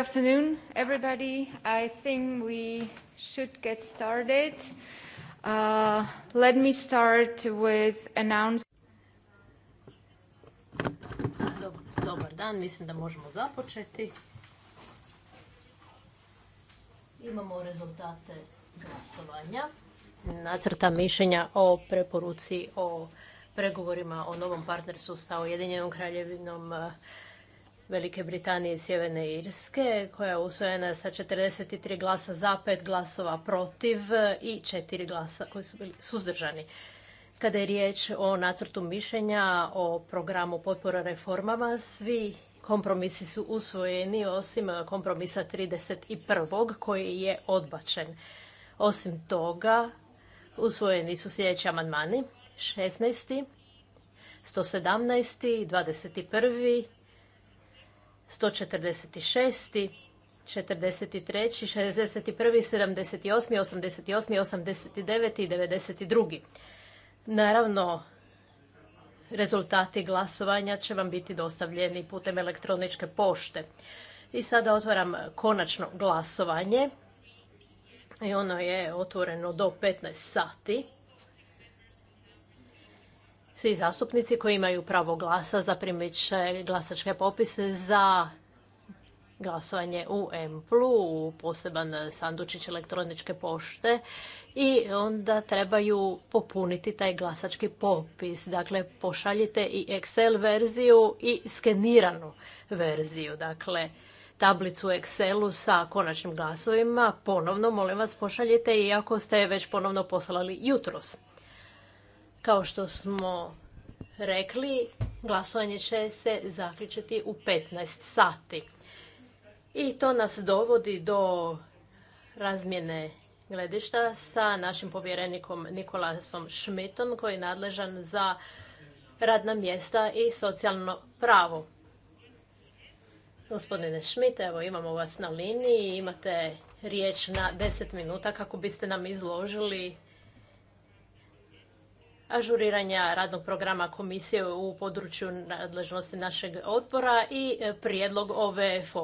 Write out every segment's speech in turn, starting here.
afternoon, everybody. I think we should get started. Uh, let me start with announcing. Dobar, dobar dan, mislim da možemo započeti. Imamo rezultate glasovanja. Nacrta mišljenja o preporuci o pregovorima o novom partnerstvu sa Ujedinjenom kraljevinom Velike Britanije i Sjeverne Irske koja je usvojena sa 43 glasa za, 5 glasova protiv i 4 glasa koji su bili suzdržani. Kada je riječ o nacrtu mišljenja o programu potpora reformama, svi kompromisi su usvojeni osim kompromisa 31. koji je odbačen. Osim toga, usvojeni su sljedeći amandmani 16. 117. 21. 146. 43., 61., 78., 88., 89. i 92. Naravno, rezultati glasovanja će vam biti dostavljeni putem elektroničke pošte. I sada otvaram konačno glasovanje i ono je otvoreno do 15 sati. Svi zastupnici koji imaju pravo glasa zaprimit će glasačke popise za glasovanje u Emplu, u poseban sandučić elektroničke pošte i onda trebaju popuniti taj glasački popis. Dakle, pošaljite i Excel verziju i skeniranu verziju. Dakle, tablicu u Excelu sa konačnim glasovima ponovno, molim vas, pošaljite i ako ste već ponovno poslali jutros. Kao što smo rekli, glasovanje će se zaključiti u 15 sati. I to nas dovodi do razmjene gledišta sa našim povjerenikom Nikolasom Šmitom koji je nadležan za radna mjesta i socijalno pravo. Gospodine Šmit, evo imamo vas na liniji, imate riječ na 10 minuta kako biste nam izložili ažuriranja radnog programa komisije u području nadležnosti našeg odbora i e, prijedlog ovfo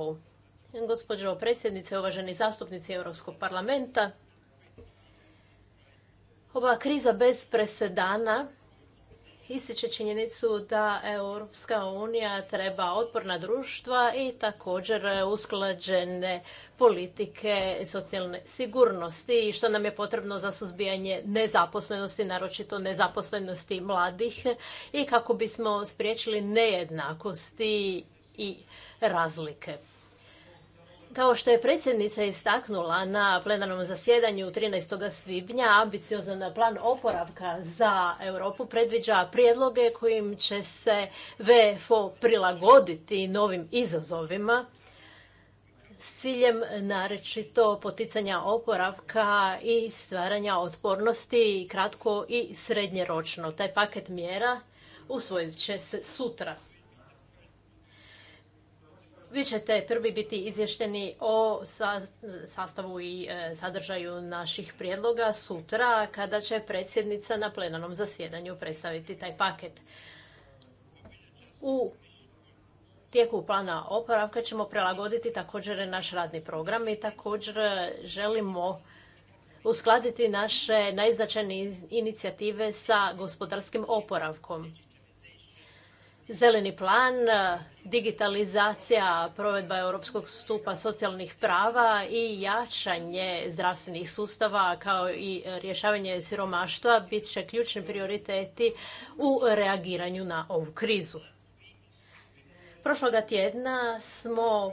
u Gospođo predsjednice, uvaženi zastupnici Europskog parlamenta, ova kriza bez presedana ističe činjenicu da Europska unija treba otporna društva i također usklađene politike socijalne sigurnosti i što nam je potrebno za suzbijanje nezaposlenosti, naročito nezaposlenosti mladih i kako bismo spriječili nejednakosti i razlike. Kao što je predsjednica istaknula na plenarnom zasjedanju 13. svibnja, ambiciozan plan oporavka za Europu predviđa prijedloge kojim će se VFO prilagoditi novim izazovima s ciljem narečito poticanja oporavka i stvaranja otpornosti kratko i srednjeročno. Taj paket mjera usvojit će se sutra. Vi ćete prvi biti izvješteni o sastavu i e, sadržaju naših prijedloga sutra kada će predsjednica na plenarnom zasjedanju predstaviti taj paket. U tijeku plana oporavka ćemo prilagoditi također naš radni program i također želimo uskladiti naše najznačajnije inicijative sa gospodarskim oporavkom zeleni plan, e, digitalizacija, provedba europskog stupa socijalnih prava i jačanje zdravstvenih sustava kao i rješavanje siromaštva bit će ključni prioriteti u reagiranju na ovu krizu. Prošloga tjedna smo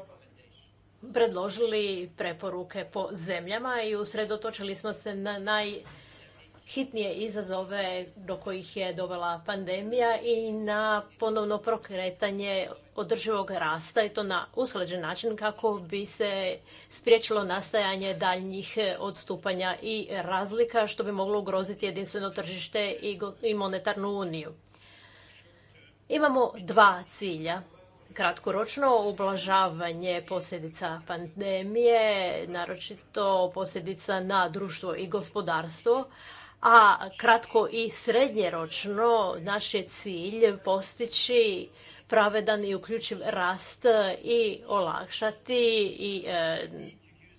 predložili preporuke po zemljama i usredotočili smo se na naj hitnije izazove do kojih je dovela pandemija i na ponovno prokretanje održivog rasta i to na usklađen način kako bi se spriječilo nastajanje daljnjih odstupanja i razlika što bi moglo ugroziti jedinstveno tržište i monetarnu uniju. Imamo dva cilja kratkoročno ublažavanje posljedica pandemije, naročito posljedica na društvo i gospodarstvo, a kratko i srednjeročno naš je cilj postići pravedan i uključiv rast i olakšati i e,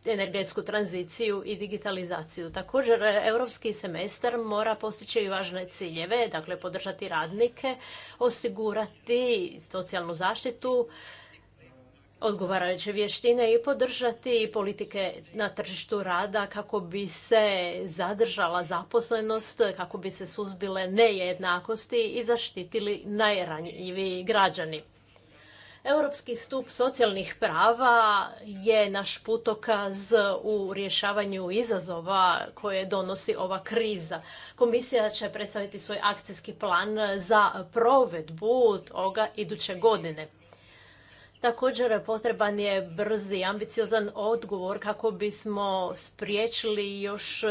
energetsku tranziciju i digitalizaciju. Također, europski semestar mora postići i važne ciljeve, dakle podržati radnike, osigurati socijalnu zaštitu, odgovarajuće vještine i podržati politike na tržištu rada kako bi se zadržala zaposlenost, kako bi se suzbile nejednakosti i zaštitili najranjiviji građani. Europski stup socijalnih prava je naš putokaz u rješavanju izazova koje donosi ova kriza. Komisija će predstaviti svoj akcijski plan za provedbu toga iduće godine. Također potreban je brzi, ambiciozan odgovor kako bismo spriječili još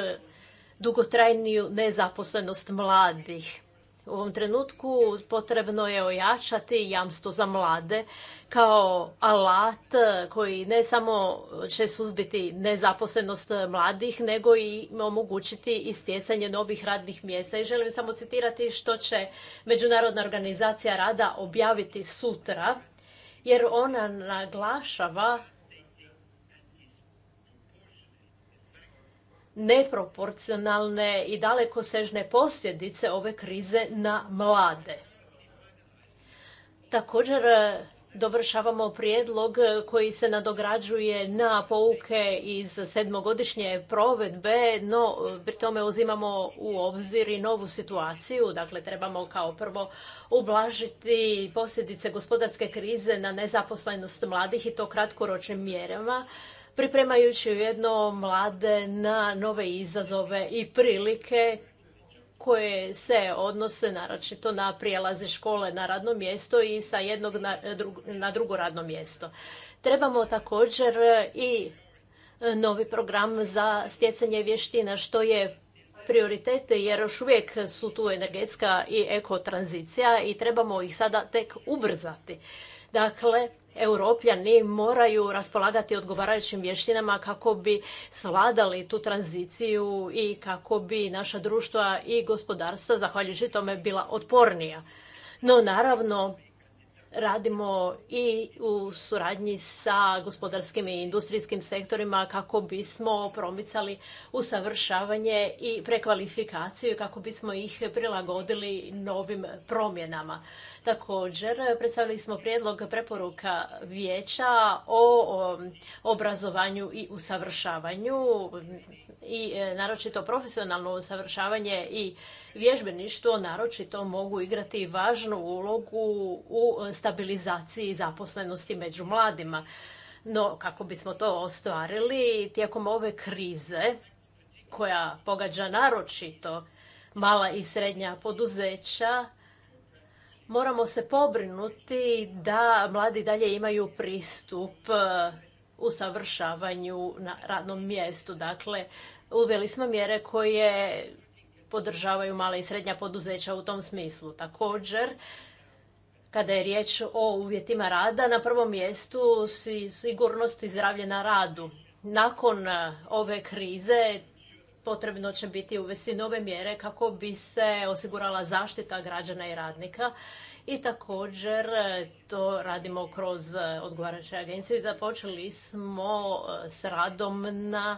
dugotrajniju nezaposlenost mladih. U ovom trenutku potrebno je ojačati jamstvo za mlade kao alat koji ne samo će suzbiti nezaposlenost mladih, nego i omogućiti i stjecanje novih radnih mjesta. I želim samo citirati što će Međunarodna organizacija rada objaviti sutra jer ona naglašava neproporcionalne i dalekosežne posljedice ove krize na mlade. Također dovršavamo prijedlog e, koji se nadograđuje na pouke iz sedmogodišnje provedbe, no e, pri tome uzimamo u obzir i novu situaciju. Dakle, trebamo kao prvo ublažiti posljedice gospodarske krize na nezaposlenost mladih i to kratkoročnim mjerama pripremajući jedno mlade na nove izazove i prilike koje se odnose naročito na prijelaze škole na radno mjesto i sa jednog na drugo radno mjesto. Trebamo također i e, novi program za stjecanje vještina što je prioritet jer još uvijek su tu energetska i ekotranzicija i trebamo ih sada tek ubrzati. Dakle, europljani moraju raspolagati odgovarajućim vještinama kako bi svladali tu tranziciju i kako bi naša društva i gospodarstva zahvaljujući tome bila otpornija. No naravno radimo i u suradnji sa gospodarskim i industrijskim sektorima kako bismo promicali usavršavanje i prekvalifikaciju kako bismo ih prilagodili novim promjenama. Također, predstavili smo prijedlog preporuka vijeća o obrazovanju i usavršavanju i e, naročito profesionalno usavršavanje i vježbeništvo naročito mogu igrati važnu ulogu u e, stabilizaciji zaposlenosti među mladima. No, kako bismo to ostvarili, tijekom ove krize koja pogađa naročito mala i srednja poduzeća, moramo se pobrinuti da mladi dalje imaju pristup e, usavršavanju na radnom mjestu. Dakle, uveli smo mjere koje podržavaju mala i srednja poduzeća u tom smislu. Također, kada je riječ o uvjetima rada, na prvom mjestu si sigurnost i zdravlje na radu. Nakon e, ove krize potrebno će biti uvesti nove mjere kako bi se osigurala zaštita građana i radnika i također e, to radimo kroz e, odgovarajuću agenciju i započeli smo s radom na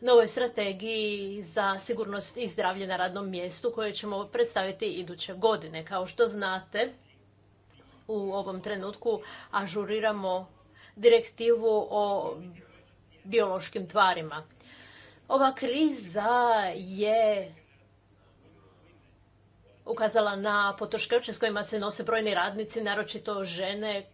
novoj strategiji za sigurnost i zdravlje na radnom mjestu koje ćemo predstaviti iduće godine. Kao što znate, u ovom trenutku ažuriramo direktivu o biološkim tvarima. Ova kriza je ukazala na poteškoće s kojima se nose brojni radnici, naročito žene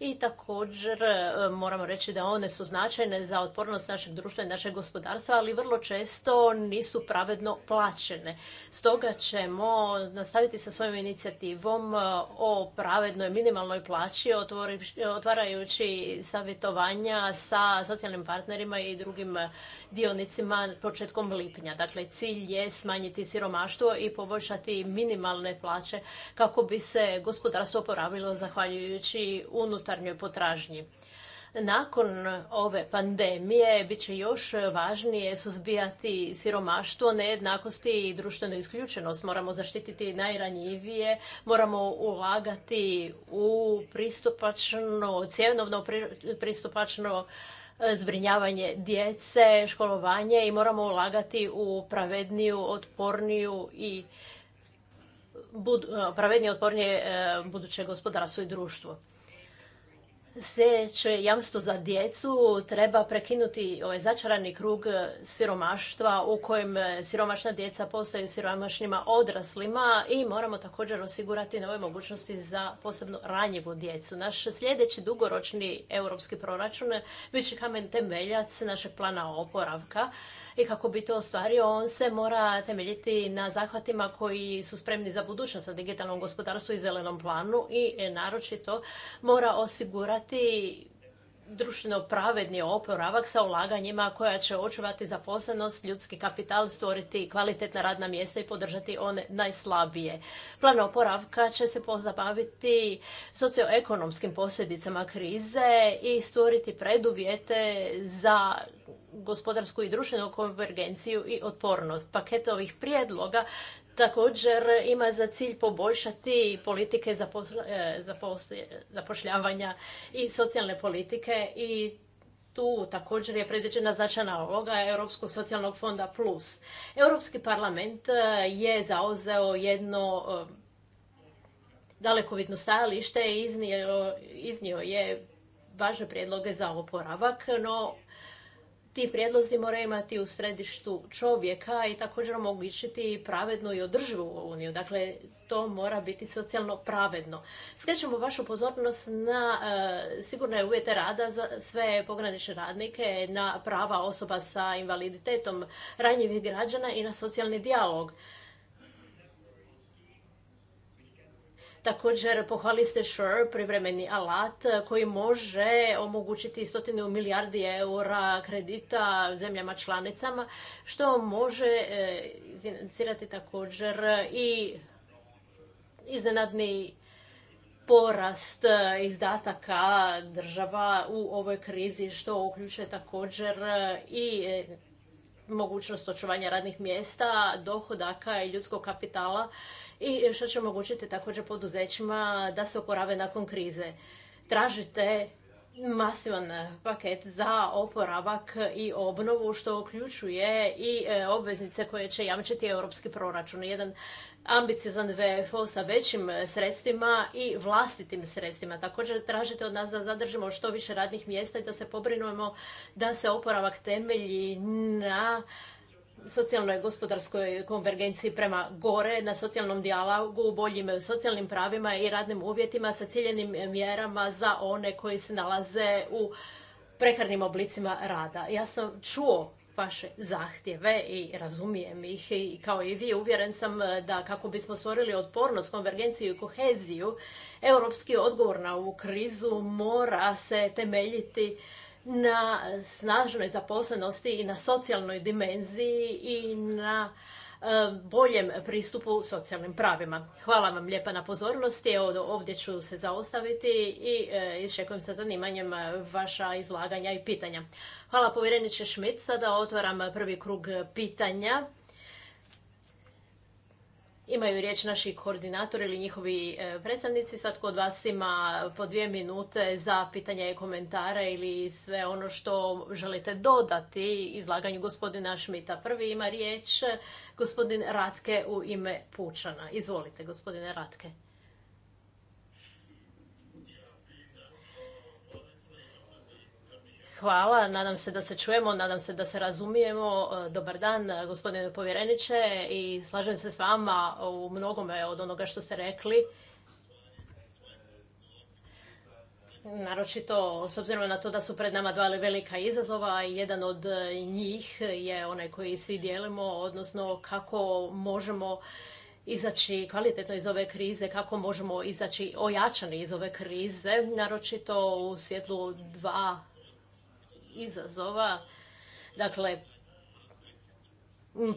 i također e, moramo reći da one su značajne za otpornost našeg društva i našeg gospodarstva, ali vrlo često nisu pravedno plaćene. Stoga ćemo nastaviti sa svojom inicijativom e, o pravednoj minimalnoj plaći, otvarajući savjetovanja sa socijalnim partnerima i drugim e, dionicima početkom lipnja. Dakle, cilj je smanjiti siromaštvo i poboljšati minimalne plaće kako bi se gospodarstvo oporavilo zahvaljujući unutar unutarnjoj potražnji. Nakon ove pandemije bit će još važnije suzbijati siromaštvo, nejednakosti i društvenu isključenost. Moramo zaštititi najranjivije, moramo ulagati u pristupačno, cjenovno pristupačno e, zbrinjavanje djece, školovanje i moramo ulagati u pravedniju, otporniju i e, pravednije, otpornije e, buduće gospodarstvo i društvo sljedeće jamstvo za djecu treba prekinuti ovaj začarani krug siromaštva u kojem siromašna djeca postaju siromašnima odraslima i moramo također osigurati nove mogućnosti za posebno ranjivu djecu. Naš sljedeći dugoročni europski proračun bit će kamen temeljac našeg plana oporavka i kako bi to ostvario on se mora temeljiti na zahvatima koji su spremni za budućnost na digitalnom gospodarstvu i zelenom planu i naročito mora osigurati osigurati društveno pravedni oporavak sa ulaganjima koja će očuvati zaposlenost, ljudski kapital, stvoriti kvalitetna radna mjesta i podržati one najslabije. Plan oporavka će se pozabaviti socioekonomskim posljedicama krize i stvoriti preduvjete za gospodarsku i društvenu konvergenciju i otpornost. Paket ovih prijedloga također ima za cilj poboljšati politike e, zapošljavanja i socijalne politike i tu također je predviđena značajna uloga Europskog socijalnog fonda plus. Europski parlament e, je zauzeo jedno e, dalekovidno stajalište i iznio, iznio je važne prijedloge za oporavak, no ti prijedlozi moraju imati u središtu čovjeka i također omogućiti pravednu i održivu uniju. Dakle, to mora biti socijalno pravedno. Skrećemo vašu pozornost na sigurno e, sigurne uvjete rada za sve pogranične radnike, na prava osoba sa invaliditetom, ranjivih građana i na socijalni dijalog. Također pohvali ste SURE, privremeni alat e, koji može omogućiti stotinu milijardi eura kredita zemljama članicama, što može e, financirati također i iznenadni porast e, izdataka država u ovoj krizi, što uključuje također i mogućnost očuvanja radnih mjesta, dohodaka i ljudskog kapitala i što će omogućiti također poduzećima da se oporave nakon krize. Tražite masivan paket za oporavak i obnovu što uključuje i e, obveznice koje će jamčiti europski proračun. Jedan ambiciozan VFO sa većim sredstvima i vlastitim sredstvima. Također tražite od nas da zadržimo što više radnih mjesta i da se pobrinujemo da se oporavak temelji na socijalnoj gospodarskoj konvergenciji prema gore, na socijalnom dijalogu, boljim socijalnim pravima i radnim uvjetima sa ciljenim mjerama za one koji se nalaze u prekarnim oblicima rada. Ja sam čuo vaše zahtjeve i razumijem ih i kao i vi uvjeren sam da kako bismo stvorili otpornost, konvergenciju i koheziju, europski odgovor na ovu krizu mora se temeljiti na snažnoj zaposlenosti i na socijalnoj dimenziji i na e, boljem pristupu socijalnim pravima. Hvala vam lijepa na pozornosti. ovdje ću se zaostaviti i e, iščekujem sa zanimanjem e, vaša izlaganja i pitanja. Hvala povjereniče Šmit. Sada otvaram prvi krug pitanja imaju riječ naši koordinatori ili njihovi e, predstavnici. Svatko od vas ima po dvije minute za pitanja i komentare ili sve ono što želite dodati izlaganju gospodina Šmita. Prvi ima riječ gospodin Ratke u ime Pučana. Izvolite gospodine Ratke. Hvala, nadam se da se čujemo, nadam se da se razumijemo. E, dobar dan, e, gospodine povjereniče, i slažem se s vama u mnogome od onoga što ste rekli. Naročito, s obzirom na to da su pred nama dva velika izazova, jedan od e, njih je onaj koji svi dijelimo, odnosno kako možemo izaći kvalitetno iz ove krize, kako možemo izaći ojačani iz ove krize, naročito u svjetlu dva izazova. Dakle,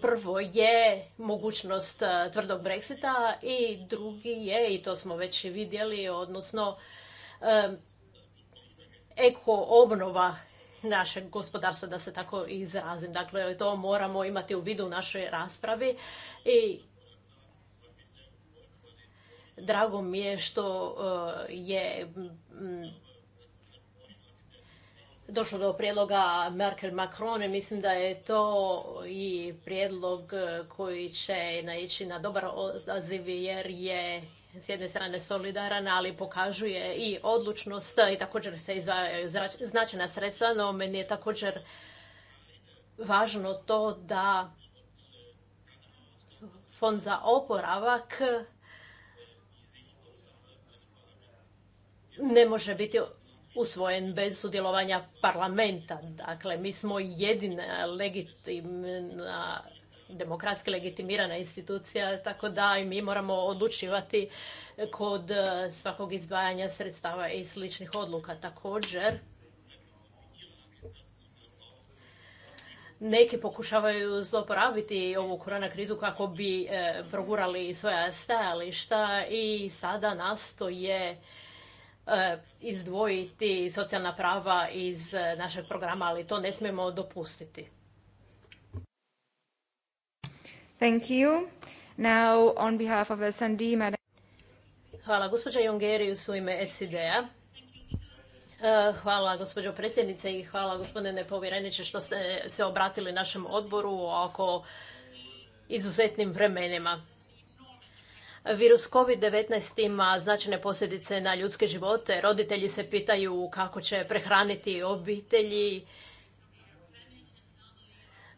prvo je mogućnost e, tvrdog Brexita i drugi je, i to smo već vidjeli, odnosno e, eko obnova našeg gospodarstva, da se tako izrazim. Dakle, to moramo imati u vidu u našoj raspravi i drago mi je što e, je došlo do prijedloga Merkel Macron i mislim da je to i prijedlog e, koji će naići na dobar odaziv jer je s jedne strane solidaran, ali pokazuje i odlučnost i također se izdvajaju značajna sredstva, no meni je također važno to da fond za oporavak ne može biti usvojen bez sudjelovanja parlamenta. Dakle, mi smo jedina legitimna, demokratski legitimirana institucija, tako da i mi moramo odlučivati kod eh, svakog izdvajanja sredstava i sličnih odluka. Također, neki pokušavaju zloporabiti ovu korona krizu kako bi eh, progurali svoja stajališta i sada nastoje E, izdvojiti socijalna prava iz e, našeg programa, ali to ne smijemo dopustiti. Thank you. Now, on behalf of madam... Hvala. Gospođa Jungerius u ime SID-a. E, hvala gospođo predsjednice i hvala gospodine povjereniče što ste se obratili našem odboru oko izuzetnim vremenima. Virus COVID-19 ima značajne posljedice na ljudske živote. Roditelji se pitaju kako će prehraniti obitelji.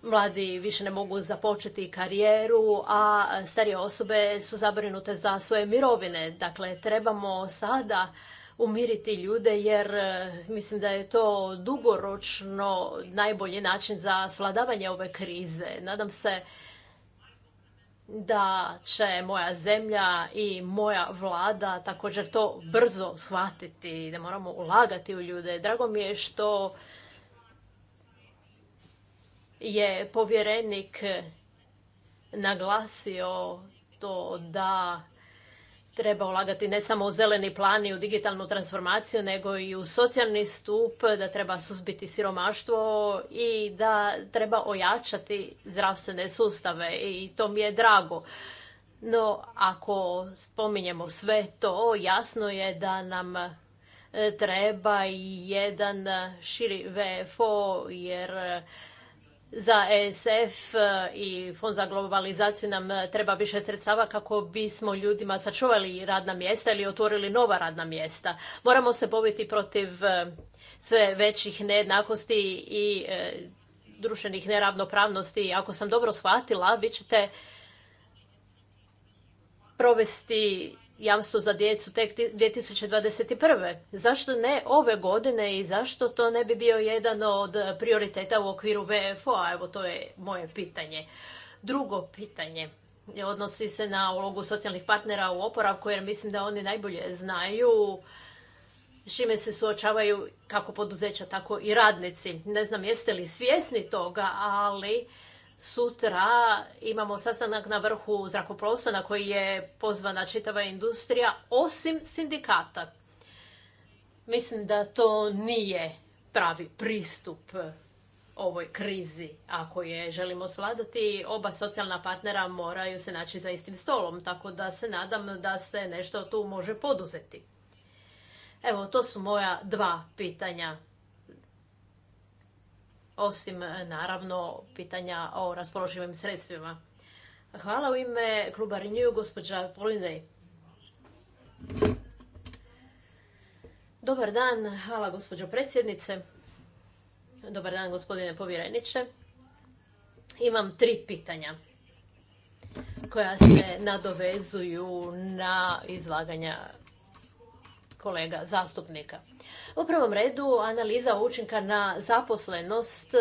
Mladi više ne mogu započeti karijeru, a starije osobe su zabrinute za svoje mirovine. Dakle, trebamo sada umiriti ljude jer e, mislim da je to dugoročno najbolji način za svladavanje ove krize. Nadam se da će moja zemlja i moja vlada također to brzo shvatiti, da moramo ulagati u ljude. Drago mi je što je povjerenik naglasio to da treba ulagati ne samo u zeleni plan i u digitalnu transformaciju, nego i u socijalni stup, da treba suzbiti siromaštvo i da treba ojačati zdravstvene sustave i to mi je drago. No, ako spominjemo sve to, jasno je da nam e, treba i jedan širi VFO, jer za ESF e, i Fond za globalizaciju nam e, treba više sredstava kako bismo ljudima sačuvali radna mjesta ili otvorili nova radna mjesta. Moramo se boviti protiv e, sve većih nejednakosti i društvenih neravnopravnosti. Ako sam dobro shvatila, vi ćete provesti jamstvo za djecu tek 2021. Zašto ne ove godine i zašto to ne bi bio jedan od prioriteta u okviru VFO-a? Evo to je moje pitanje. Drugo pitanje odnosi se na ulogu socijalnih partnera u oporavku jer mislim da oni najbolje znaju s čime se suočavaju kako poduzeća, tako i radnici. Ne znam jeste li svjesni toga, ali Sutra imamo sastanak na vrhu zrakoplovstva na koji je pozvana čitava industrija osim sindikata. Mislim da to nije pravi pristup ovoj krizi. Ako je želimo svladati, oba socijalna partnera moraju se naći za istim stolom, tako da se nadam da se nešto tu može poduzeti. Evo, to su moja dva pitanja osim e, naravno pitanja o raspoloživim sredstvima. Hvala u ime kluba Renew, gospođa Polinej. Dobar dan, hvala gospođo predsjednice. Dobar dan gospodine povjereniče. Imam tri pitanja koja se nadovezuju na izlaganja kolega zastupnika. U prvom redu analiza učinka na zaposlenost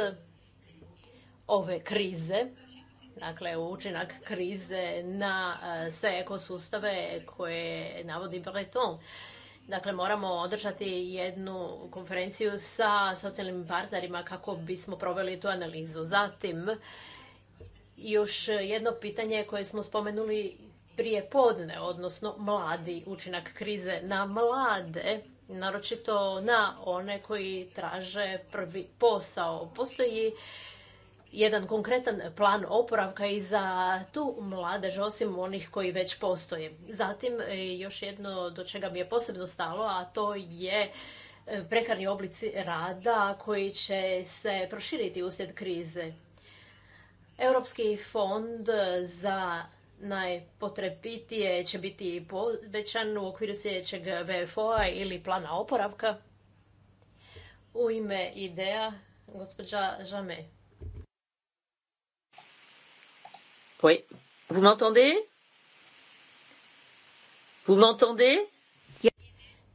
ove krize, dakle učinak krize na e, sve ekosustave koje navodi Breton. Dakle, moramo održati jednu konferenciju sa socijalnim partnerima kako bismo proveli tu analizu. Zatim, još jedno pitanje koje smo spomenuli prije podne, odnosno mladi, učinak krize na mlade, naročito na one koji traže prvi posao. Postoji jedan konkretan plan oporavka i za tu mladež, osim onih koji već postoje. Zatim, e, još jedno do čega mi je posebno stalo, a to je e, prekarni oblici rada koji će se proširiti uslijed krize. Europski fond za najpotrepitije će biti povećan u okviru sljedećeg VFO-a ili plana oporavka. U ime ideja, gospođa Žame. Oui. Vous m'entendez? Vous m'entendez?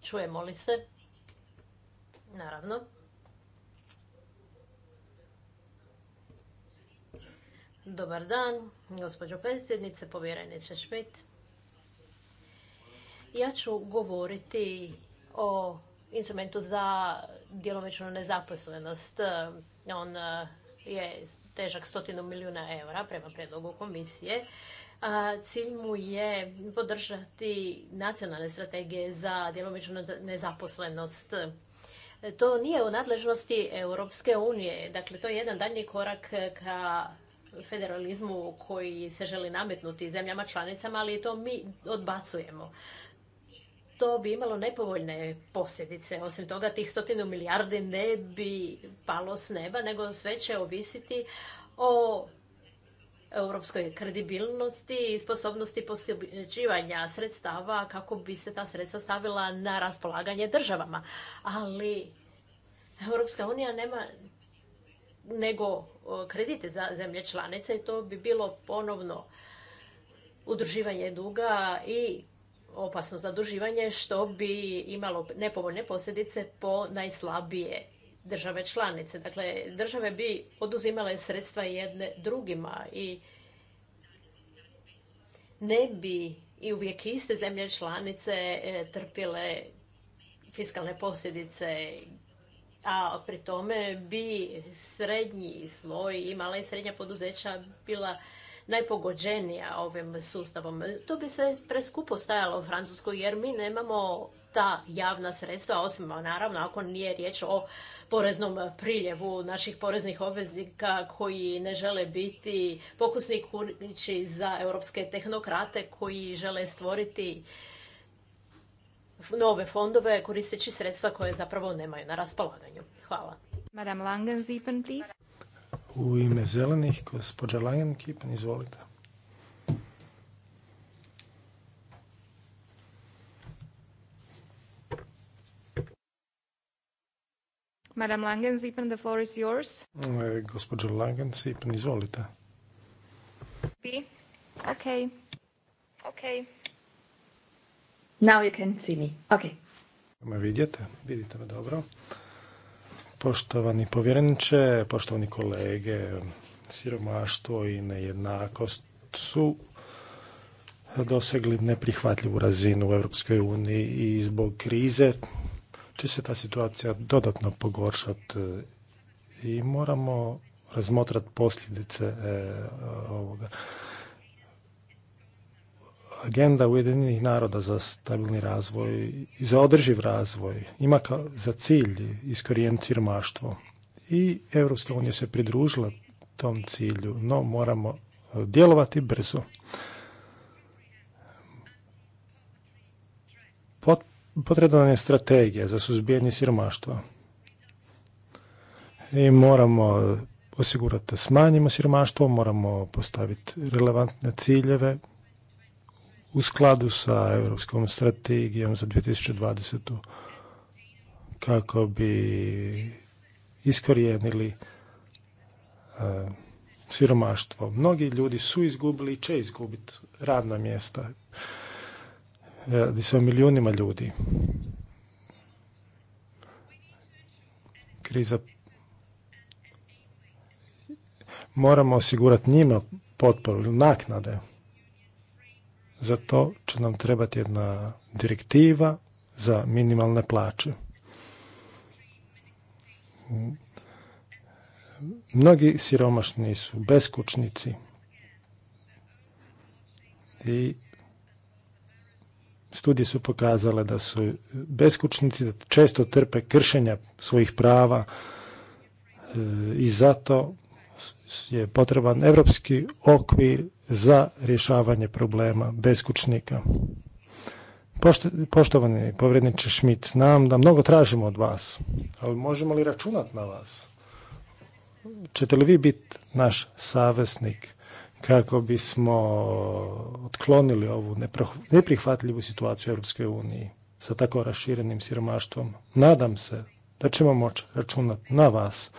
Čujemo li se? Naravno. Dobar dan, gospođo predsjednice, povjereniče Šmit. Ja ću govoriti o instrumentu za djelomičnu nezaposlenost. On e, je težak stotinu milijuna eura prema predlogu komisije. Cilj mu je podržati nacionalne strategije za djelomičnu nezaposlenost. E, to nije u nadležnosti Europske unije. Dakle, to je jedan daljnji korak ka federalizmu koji se želi nametnuti zemljama članicama, ali to mi odbacujemo. To bi imalo nepovoljne posljedice. Osim toga, tih stotinu milijardi ne bi palo s neba, nego sve će ovisiti o europskoj kredibilnosti i sposobnosti posjećivanja sredstava kako bi se ta sredstva stavila na raspolaganje državama. Ali Europska unija nema nego kredite za zemlje članice i to bi bilo ponovno udruživanje duga i opasno zaduživanje što bi imalo nepovoljne posljedice po najslabije države članice. Dakle, države bi oduzimale sredstva jedne drugima i ne bi i uvijek iste zemlje članice e, trpile fiskalne posljedice a pri tome bi srednji sloj i mala i srednja poduzeća bila najpogođenija ovim sustavom. To bi se preskupo stajalo u Francuskoj jer mi nemamo ta javna sredstva, osim naravno ako nije riječ o poreznom priljevu naših poreznih obveznika koji ne žele biti pokusni kunići za europske tehnokrate koji žele stvoriti nove fondove koristeći sredstva koje zapravo nemaju na raspolaganju. Hvala. Madame Langenzipen, please. U ime zelenih, gospođa Langenkipen, izvolite. Madame Langenzipen, the floor is yours. E, gospođa Langenzipen, izvolite. Okay. Okay. Now you can see me. Ok. Me vidite, vidite me dobro. Poštovani povjereniče, poštovani kolege, siromaštvo i nejednakost su dosegli neprihvatljivu razinu u Europskoj uniji i zbog krize će se ta situacija dodatno pogoršati e, i moramo razmotrati posljedice e, ovoga agenda Ujedinjenih naroda za stabilni razvoj i za održiv razvoj ima kao za cilj iskorijen siromaštvo. I Evropska unija se pridružila tom cilju, no moramo e, djelovati brzo. Potrebna je strategija za suzbijanje siromaštva. I moramo osigurati da smanjimo siromaštvo, moramo postaviti relevantne ciljeve, u skladu sa Europskom strategijom za 2020. kako bi iskorijenili e, siromaštvo. Mnogi ljudi su izgubili i će izgubiti radna mjesta. Radi se o milijunima ljudi. Kriza moramo osigurati njima potporu naknade. Za to će nam trebati jedna direktiva za minimalne plaće. Mnogi siromašni su beskućnici i studije su pokazale da su beskućnici da često trpe kršenja svojih prava e, i zato je potreban evropski okvir za rješavanje problema beskućnika. poštovani povredniče Šmit, znam da mnogo tražimo od vas, ali možemo li računati na vas? Čete li vi biti naš saveznik kako bismo otklonili ovu neprihvatljivu situaciju u EU sa tako raširenim siromaštvom? Nadam se da ćemo moći računati na vas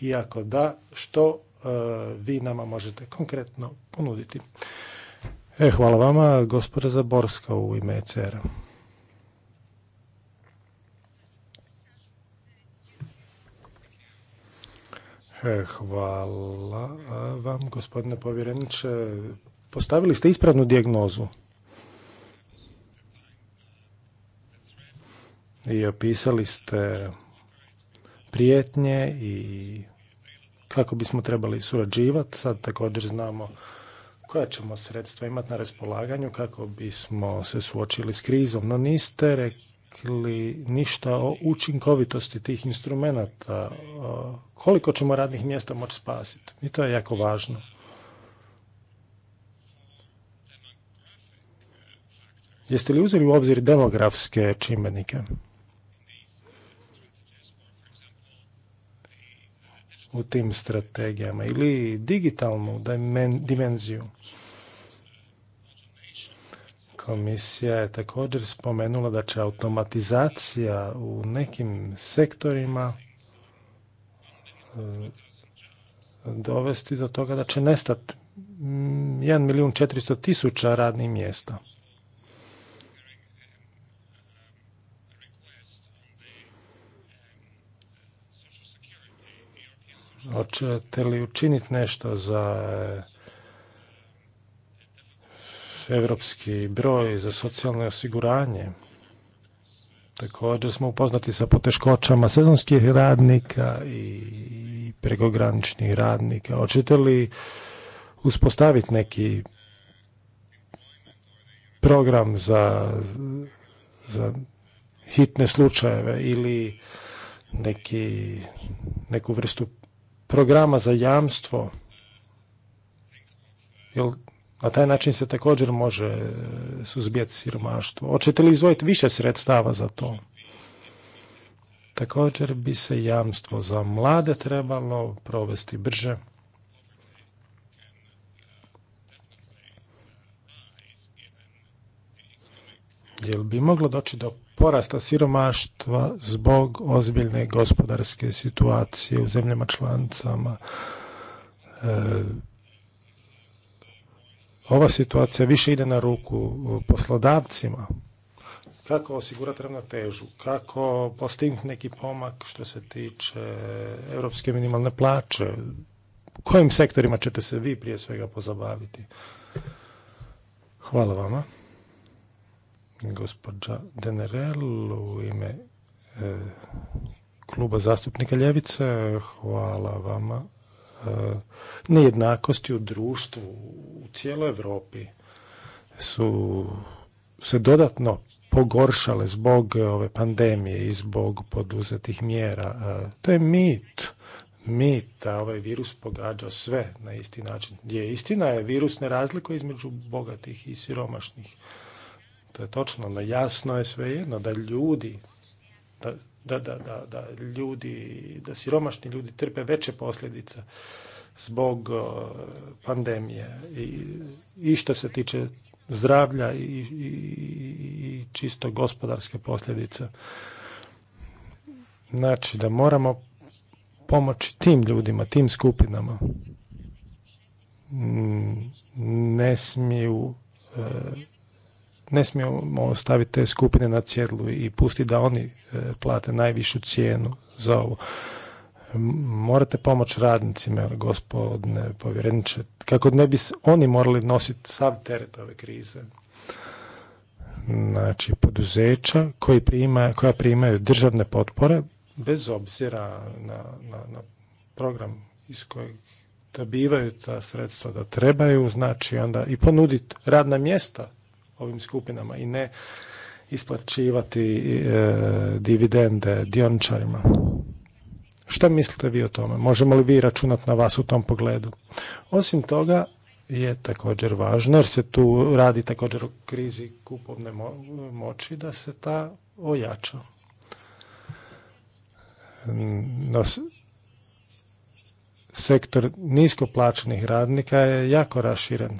iako da, što Eh, vi nama možete konkretno ponuditi. E, hvala vama, gospođa Zaborska u ime ECR. E, hvala vam, gospodine povjereniče. Postavili ste ispravnu dijagnozu. I opisali ste prijetnje i kako bismo trebali surađivati. Sad također znamo koja ćemo sredstva imati na raspolaganju kako bismo se suočili s krizom. No niste rekli ništa o učinkovitosti tih instrumenata, koliko ćemo radnih mjesta moći spasiti. I to je jako važno. Jeste li uzeli u obzir demografske čimbenike? u tim strategijama ili digitalnu dimenziju. Komisija je također spomenula da će automatizacija u nekim sektorima e, dovesti do toga da će nestati 1 milijun 400 tisuća radnih mjesta. Hoćete li učiniti nešto za eh, evropski broj za socijalno osiguranje? Također smo upoznati sa poteškoćama sezonskih radnika i pregograničnih radnika. Hoćete li uspostaviti neki program za, hitne slučajeve ili neki, neku vrstu programa za jamstvo, jer na taj način se također može e, suzbijeti siromaštvo. Hoćete li izvojiti više sredstava za to? Također bi se jamstvo za mlade trebalo provesti brže. Jel bi moglo doći do porasta siromaštva zbog ozbiljne gospodarske situacije u zemljama člancama. E, ova situacija više ide na ruku poslodavcima. Kako osigurati ravnotežu? Kako postignuti neki pomak što se tiče europske minimalne plaće? Kojim sektorima ćete se vi prije svega pozabaviti? Hvala vama gospođa Denerel u ime e, kluba zastupnika Ljevice. Hvala vama. E, nejednakosti u društvu u cijeloj Europi su se dodatno pogoršale zbog ove pandemije i zbog poduzetih mjera. E, to je mit Mit da ovaj virus pogađa sve na isti način. Je, istina je, virus ne razlikuje između bogatih i siromašnih to je točno, no jasno je svejedno da ljudi, da, da, da, da, ljudi, da siromašni ljudi trpe veće posljedice zbog pandemije i, i što se tiče zdravlja i, i, i čisto gospodarske posljedice. Znači da moramo pomoći tim ljudima, tim skupinama. Ne smiju e, ne smijemo staviti te skupine na cjedlu i pustiti da oni e, plate najvišu cijenu za ovo. Morate pomoći radnicima, gospodine povjereniče, kako ne bi oni morali nositi sav teret ove krize. Znači, poduzeća koji prima, koja primaju državne potpore, bez obzira na, na, na program iz kojeg dobivaju ta sredstva da trebaju, znači onda i ponuditi radna mjesta ovim skupinama i ne isplaćivati e, dividende dioničarima. Šta mislite vi o tome? Možemo li vi računati na vas u tom pogledu? Osim toga, je također važno, jer se tu radi također o krizi kupovne moći, da se ta ojača. sektor nisko plaćenih radnika je jako raširen.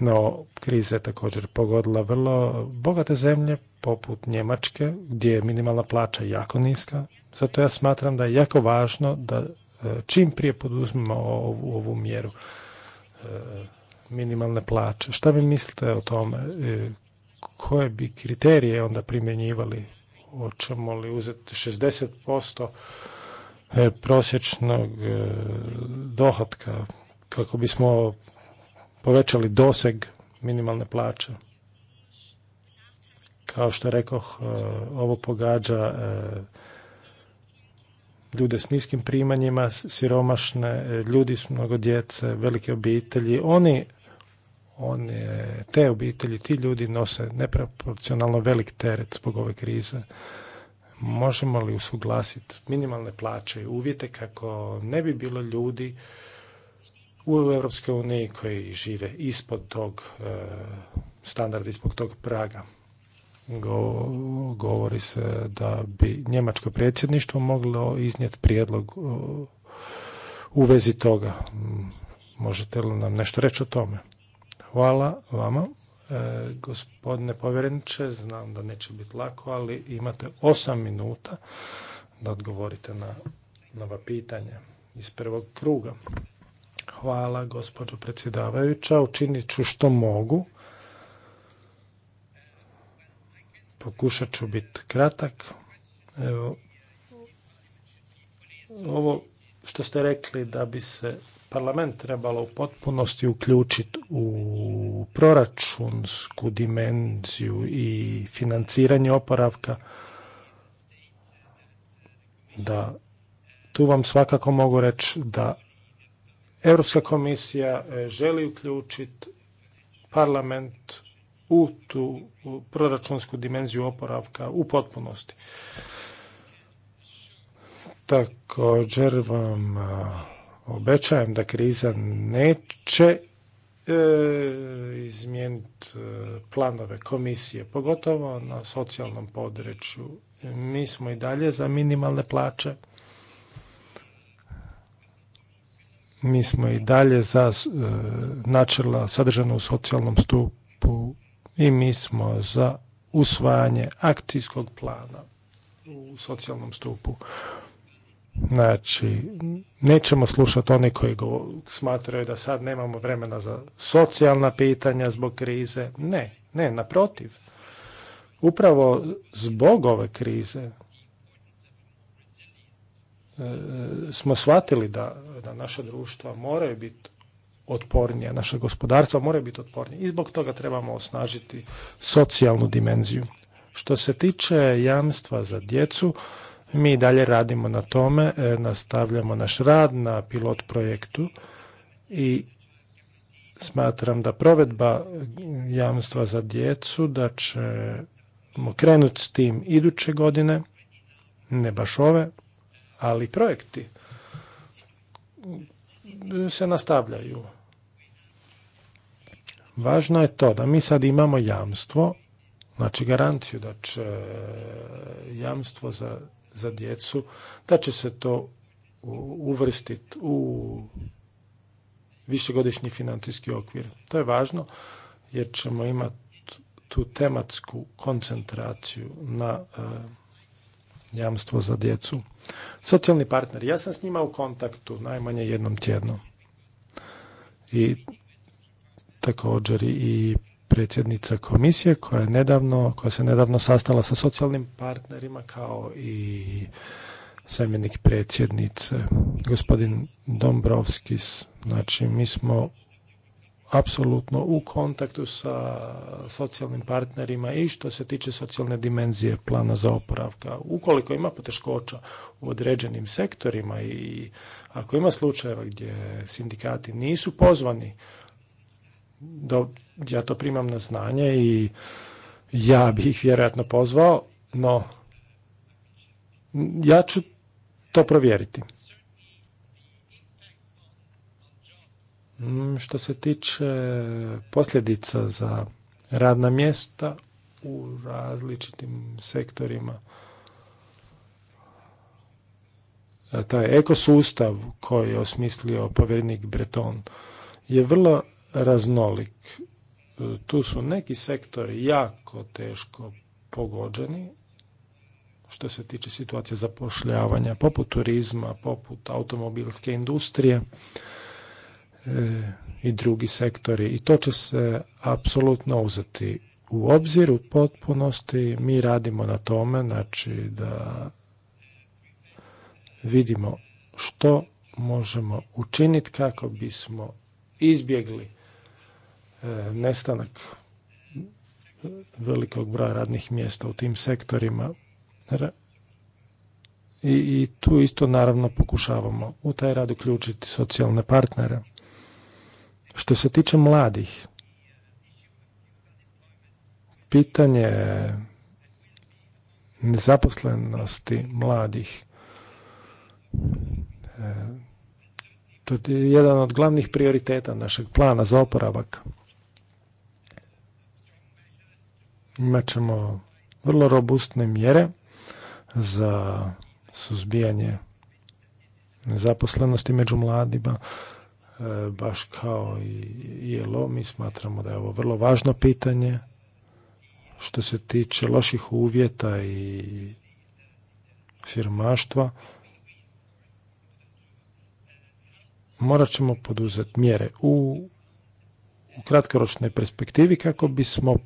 No, kriza je također pogodila vrlo bogate zemlje poput Njemačke, gdje je minimalna plaća jako niska. Zato ja smatram da je jako važno da e, čim prije poduzmemo ovu, ovu mjeru e, minimalne plaće. Šta vi mislite o tome? E, koje bi kriterije onda primjenjivali? Hoćemo li uzeti 60% prosječnog dohotka kako bismo povećali doseg minimalne plaće. Kao što rekoh, e, ovo pogađa e, ljude s niskim primanjima, siromašne, e, ljudi s mnogo djece, velike obitelji. Oni, oni, te obitelji, ti ljudi nose neproporcionalno velik teret zbog ove krize. Možemo li usuglasiti minimalne plaće i uvjete kako ne bi bilo ljudi u Europskoj uniji koji žive ispod tog e, standarda, ispod tog praga. govori se da bi njemačko predsjedništvo moglo iznijeti prijedlog e, u vezi toga. Možete li nam nešto reći o tome? Hvala vama. E, gospodine povjereniče, znam da neće biti lako, ali imate osam minuta da odgovorite na nova pitanja iz prvog kruga. Hvala, gospođo predsjedavajuća. Učinit ću što mogu. Pokušat ću biti kratak. Evo, ovo što ste rekli da bi se parlament trebalo u potpunosti uključiti u proračunsku dimenziju i financiranje oporavka, da tu vam svakako mogu reći da Europska komisija e, želi uključiti parlament u tu proračunsku dimenziju oporavka u potpunosti. Također vam e, obećajem da kriza neće e, izmijeniti planove komisije, pogotovo na socijalnom području. Mi smo i dalje za minimalne plaće. mi smo i dalje za e, načela sadržana u socijalnom stupu i mi smo za usvajanje akcijskog plana u socijalnom stupu. Znači, nećemo slušati oni koji go smatraju da sad nemamo vremena za socijalna pitanja zbog krize. Ne, ne, naprotiv. Upravo zbog ove krize smo shvatili da, da naša društva moraju biti otpornija, naša gospodarstva moraju biti otpornije i zbog toga trebamo osnažiti socijalnu dimenziju. Što se tiče jamstva za djecu, mi dalje radimo na tome, e, nastavljamo naš rad na pilot projektu i smatram da provedba jamstva za djecu, da ćemo krenuti s tim iduće godine, ne baš ove, ali projekti se nastavljaju. Važno je to da mi sad imamo jamstvo, znači garanciju da će jamstvo za, za djecu, da će se to uvrstiti u višegodišnji financijski okvir. To je važno jer ćemo imati tu tematsku koncentraciju na jamstvo za djecu. Socijalni partner, ja sam s njima u kontaktu najmanje jednom tjedno. I također i predsjednica komisije koja, je nedavno, koja se nedavno sastala sa socijalnim partnerima kao i zamjenik predsjednice, gospodin Dombrovskis. Znači, mi smo apsolutno u kontaktu sa socijalnim partnerima i što se tiče socijalne dimenzije plana za oporavka. Ukoliko ima poteškoća u određenim sektorima i ako ima slučajeva gdje sindikati nisu pozvani, da ja to primam na znanje i ja bih ih vjerojatno pozvao, no ja ću to provjeriti. Mm, što se tiče posljedica za radna mjesta u različitim sektorima, e, taj ekosustav koji je osmislio povjerenik Breton je vrlo raznolik. E, tu su neki sektori jako teško pogođeni što se tiče situacije zapošljavanja, poput turizma, poput automobilske industrije. E, i drugi sektori i to će se apsolutno uzeti u obzir u potpunosti. Mi radimo na tome, znači da vidimo što možemo učiniti kako bismo izbjegli e, nestanak velikog broja radnih mjesta u tim sektorima. I, I tu isto naravno pokušavamo u taj rad uključiti socijalne partnere. Što se tiče mladih, pitanje nezaposlenosti mladih e, to je jedan od glavnih prioriteta našeg plana za oporavak. Imaćemo vrlo robustne mjere za suzbijanje nezaposlenosti među mladima baš kao i ILO, mi smatramo da je ovo vrlo važno pitanje što se tiče loših uvjeta i firmaštva. Morat ćemo poduzeti mjere u, u kratkoročnoj perspektivi kako bismo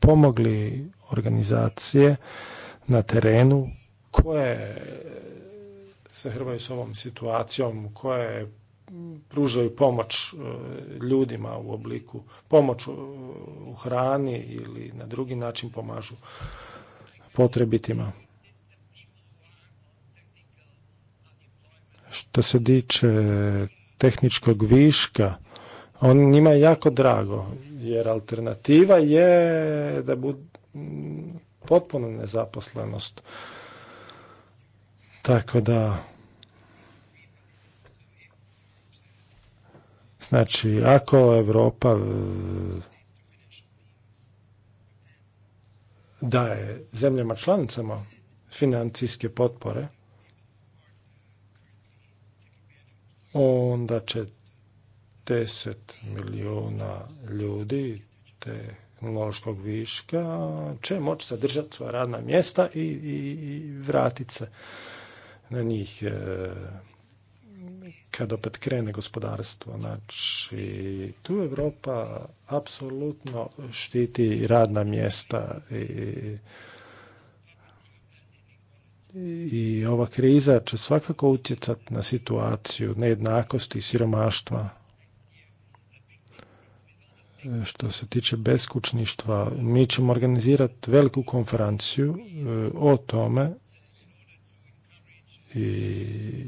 pomogli organizacije na terenu koje se hrvaju s ovom situacijom, koje pružaju pomoć e, ljudima u obliku pomoć e, u hrani ili na drugi način pomažu potrebitima. Što se tiče tehničkog viška, on njima je jako drago, jer alternativa je da bude potpuna nezaposlenost. Tako da Znači, ako Europa e, daje zemljama članicama financijske potpore, onda će 10 milijuna ljudi te tehnološkog viška će moći sadržati svoja radna mjesta i, i, vratiti se na njih. E, kad opet krene gospodarstvo. Znači, tu Europa apsolutno štiti radna mjesta i, i ova kriza će svakako utjecati na situaciju nejednakosti i siromaštva. Što se tiče beskućništva, mi ćemo organizirati veliku konferenciju e, o tome i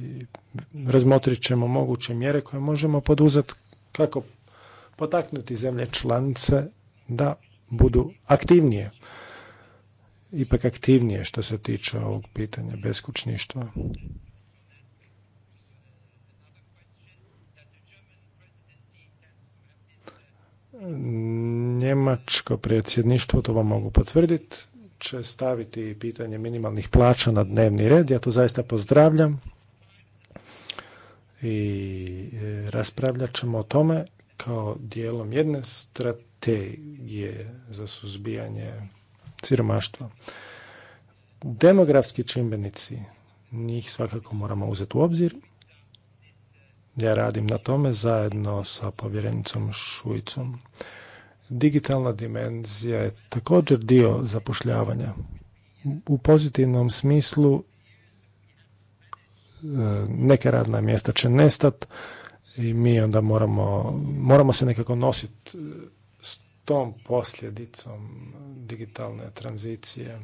razmotrit ćemo moguće mjere koje možemo poduzeti kako potaknuti zemlje članice da budu aktivnije, ipak aktivnije što se tiče ovog pitanja beskućništva. Njemačko predsjedništvo, to vam mogu potvrditi, će staviti pitanje minimalnih plaća na dnevni red. Ja to zaista pozdravljam i e, raspravljat ćemo o tome kao dijelom jedne strategije za suzbijanje siromaštva. Demografski čimbenici, njih svakako moramo uzeti u obzir. Ja radim na tome zajedno sa povjerenicom Šujicom. Digitalna dimenzija je također dio zapošljavanja. U pozitivnom smislu e, neka radna mjesta će nestat i mi onda moramo, moramo se nekako nositi e, s tom posljedicom digitalne tranzicije.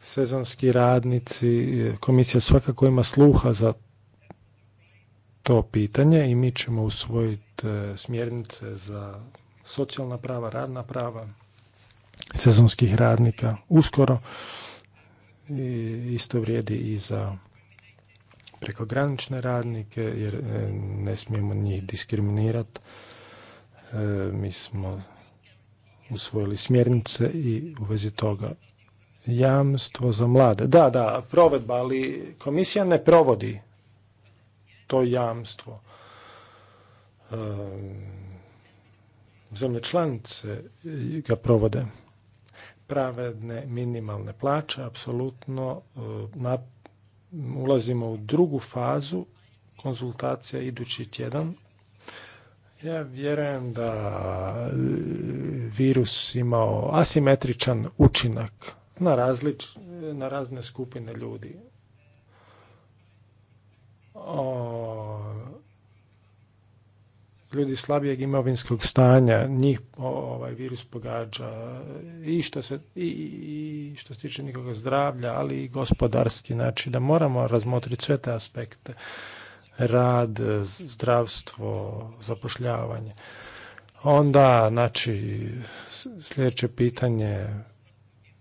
Sezonski radnici, e, komisija svakako ima sluha za to pitanje i mi ćemo usvojiti smjernice za socijalna prava, radna prava sezonskih radnika uskoro. I isto vrijedi i za prekogranične radnike jer e, ne smijemo njih diskriminirati. E, mi smo usvojili smjernice i u vezi toga jamstvo za mlade. Da, da, provedba, ali komisija ne provodi to jamstvo. E, zemlje članice e, ga provode. Pravedne minimalne plaće, apsolutno e, ulazimo u drugu fazu konzultacija idući tjedan. Ja vjerujem da e, virus imao asimetričan učinak na, različ, na razne skupine ljudi. O, ljudi slabijeg imovinskog stanja, njih ovaj virus pogađa i što se, i, i što se tiče njihovog zdravlja, ali i gospodarski, znači da moramo razmotriti sve te aspekte, rad, zdravstvo, zapošljavanje. Onda, znači, sljedeće pitanje,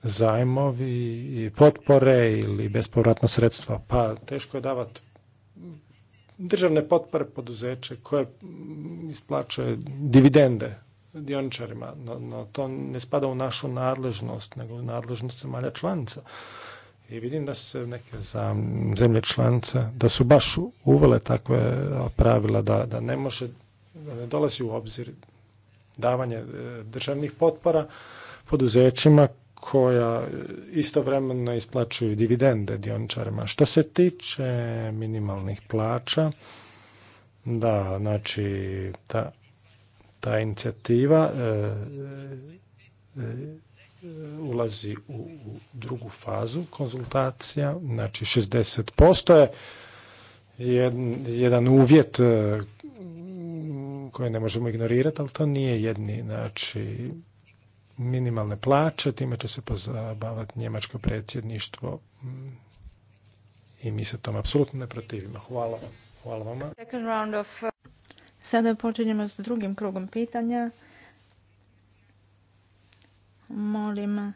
zajmovi i potpore ili bespovratna sredstva. Pa teško je davati državne potpore poduzeće koje isplaćuje dividende dioničarima, no, no, to ne spada u našu nadležnost, nego u nadležnost zemalja članica. I vidim da se neke za zemlje članice, da su baš uvele takve pravila da, da ne može, da ne dolazi u obzir davanje e, državnih potpora poduzećima koja istovremeno isplaćuju dividende dioničarima. Što se tiče minimalnih plaća, da, znači ta, ta inicijativa e, e, e, ulazi u, u drugu fazu konzultacija, znači 60% je jedan uvjet koji ne možemo ignorirati, ali to nije jedni, znači minimalne plaće, time će se pozabavati njemačko predsjedništvo mm, i mi se tom apsolutno ne protivimo. Hvala, hvala uh, Sada počinjemo s drugim krugom pitanja. Molim uh,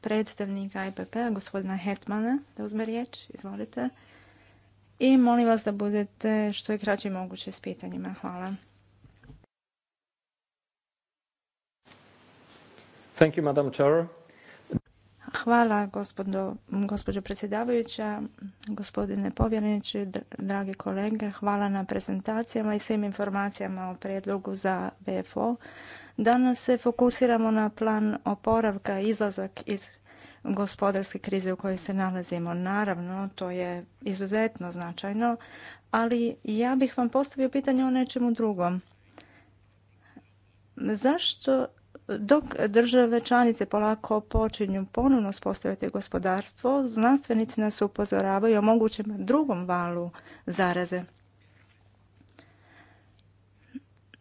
predstavnika IPP-a, gospodina Hetmana, da uzme riječ. Izvolite. I molim vas da budete što je kraće moguće s pitanjima. Hvala. Thank you, Madam Chair. Hvala gospođo predsjedavajuća, gospodine povjereniče, dragi kolege. Hvala na prezentacijama i svim informacijama o prijedlogu za BFO. Danas se fokusiramo na plan oporavka, izlazak iz gospodarske krize u kojoj se nalazimo. Naravno, to je izuzetno značajno, ali ja bih vam postavio pitanje o nečemu drugom. Zašto dok države članice polako počinju ponovno spostaviti gospodarstvo, znanstvenici nas upozoravaju o mogućem drugom valu zaraze.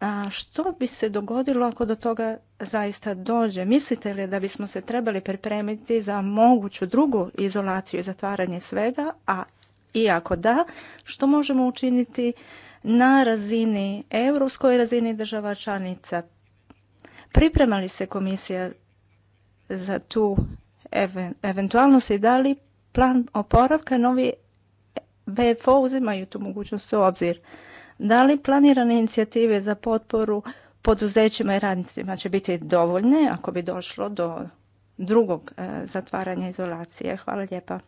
A što bi se dogodilo ako do toga zaista dođe? Mislite li da bismo se trebali pripremiti za moguću drugu izolaciju i zatvaranje svega? A iako da, što možemo učiniti na razini, europskoj razini država članica? Priprema li se komisija za tu eventualnost i da li plan oporavka novi BFO uzimaju tu mogućnost u obzir? Da li planirane inicijative za potporu poduzećima i radnicima će biti dovoljne ako bi došlo do drugog e, zatvaranja izolacije? Hvala lijepa.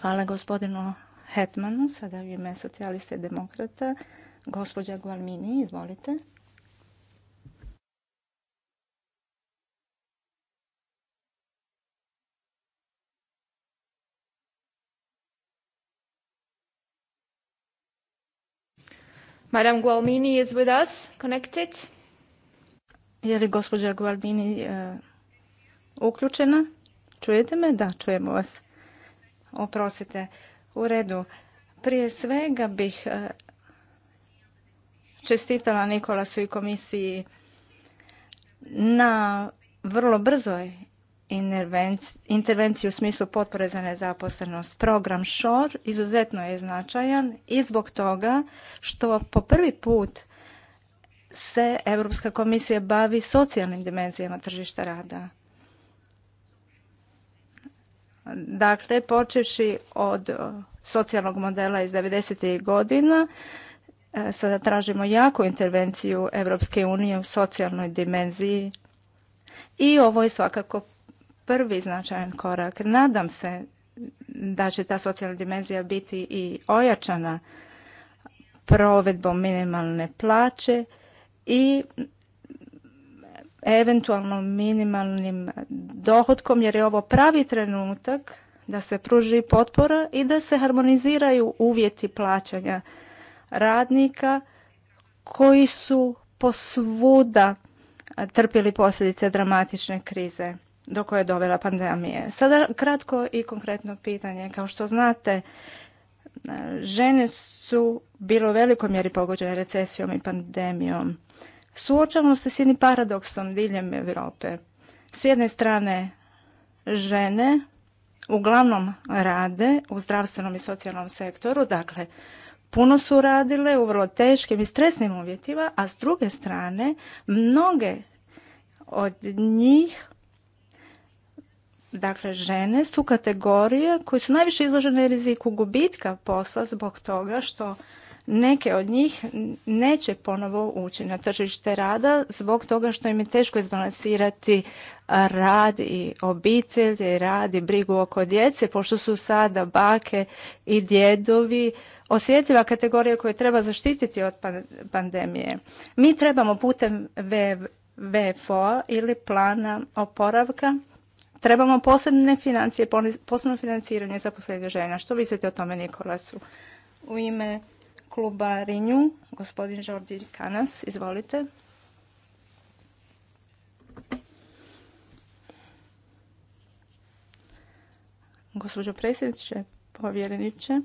Hvala gospodinu Hetmanu, sada u ime socijaliste i demokrata. Gospođa Gualmini, izvolite. Madame Gualmini is with us, connected. Je li gospođa Gualmini e, uključena? Čujete me? Da, čujemo vas. Oprostite, u redu. Prije svega bih e, čestitala Nikolasu i komisiji na vrlo brzoj intervenciji u smislu potpore za nezaposlenost. Program SHORE izuzetno je značajan i zbog toga što po prvi put se Europska komisija bavi socijalnim dimenzijama tržišta rada. Dakle, počevši od socijalnog modela iz 90. godina E, sada tražimo jaku intervenciju Europske unije u socijalnoj dimenziji i ovo je svakako prvi značajan korak. Nadam se da će ta socijalna dimenzija biti i ojačana provedbom minimalne plaće i eventualno minimalnim dohodkom jer je ovo pravi trenutak da se pruži potpora i da se harmoniziraju uvjeti plaćanja radnika koji su posvuda trpili posljedice dramatične krize do koje je dovela pandemije. Sada kratko i konkretno pitanje. Kao što znate, e, žene su bilo u velikoj mjeri pogođene recesijom i pandemijom. Suočavamo se s jednim paradoksom diljem Europe. S jedne strane, žene uglavnom rade u zdravstvenom i socijalnom sektoru, dakle puno su radile u vrlo teškim i stresnim uvjetima, a s druge strane mnoge od njih Dakle, žene su kategorije koje su najviše izložene riziku gubitka posla zbog toga što Neke od njih neće ponovo ući na tržište rada zbog toga što im je teško izbalansirati rad i obitelj, rad i brigu oko djece, pošto su sada bake i djedovi osjetljiva kategorija koju treba zaštititi od pandemije. Mi trebamo putem VFO ili plana oporavka trebamo posebne financije, posebno financiranje zaposlenja žena. Što mislite o tome, Nikolasu? U ime kluba Rinju, gospodin Žordi Kanas. Izvolite. Gospođo predsjedniče, povjereniče,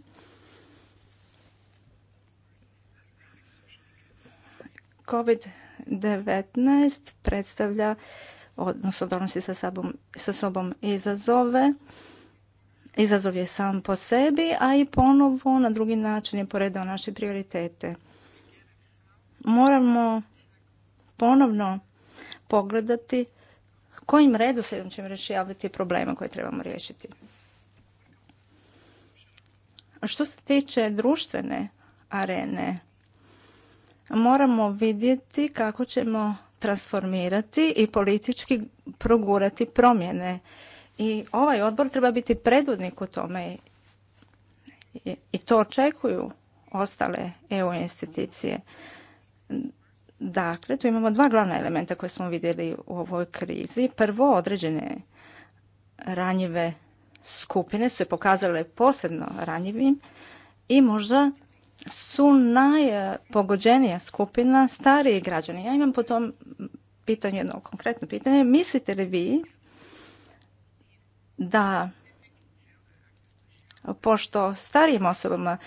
COVID-19 predstavlja, odnosno donosi sa sobom izazove izazov je sam po sebi, a i ponovo na drugi način je poredao naše prioritete. Moramo ponovno pogledati kojim redoslijedom ćemo rješavati probleme koje trebamo riješiti. Što se tiče društvene arene, moramo vidjeti kako ćemo transformirati i politički progurati promjene i ovaj odbor treba biti predvodnik u tome i to očekuju ostale EU institucije. Dakle, tu imamo dva glavna elementa koje smo vidjeli u ovoj krizi. Prvo, određene ranjive skupine su se pokazale posebno ranjivim i možda su najpogođenija skupina stariji građani. Ja imam po tom pitanju jedno konkretno pitanje. Mislite li vi da pošto starijim osobama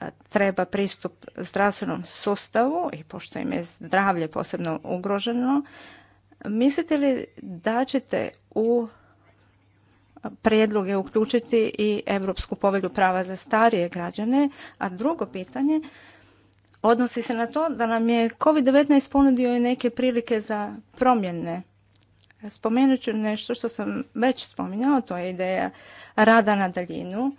e, treba pristup zdravstvenom sustavu i pošto im je zdravlje posebno ugroženo, mislite li da ćete u prijedloge uključiti i Europsku povelju prava za starije građane? A drugo pitanje odnosi se na to da nam je COVID-19 ponudio i neke prilike za promjene Spomenut ću nešto što sam već spominjao, to je ideja rada na daljinu.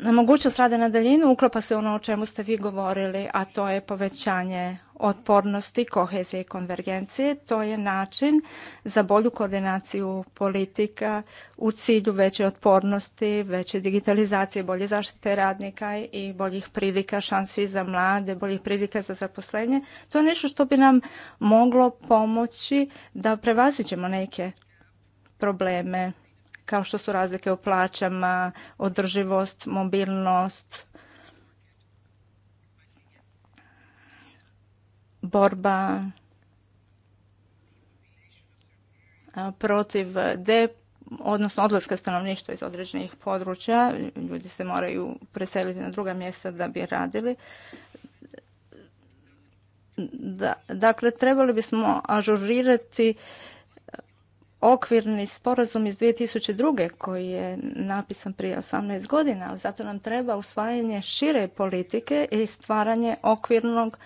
Mogućnost rada na daljinu uklapa se ono o čemu ste vi govorili, a to je povećanje otpornosti, kohezije i konvergencije. To je način za bolju koordinaciju politika u cilju veće otpornosti, veće digitalizacije, bolje zaštite radnika i boljih prilika, šansi za mlade, boljih prilika za zaposlenje. To je nešto što bi nam moglo pomoći da prevaziđemo neke probleme kao što su razlike u plaćama, održivost, mobilnost, borba protiv de odnosno odlaska stanovništva iz određenih područja. Ljudi se moraju preseliti na druga mjesta da bi radili. Da, dakle, trebali bismo ažurirati okvirni sporazum iz 2002. koji je napisan prije 18 godina, ali zato nam treba usvajanje šire politike i stvaranje okvirnog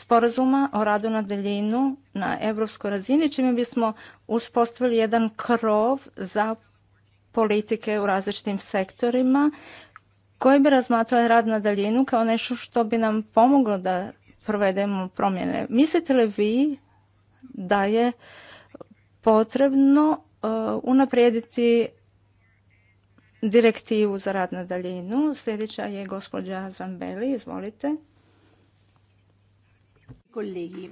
sporazuma o radu na daljinu na europskoj razini, čime bismo uspostavili jedan krov za politike u različitim sektorima koji bi razmatrali rad na daljinu kao nešto što bi nam pomoglo da provedemo promjene. Mislite li vi da je potrebno e, unaprijediti direktivu za rad na daljinu? Sljedeća je gospođa Zambeli, izvolite kolegi.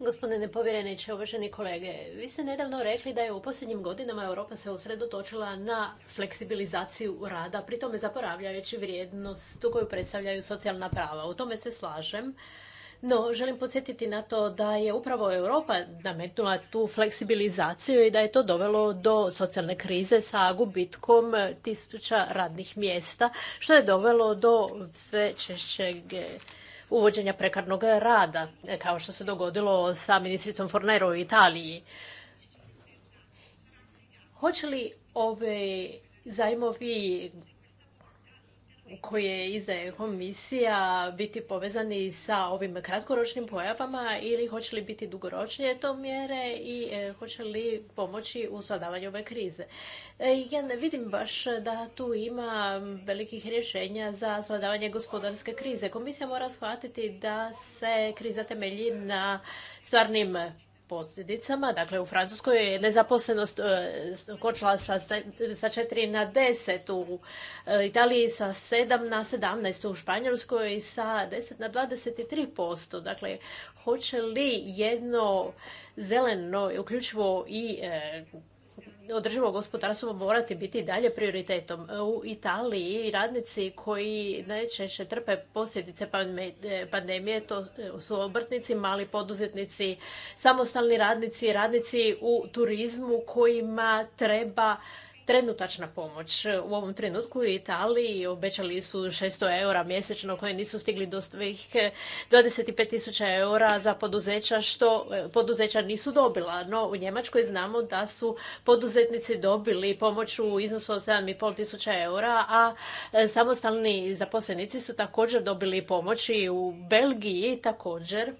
Gospodine povjereniče, uvaženi kolege, vi ste nedavno rekli da je u posljednjim godinama Europa se usredotočila na fleksibilizaciju rada, pri tome zaporavljajući vrijednost koju predstavljaju socijalna prava. U tome se slažem. No, želim podsjetiti na to da je upravo Europa nametnula tu fleksibilizaciju i da je to dovelo do socijalne krize sa gubitkom tisuća radnih mjesta, što je dovelo do sve češćeg uvođenja prekarnog rada, e, kao što se dogodilo sa ministricom Fornero u Italiji. Hoće li ove zajmovi koje iza komisija biti povezani sa ovim kratkoročnim pojavama ili hoće li biti dugoročnije to mjere i e, hoće li pomoći u svladavanju ove krize. E, ja ne vidim baš da tu ima velikih rješenja za svladavanje gospodarske krize. Komisija mora shvatiti da se kriza temelji na stvarnim posljedicama. Dakle, u Francuskoj je nezaposlenost e, kočila sa, sa 4 na 10, u e, Italiji sa 7 na 17, u Španjolskoj sa 10 na 23%. Dakle, hoće li jedno zeleno, uključivo i e, održivo gospodarstvo morati biti dalje prioritetom. E, u Italiji radnici koji najčešće trpe posljedice e, pandemije to e, su obrtnici, mali poduzetnici, samostalni radnici, radnici u turizmu kojima treba trenutačna pomoć. U ovom trenutku u Italiji obećali su 600 eura mjesečno koje nisu stigli do svih 25.000 eura za poduzeća što e, poduzeća nisu dobila. No u Njemačkoj znamo da su poduzetnici dobili pomoć u iznosu od 7.500 eura, a e, samostalni zaposlenici su također dobili pomoć i u Belgiji također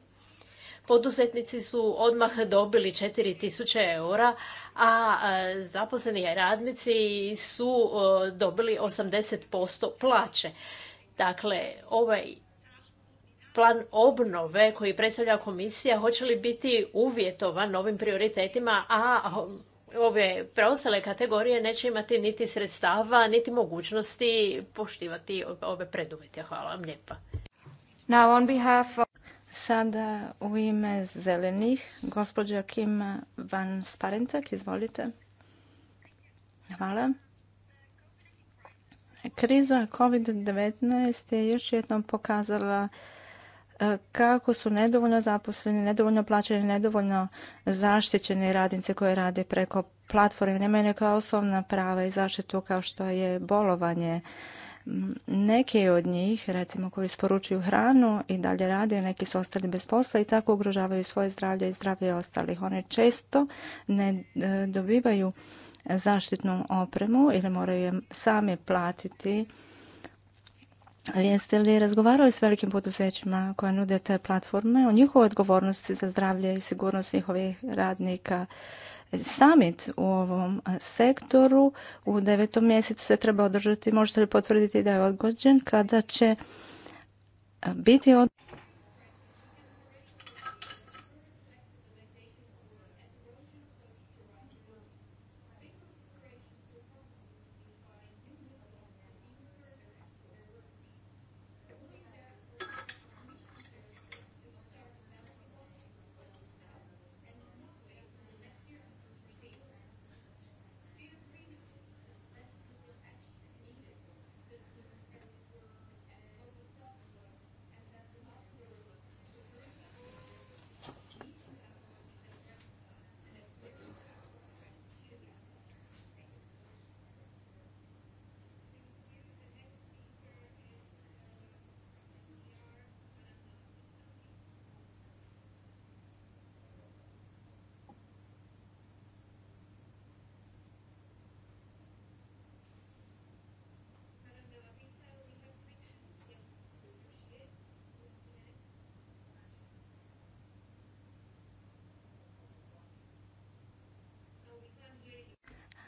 poduzetnici su odmah dobili 4000 eura, a e, zaposleni radnici su e, dobili 80% plaće. Dakle, ovaj plan obnove koji predstavlja komisija hoće li biti uvjetovan novim prioritetima, a ove preostale kategorije neće imati niti sredstava, niti mogućnosti poštivati ove preduvjete. Hvala vam lijepa. Now on behalf Sada u ime zelenih, gospođa Kim Van Sparentak, izvolite. Hvala. Kriza COVID-19 je još jednom pokazala e, kako su nedovoljno zaposleni, nedovoljno plaćeni, nedovoljno zaštićeni radnice koje rade preko platforme, nemaju neka osnovna prava i zaštitu kao što je bolovanje neki od njih, recimo koji isporučuju hranu i dalje rade, neki su ostali bez posla i tako ugrožavaju svoje zdravlje i zdravlje ostalih. One često ne e, dobivaju zaštitnu opremu ili moraju je sami platiti. Jeste li razgovarali s velikim poduzećima koja nude te platforme o njihovoj odgovornosti za zdravlje i sigurnost njihovih radnika? Summit u ovom sektoru u devetom mjesecu se treba održati. Možete li potvrditi da je odgođen kada će biti od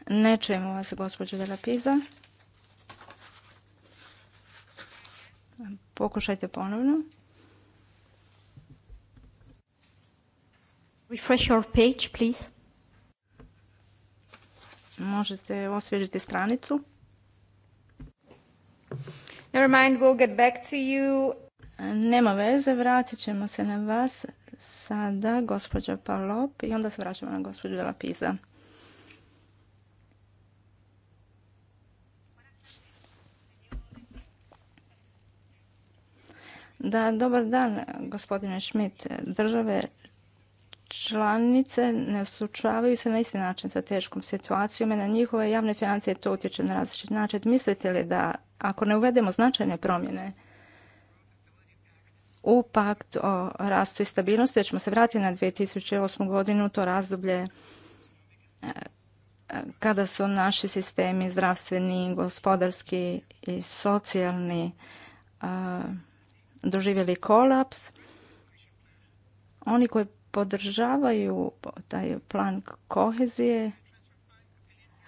Ne čujemo vas, gospođo Pisa. Pokušajte ponovno. Refresh page, please. Možete osvježiti stranicu. Never mind, we'll get back to you. Nema veze, vratit ćemo se na vas sada, gospođa Palop, i onda se vraćamo na gospođu Pisa. Da, dobar dan, gospodine Schmidt. Države članice ne osučavaju se na isti način sa teškom situacijom i na njihove javne financije to utječe na različit način. Mislite li da ako ne uvedemo značajne promjene u pakt o rastu i stabilnosti, da ćemo se vratiti na 2008. godinu, to razdoblje e, kada su naši sistemi zdravstveni, gospodarski i socijalni doživjeli kolaps. Oni koji podržavaju taj plan kohezije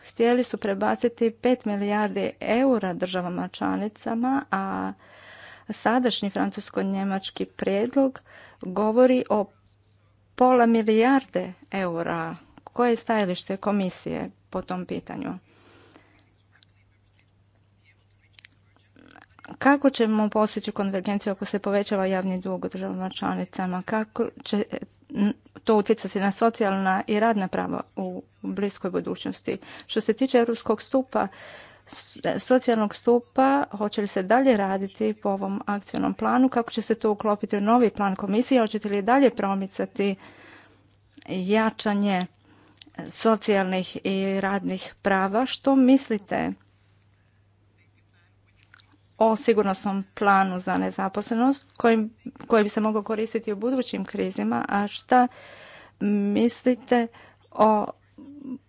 htjeli su prebaciti 5 milijardi eura državama članicama, a sadašnji francusko-njemački prijedlog govori o pola milijarde eura. Koje je stajalište komisije po tom pitanju? kako ćemo postići konvergenciju ako se povećava javni dug u državama članicama? Kako će to utjecati na socijalna i radna prava u bliskoj budućnosti? Što se tiče europskog stupa, socijalnog stupa, hoće li se dalje raditi po ovom akcijnom planu, kako će se to uklopiti u novi plan komisije, hoćete li dalje promicati jačanje socijalnih i radnih prava. Što mislite o sigurnosnom planu za nezaposlenost koji, koji bi se mogao koristiti u budućim krizima, a šta mislite o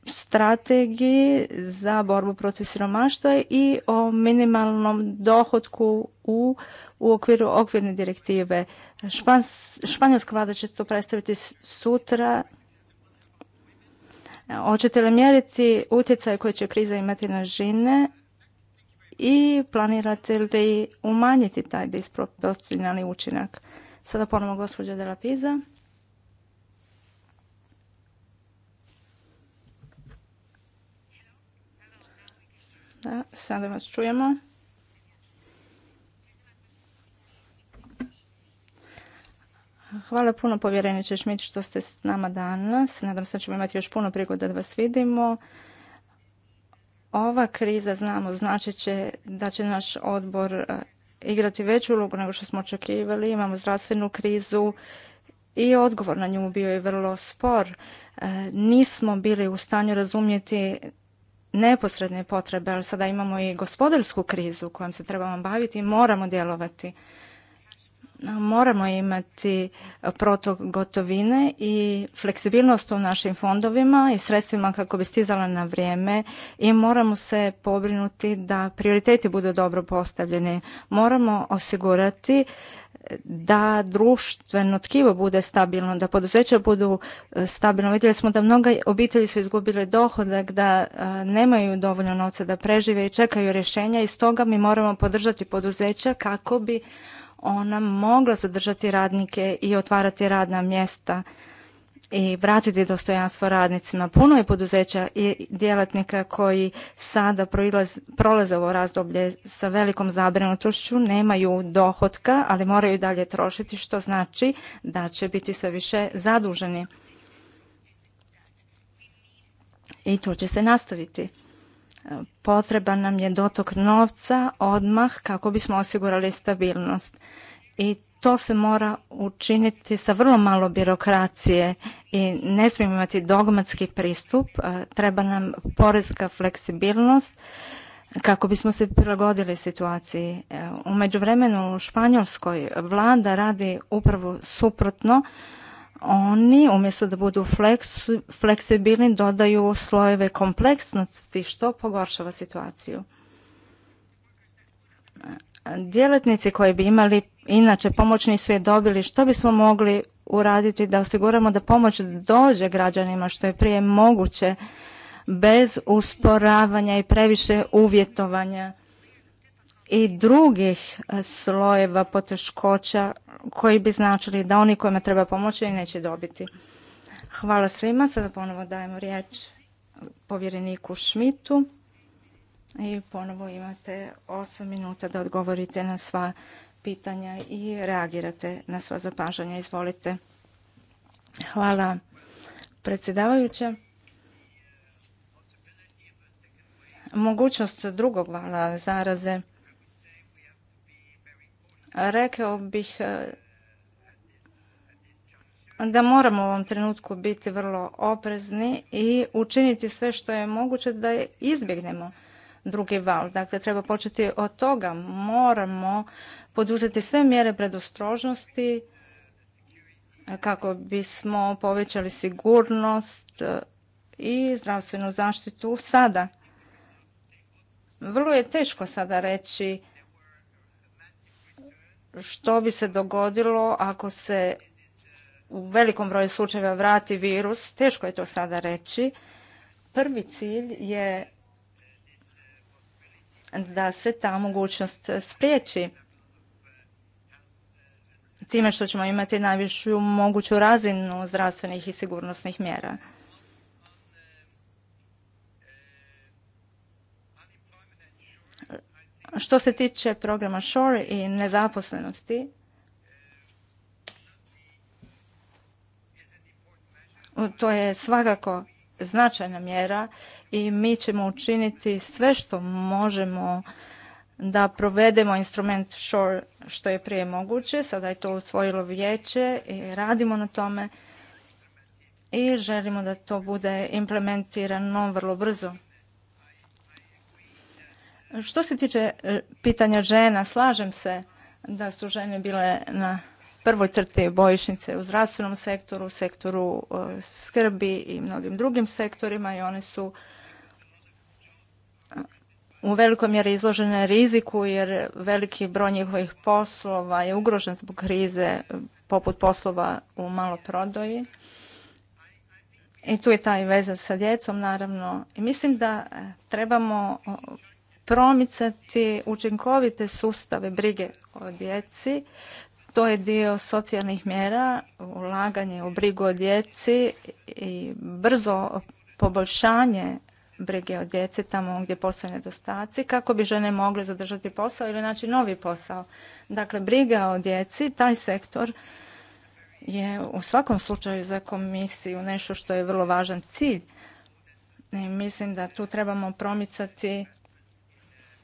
strategiji za borbu protiv siromaštva i o minimalnom dohodku u, u okviru okvirne direktive. Špans, španjolska vlada će to predstaviti sutra. Hoćete li mjeriti utjecaj koji će kriza imati na žine? i planirate li umanjiti taj disproporcionalni učinak? Sada ponovno gospođa la Da, sada vas čujemo. Hvala puno povjereniče Šmit što ste s nama danas. Nadam se da ćemo imati još puno prigoda da vas vidimo. Ova kriza, znamo, znači će da će naš odbor e, igrati veću ulogu nego što smo očekivali. Imamo zdravstvenu krizu i odgovor na nju bio je vrlo spor. E, nismo bili u stanju razumjeti neposredne potrebe, ali sada imamo i gospodarsku krizu kojom se trebamo baviti i moramo djelovati moramo imati protok gotovine i fleksibilnost u našim fondovima i sredstvima kako bi stizala na vrijeme i moramo se pobrinuti da prioriteti budu dobro postavljeni. Moramo osigurati da društveno tkivo bude stabilno, da poduzeća budu e, stabilno. Vidjeli smo da mnoga obitelji su izgubile dohodak, da e, nemaju dovoljno novca da prežive i čekaju rješenja i stoga mi moramo podržati poduzeća kako bi ona mogla zadržati radnike i otvarati radna mjesta i vratiti dostojanstvo radnicima. Puno je poduzeća i djelatnika koji sada prolaze ovo razdoblje sa velikom zabrinutošću, nemaju dohotka, ali moraju dalje trošiti, što znači da će biti sve više zaduženi. I to će se nastaviti. Potreban nam je dotok novca odmah kako bismo osigurali stabilnost. I to se mora učiniti sa vrlo malo birokracije i ne smijemo imati dogmatski pristup. E, treba nam porezka fleksibilnost kako bismo se prilagodili situaciji. E, u međuvremenu u Španjolskoj vlada radi upravo suprotno oni umjesto da budu fleksibilni dodaju slojeve kompleksnosti što pogoršava situaciju. Djelatnici koji bi imali inače pomoć nisu je dobili, što bismo mogli uraditi da osiguramo da pomoć dođe građanima što je prije moguće bez usporavanja i previše uvjetovanja i drugih e, slojeva poteškoća koji bi značili da oni kojima treba pomoći neće dobiti. Hvala svima. Sada ponovo dajemo riječ povjereniku Šmitu i ponovo imate 8 minuta da odgovorite na sva pitanja i reagirate na sva zapažanja. Izvolite. Hvala predsjedavajuća. Mogućnost drugog vala zaraze Rekao bih e, da moramo u ovom trenutku biti vrlo oprezni i učiniti sve što je moguće da izbjegnemo drugi val. Dakle, treba početi od toga. Moramo poduzeti sve mjere predostrožnosti kako bismo povećali sigurnost i zdravstvenu zaštitu sada. Vrlo je teško sada reći što bi se dogodilo ako se u velikom broju slučajeva vrati virus, teško je to sada reći. Prvi cilj je da se ta mogućnost spriječi. Time što ćemo imati najvišu moguću razinu zdravstvenih i sigurnosnih mjera. Što se tiče programa Shore i nezaposlenosti, to je svakako značajna mjera i mi ćemo učiniti sve što možemo da provedemo instrument SHORE što je prije moguće. Sada je to usvojilo vijeće i radimo na tome i želimo da to bude implementirano vrlo brzo. Što se tiče e, pitanja žena, slažem se da su žene bile na prvoj crti bojišnice u zdravstvenom sektoru, sektoru e, skrbi i mnogim drugim sektorima i one su e, u velikoj mjeri izložene riziku jer veliki broj njihovih poslova je ugrožen zbog krize poput poslova u maloprodoji. I tu je taj veza sa djecom, naravno. I mislim da trebamo promicati učinkovite sustave brige o djeci. To je dio socijalnih mjera, ulaganje u brigu o djeci i brzo poboljšanje brige o djeci tamo gdje postoje nedostaci kako bi žene mogle zadržati posao ili naći novi posao. Dakle, briga o djeci, taj sektor je u svakom slučaju za komisiju nešto što je vrlo važan cilj. I mislim da tu trebamo promicati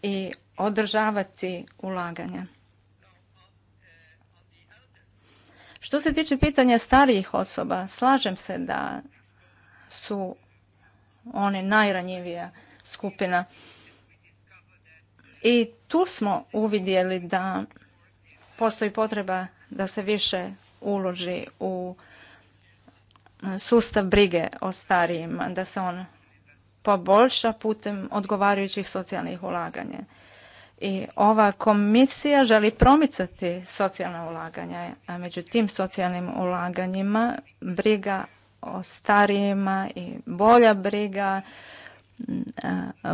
i održavati ulaganja. Što se tiče pitanja starijih osoba, slažem se da su one najranjivija skupina. I tu smo uvidjeli da postoji potreba da se više uloži u sustav brige o starijima, da se on poboljša putem odgovarajućih socijalnih ulaganja. I ova komisija želi promicati socijalna ulaganja, a među tim socijalnim ulaganjima briga o starijima i bolja briga,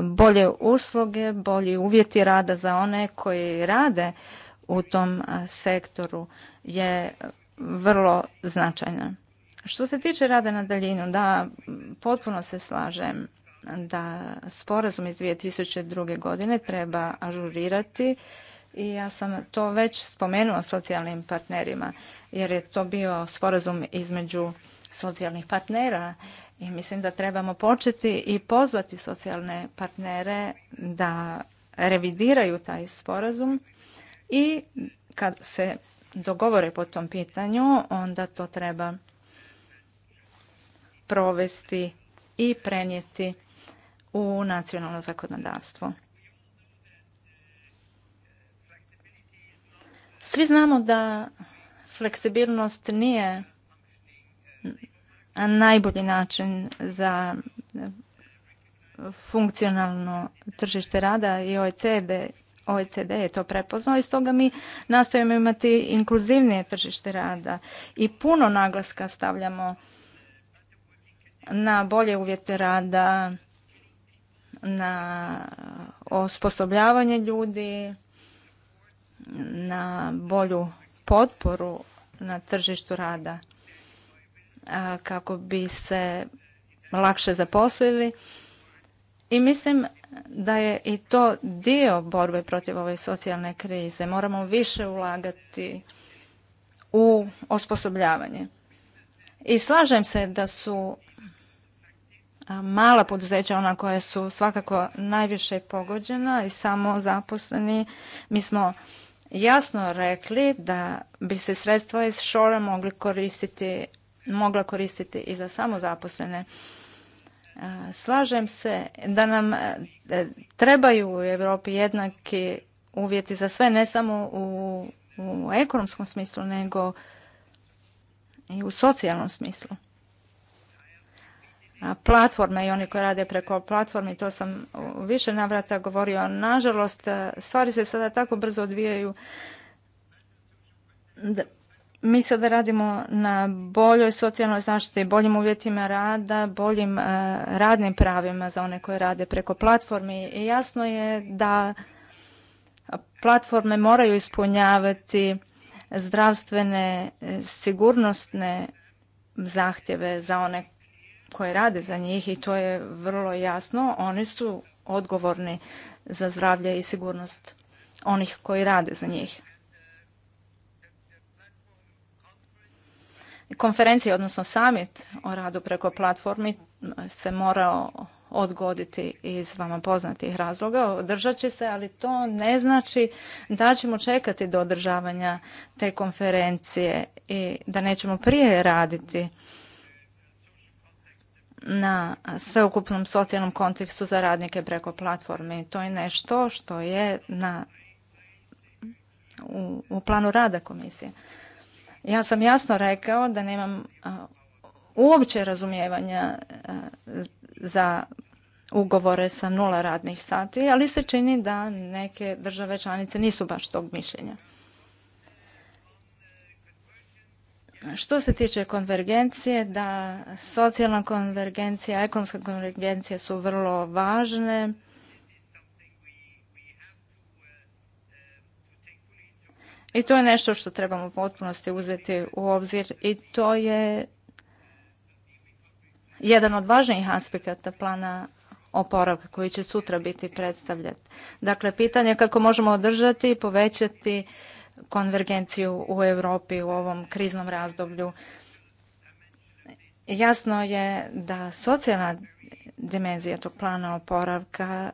bolje usluge, bolji uvjeti rada za one koji rade u tom sektoru je vrlo značajna. Što se tiče rada na daljinu, da, potpuno se slažem da sporazum iz 2002. godine treba ažurirati i ja sam to već spomenula socijalnim partnerima jer je to bio sporazum između socijalnih partnera i mislim da trebamo početi i pozvati socijalne partnere da revidiraju taj sporazum i kad se dogovore po tom pitanju, onda to treba provesti i prenijeti u nacionalno zakonodavstvo. Svi znamo da fleksibilnost nije najbolji način za funkcionalno tržište rada i OECD, OECD je to prepoznao i stoga mi nastojimo imati inkluzivnije tržište rada i puno naglaska stavljamo na bolje uvjete rada, na osposobljavanje ljudi, na bolju potporu na tržištu rada kako bi se lakše zaposlili. I mislim da je i to dio borbe protiv ove socijalne krize. Moramo više ulagati u osposobljavanje. I slažem se da su mala poduzeća, ona koja su svakako najviše pogođena i samo zaposleni. Mi smo jasno rekli da bi se sredstva iz šora mogli koristiti, mogla koristiti i za samozaposlene. Slažem se da nam e, trebaju u Europi jednaki uvjeti za sve, ne samo u, u ekonomskom smislu, nego i u socijalnom smislu platforme i oni koji rade preko platformi, to sam u više navrata govorio. Nažalost, e, stvari se sada tako brzo odvijaju. Mi sada radimo na boljoj socijalnoj zaštiti, boljim uvjetima rada, boljim e, radnim pravima za one koji rade preko platformi. I jasno je da platforme moraju ispunjavati zdravstvene, e, sigurnosne zahtjeve za one koje rade za njih i to je vrlo jasno, oni su odgovorni za zdravlje i sigurnost onih koji rade za njih. Konferencija, odnosno summit o radu preko platformi se morao odgoditi iz vama poznatih razloga. Održat će se, ali to ne znači da ćemo čekati do održavanja te konferencije i da nećemo prije raditi na sveukupnom socijalnom kontekstu za radnike preko platforme. To je nešto što je na, u, planu rada komisije. Ja sam jasno rekao da nemam a, uopće razumijevanja za ugovore sa nula radnih sati, ali se čini da neke države članice nisu baš tog mišljenja. Što se tiče konvergencije, da socijalna konvergencija, ekonomska konvergencija su vrlo važne. I to je nešto što trebamo u potpunosti uzeti u obzir i to je jedan od važnijih aspekata plana oporavka koji će sutra biti predstavljen. Dakle, pitanje je kako možemo održati i povećati konvergenciju u Europi u ovom kriznom razdoblju. Jasno je da socijalna dimenzija tog plana oporavka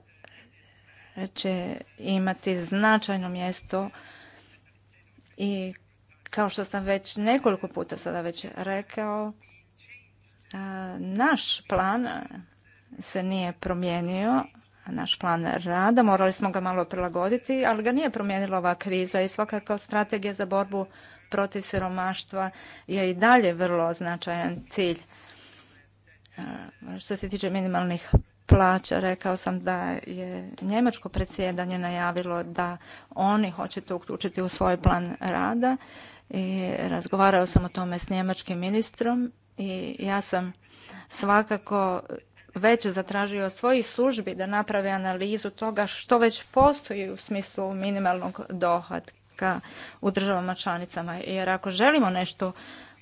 će imati značajno mjesto i kao što sam već nekoliko puta sada već rekao, naš plan se nije promijenio, naš plan rada. Morali smo ga malo prilagoditi, ali ga nije promijenila ova kriza i svakako strategija za borbu protiv siromaštva je i dalje vrlo značajan cilj. E, što se tiče minimalnih plaća, rekao sam da je njemačko predsjedanje najavilo da oni hoće to uključiti u svoj plan rada i razgovarao sam o tome s njemačkim ministrom i ja sam svakako već zatražio svojih službi da naprave analizu toga što već postoji u smislu minimalnog dohotka u državama članicama. Jer ako želimo nešto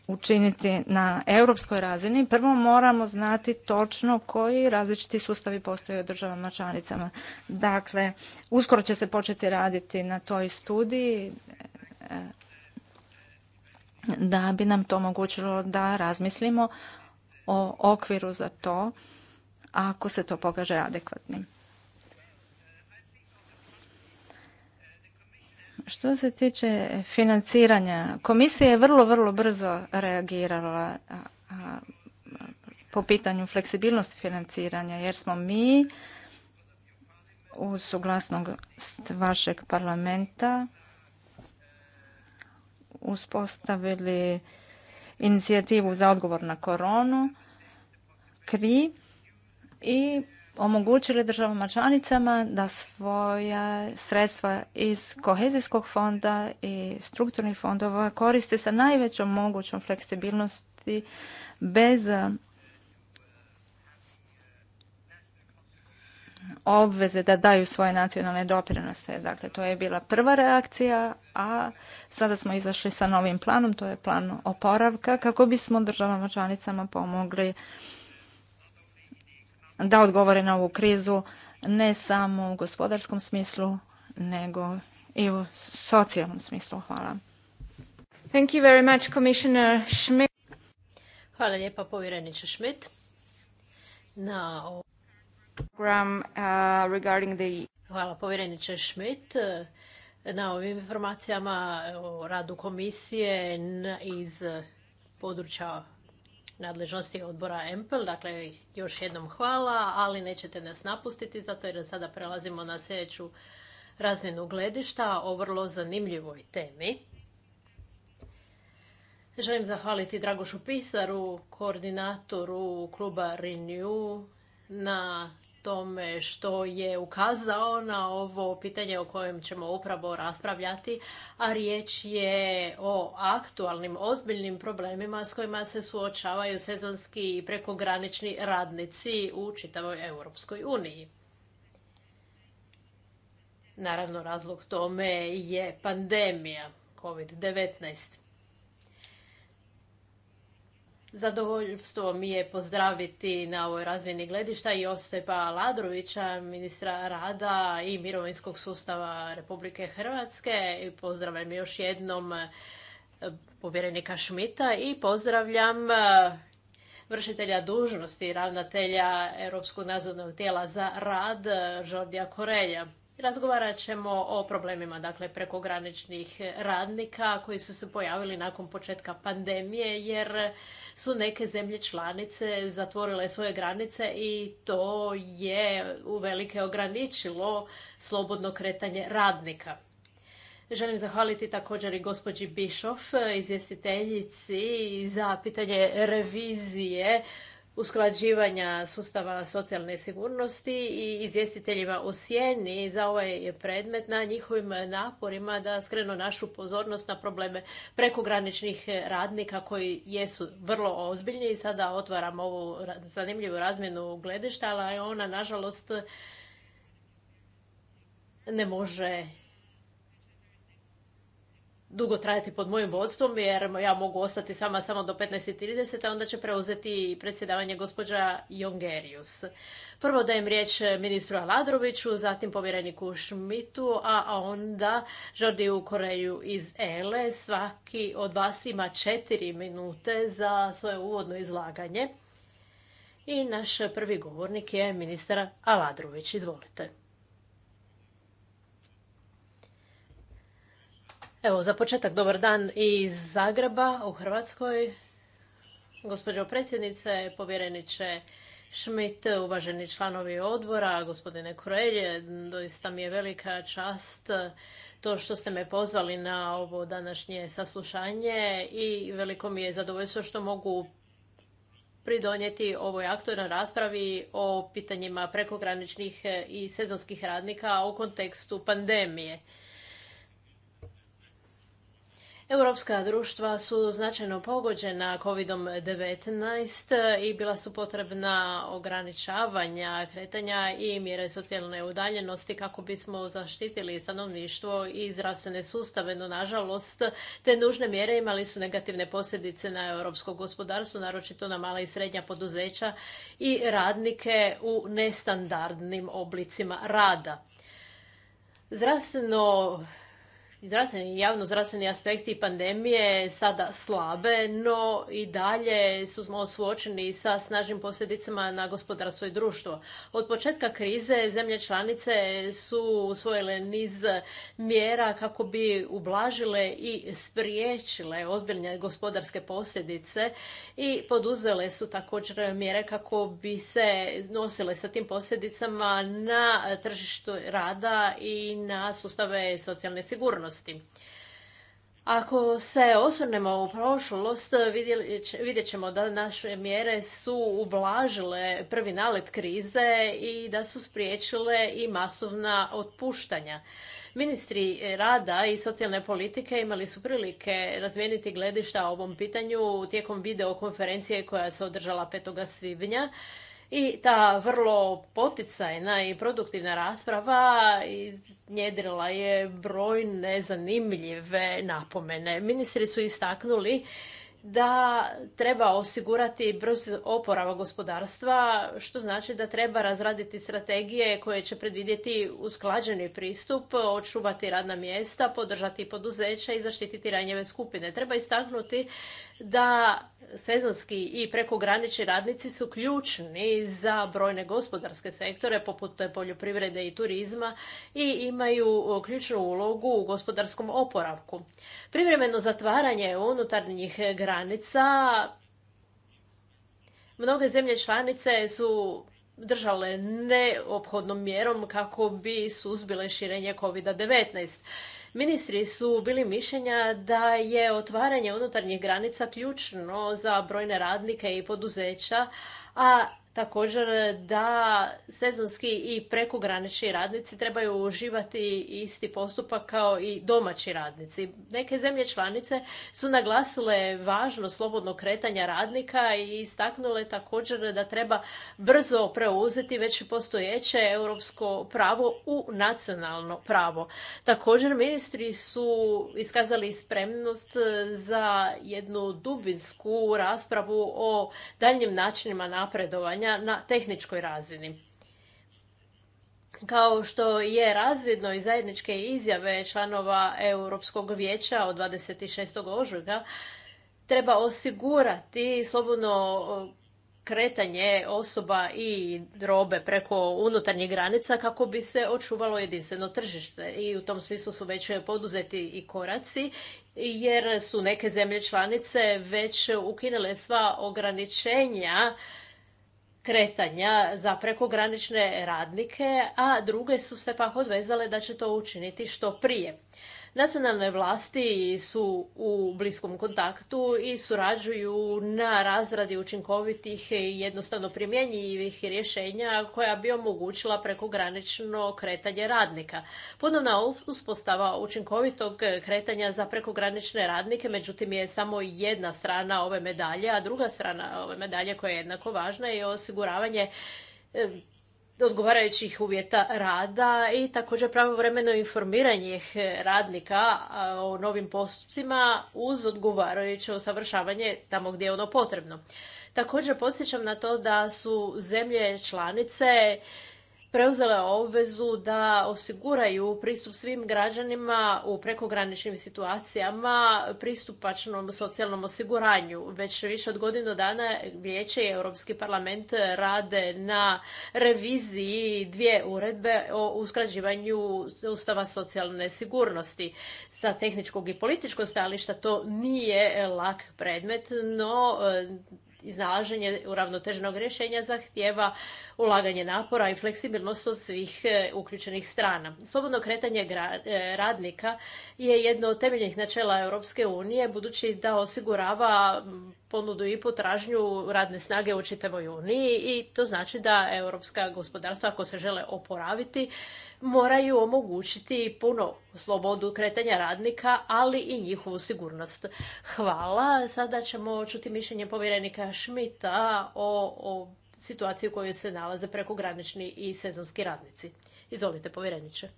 učiniti na europskoj razini, prvo moramo znati točno koji različiti sustavi postoje u državama članicama. Dakle, uskoro će se početi raditi na toj studiji e, da bi nam to omogućilo da razmislimo o okviru za to ako se to pokaže adekvatnim. Što se tiče financiranja, komisija je vrlo, vrlo brzo reagirala po pitanju fleksibilnosti financiranja, jer smo mi uz suglasnost vašeg parlamenta uspostavili inicijativu za odgovor na koronu, KRI, i omogućili državama članicama da svoja sredstva iz kohezijskog fonda i strukturnih fondova koriste sa najvećom mogućom fleksibilnosti bez obveze da daju svoje nacionalne doprinose. Dakle, to je bila prva reakcija, a sada smo izašli sa novim planom, to je plan oporavka, kako bismo državama članicama pomogli da odgovore na ovu krizu ne samo u gospodarskom smislu, nego i u socijalnom smislu. Hvala. Thank you very much, Commissioner Schmidt. Hvala lijepa, povjereniče Schmidt. Na program uh, regarding the... Hvala, povjereniče Schmidt na ovim informacijama o radu komisije iz područja nadležnosti odbora EMPL. Dakle, još jednom hvala, ali nećete nas napustiti, zato jer sada prelazimo na sljedeću razinu gledišta o vrlo zanimljivoj temi. Želim zahvaliti Dragošu Pisaru, koordinatoru kluba Renew, na tome što je ukazao na ovo pitanje o kojem ćemo upravo raspravljati, a riječ je o aktualnim, ozbiljnim problemima s kojima se suočavaju sezonski i prekogranični radnici u čitavoj Europskoj uniji. Naravno, razlog tome je pandemija COVID-19. Zadovoljstvo mi je pozdraviti na ovoj razini gledišta i Ladrovića, ministra rada i mirovinskog sustava Republike Hrvatske. I pozdravljam još jednom eh, povjerenika Šmita i pozdravljam eh, vršitelja dužnosti ravnatelja Europskog nadzornog tijela za rad eh, Žordija Korelja. Razgovarat ćemo o problemima dakle, prekograničnih radnika koji su se pojavili nakon početka pandemije jer su neke zemlje članice zatvorile svoje granice i to je u velike ograničilo slobodno kretanje radnika. Želim zahvaliti također i gospođi Bišov, izvjestiteljici za pitanje revizije usklađivanja sustava socijalne sigurnosti i izvjestiteljima u sjeni za ovaj predmet na njihovim naporima da skrenu našu pozornost na probleme prekograničnih radnika koji jesu vrlo ozbiljni i sada otvaram ovu zanimljivu razmjenu gledišta, ali ona nažalost ne može dugo trajati pod mojim vodstvom jer ja mogu ostati sama samo do 15.30, a onda će preuzeti predsjedavanje gospođa Jongerius. Prvo dajem riječ ministru Aladroviću, zatim povjereniku Šmitu, a onda Žordiju Koreju iz ELE. Svaki od vas ima četiri minute za svoje uvodno izlaganje. I naš prvi govornik je ministar Aladrović. Izvolite. Evo, za početak dobar dan iz Zagreba u Hrvatskoj. Gospođo predsjednice, povjereniče Šmit, uvaženi članovi odbora, gospodine Kurelje, doista mi je velika čast to što ste me pozvali na ovo današnje saslušanje i veliko mi je zadovoljstvo što mogu pridonijeti ovoj aktualnoj raspravi o pitanjima prekograničnih i sezonskih radnika u kontekstu pandemije. Europska društva su značajno pogođena COVID-19 i bila su potrebna ograničavanja kretanja i mjere socijalne udaljenosti kako bismo zaštitili stanovništvo i zdravstvene sustave. No, nažalost, te nužne mjere imali su negativne posljedice na europsko gospodarstvo, naročito na mala i srednja poduzeća i radnike u nestandardnim oblicima rada. Zdravstveno zdravstveni, javno-zdravstveni aspekti pandemije sada slabe, no i dalje su smo suočeni sa snažnim posljedicama na gospodarstvo i društvo. Od početka krize zemlje članice su usvojile niz mjera kako bi ublažile i spriječile ozbiljne gospodarske posljedice i poduzele su također mjere kako bi se nosile sa tim posljedicama na tržištu rada i na sustave socijalne sigurnosti. Ako se osvrnemo u prošlost, vidjet ćemo da naše mjere su ublažile prvi nalet krize i da su spriječile i masovna otpuštanja. Ministri rada i socijalne politike imali su prilike razmijeniti gledišta o ovom pitanju tijekom videokonferencije koja se održala 5. svibnja i ta vrlo poticajna i produktivna rasprava iznjedrila je brojne zanimljive napomene. Ministri su istaknuli da treba osigurati brz oporava gospodarstva, što znači da treba razraditi strategije koje će predvidjeti usklađeni pristup, očuvati radna mjesta, podržati poduzeća i zaštititi ranjive skupine. Treba istaknuti da sezonski i prekogranični radnici su ključni za brojne gospodarske sektore poput poljoprivrede i turizma i imaju ključnu ulogu u gospodarskom oporavku. Privremeno zatvaranje unutarnjih granica mnoge zemlje članice su držale neophodnom mjerom kako bi suzbile širenje COVID-19. Ministri su bili mišljenja da je otvaranje unutarnjih granica ključno za brojne radnike i poduzeća, a također da sezonski i prekogranični radnici trebaju uživati isti postupak kao i domaći radnici. Neke zemlje članice su naglasile važnost slobodnog kretanja radnika i istaknule također da treba brzo preuzeti već postojeće europsko pravo u nacionalno pravo. Također ministri su iskazali spremnost za jednu dubinsku raspravu o daljnjim načinima napredovanja na tehničkoj razini. Kao što je razvidno i zajedničke izjave članova Europskog vijeća od 26. ožujka, treba osigurati slobodno kretanje osoba i robe preko unutarnjih granica kako bi se očuvalo jedinstveno tržište. I u tom smislu su već poduzeti i koraci jer su neke zemlje članice već ukinule sva ograničenja kretanja za prekogranične radnike, a druge su se pak odvezale da će to učiniti što prije. Nacionalne vlasti su u bliskom kontaktu i surađuju na razradi učinkovitih i jednostavno primjenjivih rješenja koja bi omogućila prekogranično kretanje radnika. Ponovna uspostava učinkovitog kretanja za prekogranične radnike, međutim, je samo jedna strana ove medalje, a druga strana ove medalje koja je jednako važna je osiguravanje odgovarajućih uvjeta rada i također pravovremeno informiranje e, radnika o novim postupcima uz odgovarajuće usavršavanje tamo gdje je ono potrebno. Također podsjećam na to da su zemlje članice preuzele obvezu da osiguraju pristup svim građanima u prekograničnim situacijama pristupačnom socijalnom osiguranju. Već više od godinu dana Vijeće i Europski parlament rade na reviziji dvije uredbe o usklađivanju ustava socijalne sigurnosti. Sa tehničkog i političkog stajališta to nije lak predmet, no iznalaženje uravnoteženog rješenja zahtjeva ulaganje napora i fleksibilnost od svih e, uključenih strana. Slobodno kretanje e, radnika je jedno od temeljnih načela Europske unije budući da osigurava ponudu i potražnju radne snage u čitavoj Uniji i to znači da europska gospodarstva ako se žele oporaviti moraju omogućiti puno slobodu kretanja radnika, ali i njihovu sigurnost. Hvala. Sada ćemo čuti mišljenje povjerenika Šmita o, situaciji u kojoj se nalaze prekogranični i sezonski radnici. Izvolite, povjereniče.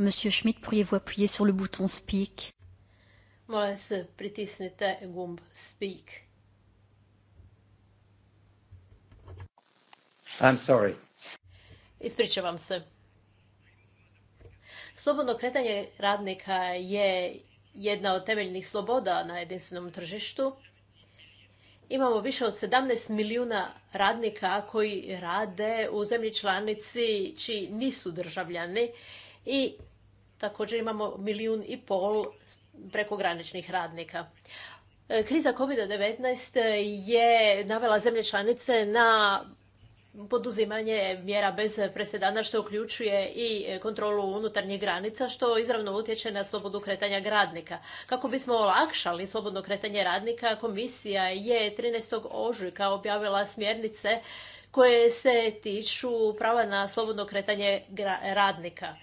Monsieur Schmidt, pourriez-vous appuyer sur le bouton speak Molim se, pritisnite gumb Speak. Ispričavam se. Slobodno kretanje radnika je jedna od temeljnih sloboda na jedinstvenom tržištu. Imamo više od 17 milijuna radnika koji rade u zemlji članici čiji nisu državljani i Također imamo milijun i pol prekograničnih radnika. E, kriza COVID-19 je navela zemlje članice na poduzimanje mjera bez presedana što uključuje i kontrolu unutarnjih granica što izravno utječe na slobodu kretanja gradnika. Kako bismo olakšali slobodno kretanje radnika, komisija je 13. ožujka objavila smjernice koje se tiču prava na slobodno kretanje radnika.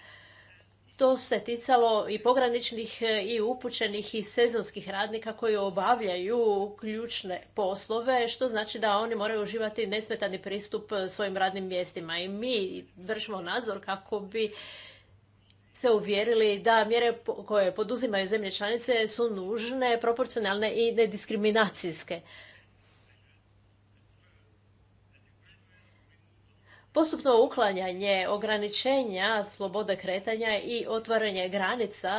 To se ticalo i pograničnih e, i upućenih i sezonskih radnika koji obavljaju ključne poslove, što znači da oni moraju uživati nesmetani pristup e, svojim radnim mjestima. I mi vršimo nadzor kako bi se uvjerili da mjere koje poduzimaju zemlje članice su nužne, proporcionalne i nediskriminacijske. Postupno uklanjanje ograničenja slobode kretanja i otvaranje granica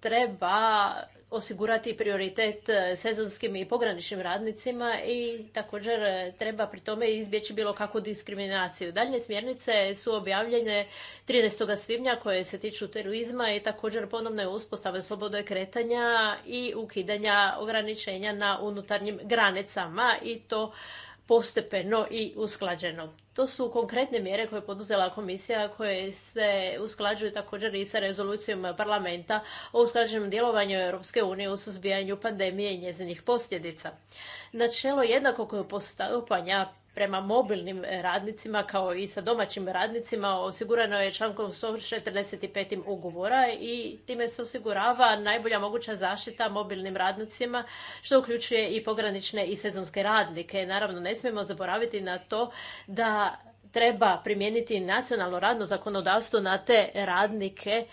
treba osigurati prioritet sezonskim i pograničnim radnicima i također treba pri tome izbjeći bilo kakvu diskriminaciju. Dalje smjernice su objavljene 13. svibnja koje se tiču terorizma i također ponovne uspostave slobode kretanja i ukidanja ograničenja na unutarnjim granicama i to postepeno i usklađeno. To su konkretne mjere koje je poduzela komisija koje se usklađuju također i sa rezolucijom parlamenta o usklađenom djelovanju Europske unije u suzbijanju pandemije i njezinih posljedica. Načelo jednakog postupanja prema mobilnim e, radnicima kao i sa domaćim radnicima osigurano je člankom 145. ugovora i time se osigurava najbolja moguća zaštita mobilnim radnicima što uključuje i pogranične i sezonske radnike. Naravno ne smijemo zaboraviti na to da treba primijeniti nacionalno radno zakonodavstvo na te radnike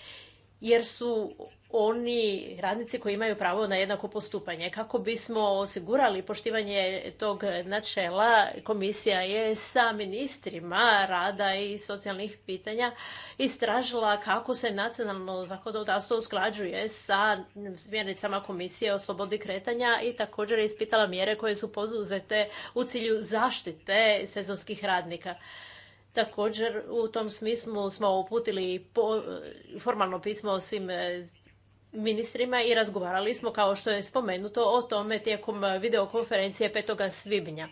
jer su oni radnici koji imaju pravo na jednako postupanje. Kako bismo osigurali poštivanje tog načela, komisija je sa ministrima rada i socijalnih pitanja istražila kako se nacionalno zakonodavstvo usklađuje sa smjernicama komisije o slobodi kretanja i također je ispitala mjere koje su poduzete u cilju zaštite sezonskih radnika. Također u tom smislu smo uputili formalno pismo svim ministrima i razgovarali smo, kao što je spomenuto, o tome tijekom eh, videokonferencije 5. svibnja.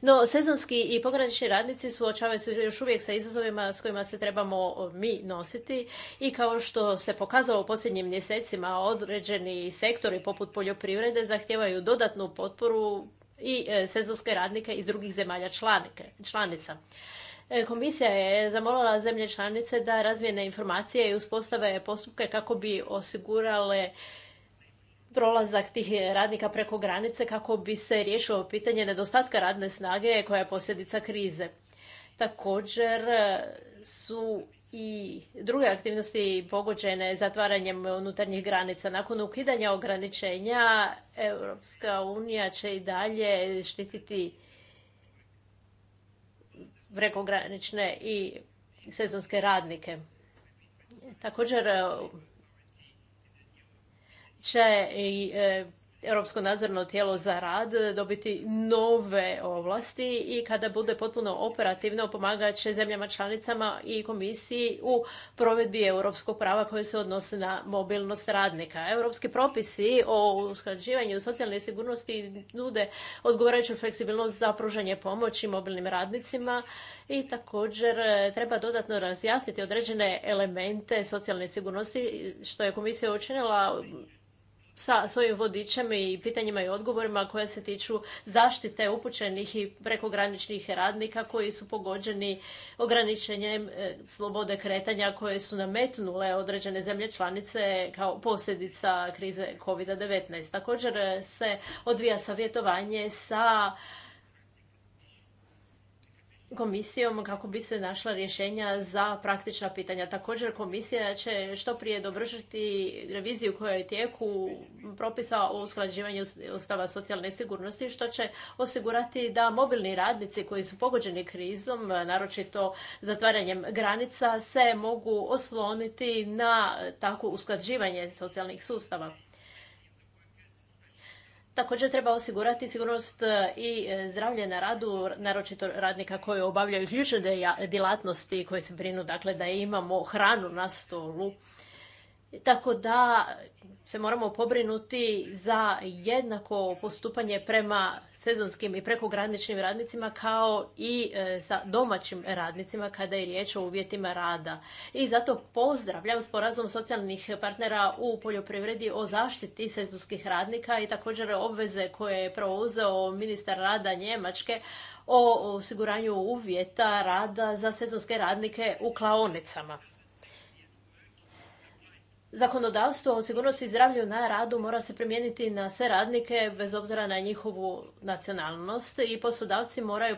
No, sezonski i pogranični radnici suočavaju se još uvijek sa izazovima s kojima se trebamo eh, mi nositi i kao što se pokazalo u posljednjim mjesecima, određeni sektori poput poljoprivrede zahtijevaju dodatnu potporu i eh, sezonske radnike iz drugih zemalja članica. E, komisija je zamolila zemlje članice da razvijene informacije i uspostave postupke kako bi osigurale prolazak tih radnika preko granice kako bi se riješilo pitanje nedostatka radne snage koja je posljedica krize. Također e, su i druge aktivnosti pogođene zatvaranjem unutarnjih granica. Nakon ukidanja ograničenja Europska unija će i dalje štititi prekogranične i sezonske radnike. Također e, će i e, Europsko nadzorno tijelo za rad dobiti nove ovlasti i kada bude potpuno operativno pomagat će zemljama članicama i komisiji u provedbi europskog prava koje se odnose na mobilnost radnika. Europski propisi o usklađivanju socijalne sigurnosti nude odgovarajuću fleksibilnost za pružanje pomoći mobilnim radnicima i također e, treba dodatno razjasniti određene elemente socijalne sigurnosti što je komisija učinila sa svojim vodičem i pitanjima i odgovorima koje se tiču zaštite upućenih i prekograničnih radnika koji su pogođeni ograničenjem e, slobode kretanja koje su nametnule određene zemlje članice kao posljedica krize COVID-19. Također e, se odvija savjetovanje sa komisijom kako bi se našla rješenja za praktična pitanja. Također komisija će što prije dovršiti reviziju koja je tijeku propisa o usklađivanju ustava socijalne sigurnosti što će osigurati da mobilni radnici koji su pogođeni krizom, naročito zatvaranjem granica, se mogu osloniti na takvo usklađivanje socijalnih sustava. Također treba osigurati sigurnost e, i e, zdravlje na radu, naročito radnika koji obavljaju ključne djelatnosti koje se brinu dakle, da imamo hranu na stolu tako da se moramo pobrinuti za jednako postupanje prema sezonskim i prekograničnim radnicima kao i e, sa domaćim radnicima kada je riječ o uvjetima rada. I zato pozdravljam sporazum socijalnih partnera u poljoprivredi o zaštiti sezonskih radnika i također obveze koje je prouzeo ministar rada Njemačke o osiguranju uvjeta rada za sezonske radnike u klaonicama zakonodavstvo o sigurnosti i zdravlju na radu mora se primijeniti na sve radnike bez obzira na njihovu nacionalnost i poslodavci moraju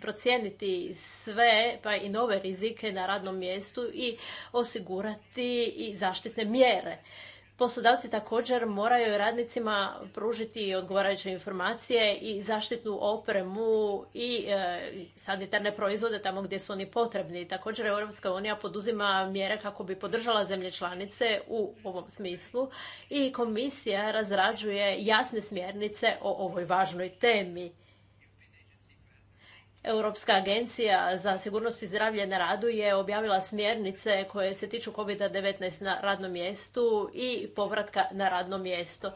procijeniti sve pa i nove rizike na radnom mjestu i osigurati i zaštitne mjere. Poslodavci također moraju radnicima pružiti odgovarajuće informacije i zaštitnu opremu i e, sanitarne proizvode tamo gdje su oni potrebni. Također Europska unija poduzima mjere kako bi podržala zemlje članice u ovom smislu i komisija razrađuje jasne smjernice o ovoj važnoj temi. Europska agencija za sigurnost i zdravlje na radu je objavila smjernice koje se tiču COVID-19 na radnom mjestu i povratka na radno mjesto.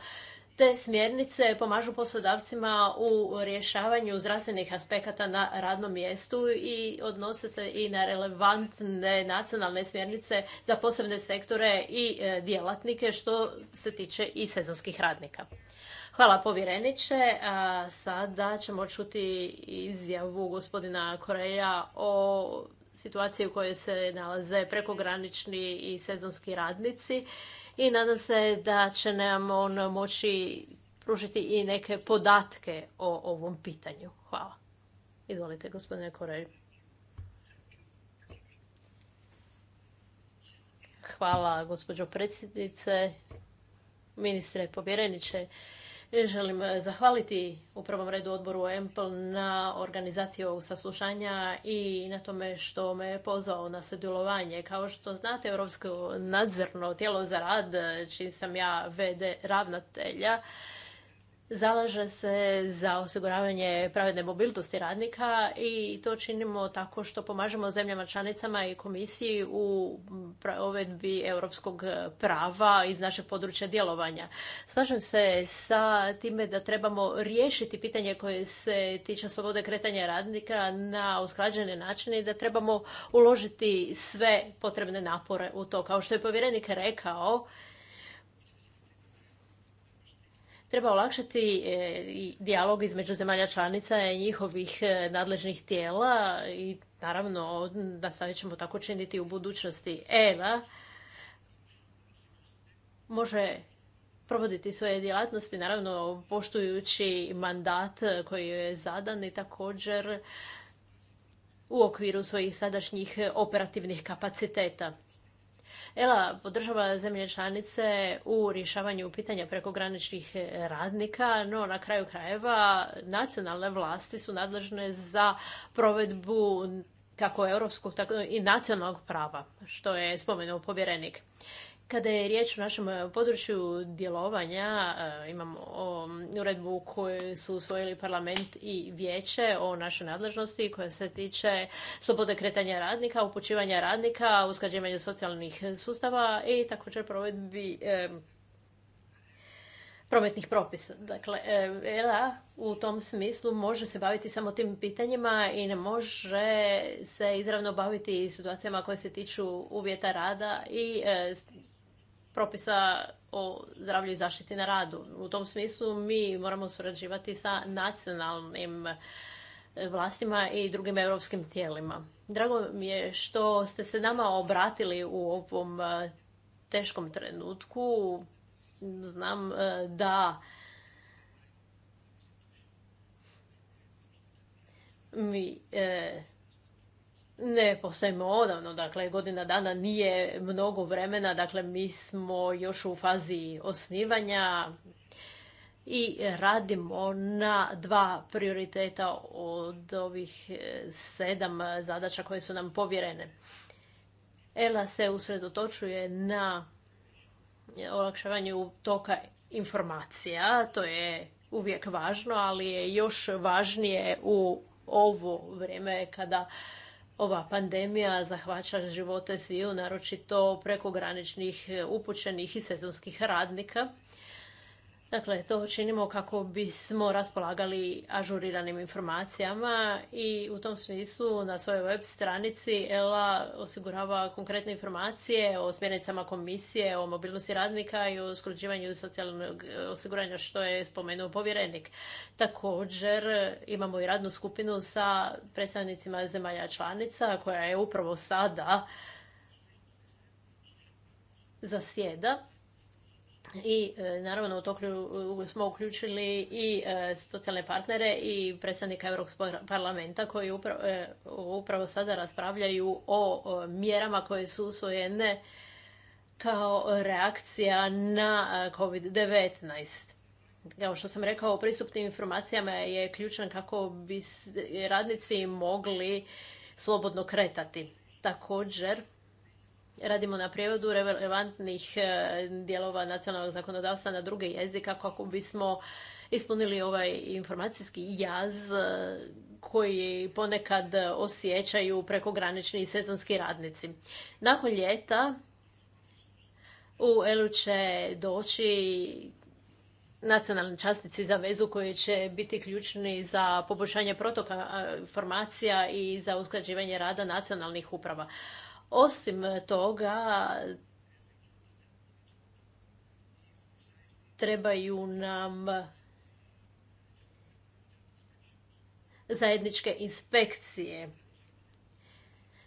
Te smjernice pomažu poslodavcima u rješavanju zdravstvenih aspekata na radnom mjestu i odnose se i na relevantne nacionalne smjernice za posebne sektore i e, djelatnike što se tiče i sezonskih radnika. Hvala povjereniče. Sada ćemo čuti izjavu gospodina Koreja o situaciji u kojoj se nalaze prekogranični i sezonski radnici i nadam se da će nam on moći pružiti i neke podatke o ovom pitanju. Hvala. Izvolite, gospodine Korej. Hvala, gospođo predsjednice, ministre povjereniče. Želim eh, zahvaliti u prvom redu odboru EMPL na organizaciji ovog saslušanja i na tome što me pozvao na sudjelovanje. Kao što znate, Europsko nadzorno tijelo za rad, eh, čiji sam ja VD ravnatelja, zalaže se za osiguravanje pravedne mobilnosti radnika i to činimo tako što pomažemo zemljama članicama i komisiji u provedbi europskog prava iz našeg područja djelovanja. Slažem se sa time da trebamo riješiti pitanje koje se tiče slobode kretanja radnika na usklađene načine i da trebamo uložiti sve potrebne napore u to. Kao što je povjerenik rekao, treba olakšati e, dijalog između zemalja članica i njihovih e, nadležnih tijela i naravno da sad ćemo tako činiti u budućnosti. ELA može provoditi svoje djelatnosti, naravno poštujući mandat koji je zadan i također u okviru svojih sadašnjih operativnih kapaciteta. ELA podržava zemlje članice u rješavanju pitanja prekograničnih radnika, no na kraju krajeva nacionalne vlasti su nadležne za provedbu kako europskog, tako i nacionalnog prava, što je spomenuo povjerenik. Kada je riječ o našem e, području djelovanja, e, imamo uredbu koju su usvojili parlament i vijeće o našoj nadležnosti koja se tiče slobode kretanja radnika, upućivanja radnika, usklađivanja socijalnih sustava i također provedbi e, prometnih propisa. Dakle, ELA u tom smislu može se baviti samo tim pitanjima i ne može se izravno baviti situacijama koje se tiču uvjeta rada i propisa o zdravlju i zaštiti na radu. U tom smislu mi moramo surađivati sa nacionalnim e, vlastima i drugim europskim tijelima. Drago mi je što ste se nama obratili u ovom e, teškom trenutku. Znam e, da mi ne posebno odavno, dakle godina dana nije mnogo vremena, dakle mi smo još u fazi osnivanja i radimo na dva prioriteta od ovih e, sedam zadaća koje su nam povjerene. ELA se usredotočuje na olakšavanju toka informacija, to je uvijek važno, ali je još važnije u ovo vrijeme kada ova pandemija zahvaća živote sviju, naročito prekograničnih upućenih i sezonskih radnika. Dakle, to činimo kako bismo raspolagali ažuriranim informacijama i u tom smislu na svojoj web stranici ELA osigurava konkretne informacije o smjernicama komisije, o mobilnosti radnika i o usklađivanju socijalnog e, osiguranja što je spomenuo povjerenik. Također imamo i radnu skupinu sa predstavnicima zemalja članica koja je upravo sada zasjeda i e, naravno u to smo uključili i e, socijalne partnere i predsjednika Europskog parlamenta koji e, upravo, sada raspravljaju o mjerama koje su usvojene kao reakcija na COVID-19. Kao što sam rekao, pristup tim informacijama je ključan kako bi radnici mogli slobodno kretati. Također, radimo na prijevodu relevantnih e, dijelova nacionalnog zakonodavstva na druge jezika kako bismo ispunili ovaj informacijski jaz e, koji ponekad osjećaju prekogranični sezonski radnici. Nakon ljeta u Elu će doći nacionalni častici za vezu koji će biti ključni za poboljšanje protoka informacija e, i za usklađivanje rada nacionalnih uprava. Osim toga, trebaju nam zajedničke inspekcije.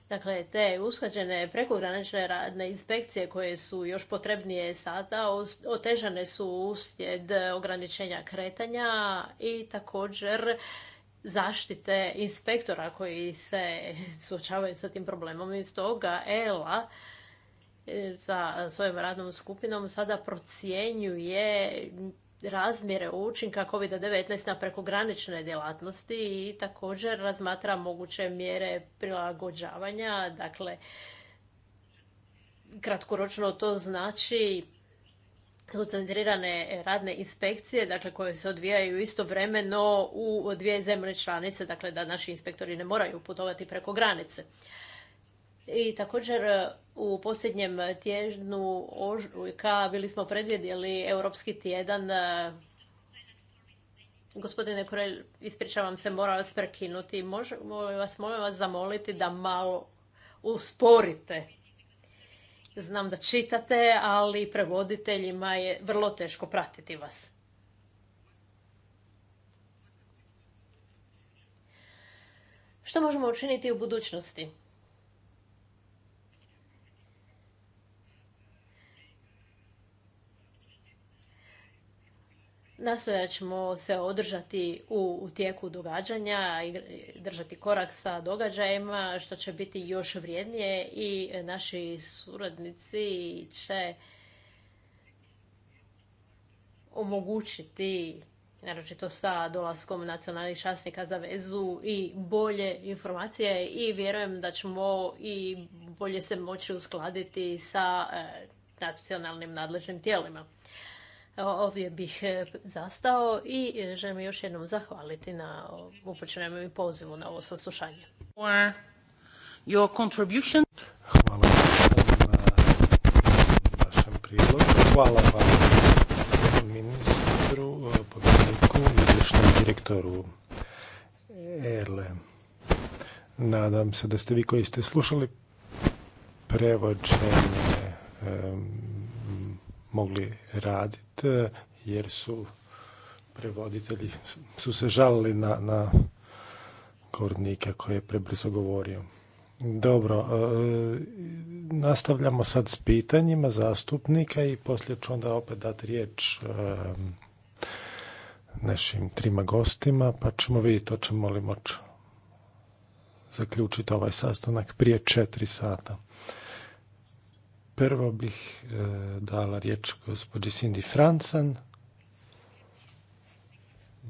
Dakle, te usklađene prekogranične radne inspekcije koje su još potrebnije sada, otežane su uslijed ograničenja kretanja i također zaštite inspektora koji se suočavaju sa tim problemom. I stoga ELA e, sa svojom radnom skupinom sada procjenjuje razmjere učinka COVID-19 na prekogranične djelatnosti i također razmatra moguće mjere prilagođavanja. Dakle, kratkoročno to znači koncentrirane e, radne inspekcije, dakle koje se odvijaju istovremeno u dvije zemlje članice, dakle da naši inspektori ne moraju putovati preko granice. I također e, u posljednjem tjednu ožujka bili smo predvidjeli Europski tjedan. E, gospodine Korel, ispričavam se, moram vas prekinuti. Možemo vas, molim vas, zamoliti da malo usporite Znam da čitate, ali prevoditeljima je vrlo teško pratiti vas. Što možemo učiniti u budućnosti? Nastojat ćemo se održati u tijeku događanja i držati korak sa događajima, što će biti još vrijednije i naši suradnici će omogućiti, naročito sa dolaskom nacionalnih časnika za vezu i bolje informacije i vjerujem da ćemo i bolje se moći uskladiti sa eh, nacionalnim nadležnim tijelima ovdje bih e, zastao i e, želim još jednom zahvaliti na upućenom i pozivu na ovo saslušanje. Hvala vam na vašem prijedlogu. Hvala vam ministru, e, povjereniku, izvršnom direktoru Erle. Nadam se da ste vi koji ste slušali prevođenje mogli raditi e, jer su prevoditelji su se žalili na, na govornika koji je prebrzo govorio. Dobro, e, nastavljamo sad s pitanjima zastupnika i poslije ću onda opet dati riječ e, našim trima gostima, pa ćemo vidjeti to ćemo li moći zaključiti ovaj sastanak prije četiri sata. Prvo bih e, dala riječ gospođi Cindy Francan.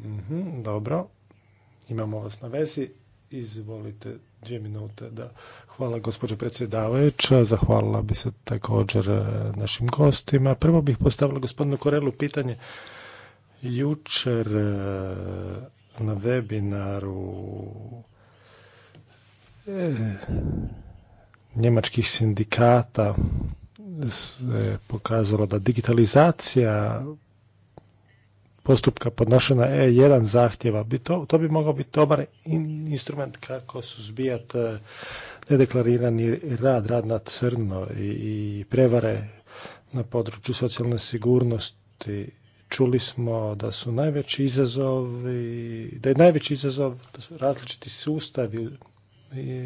Mhm, dobro, imamo vas na vezi. Izvolite dvije minute. Da. Hvala gospođo predsjedavajuća, zahvalila bi se također e, našim gostima. Prvo bih postavila gospodinu Korelu pitanje. Jučer e, na webinaru njemačkih sindikata se pokazalo da digitalizacija postupka podnošena E1 zahtjeva, bi to, to bi mogao biti dobar in, instrument kako suzbijati e, nedeklarirani rad, rad na crno i, i prevare na području socijalne sigurnosti čuli smo da su najveći izazovi, da je najveći izazov da su različiti sustavi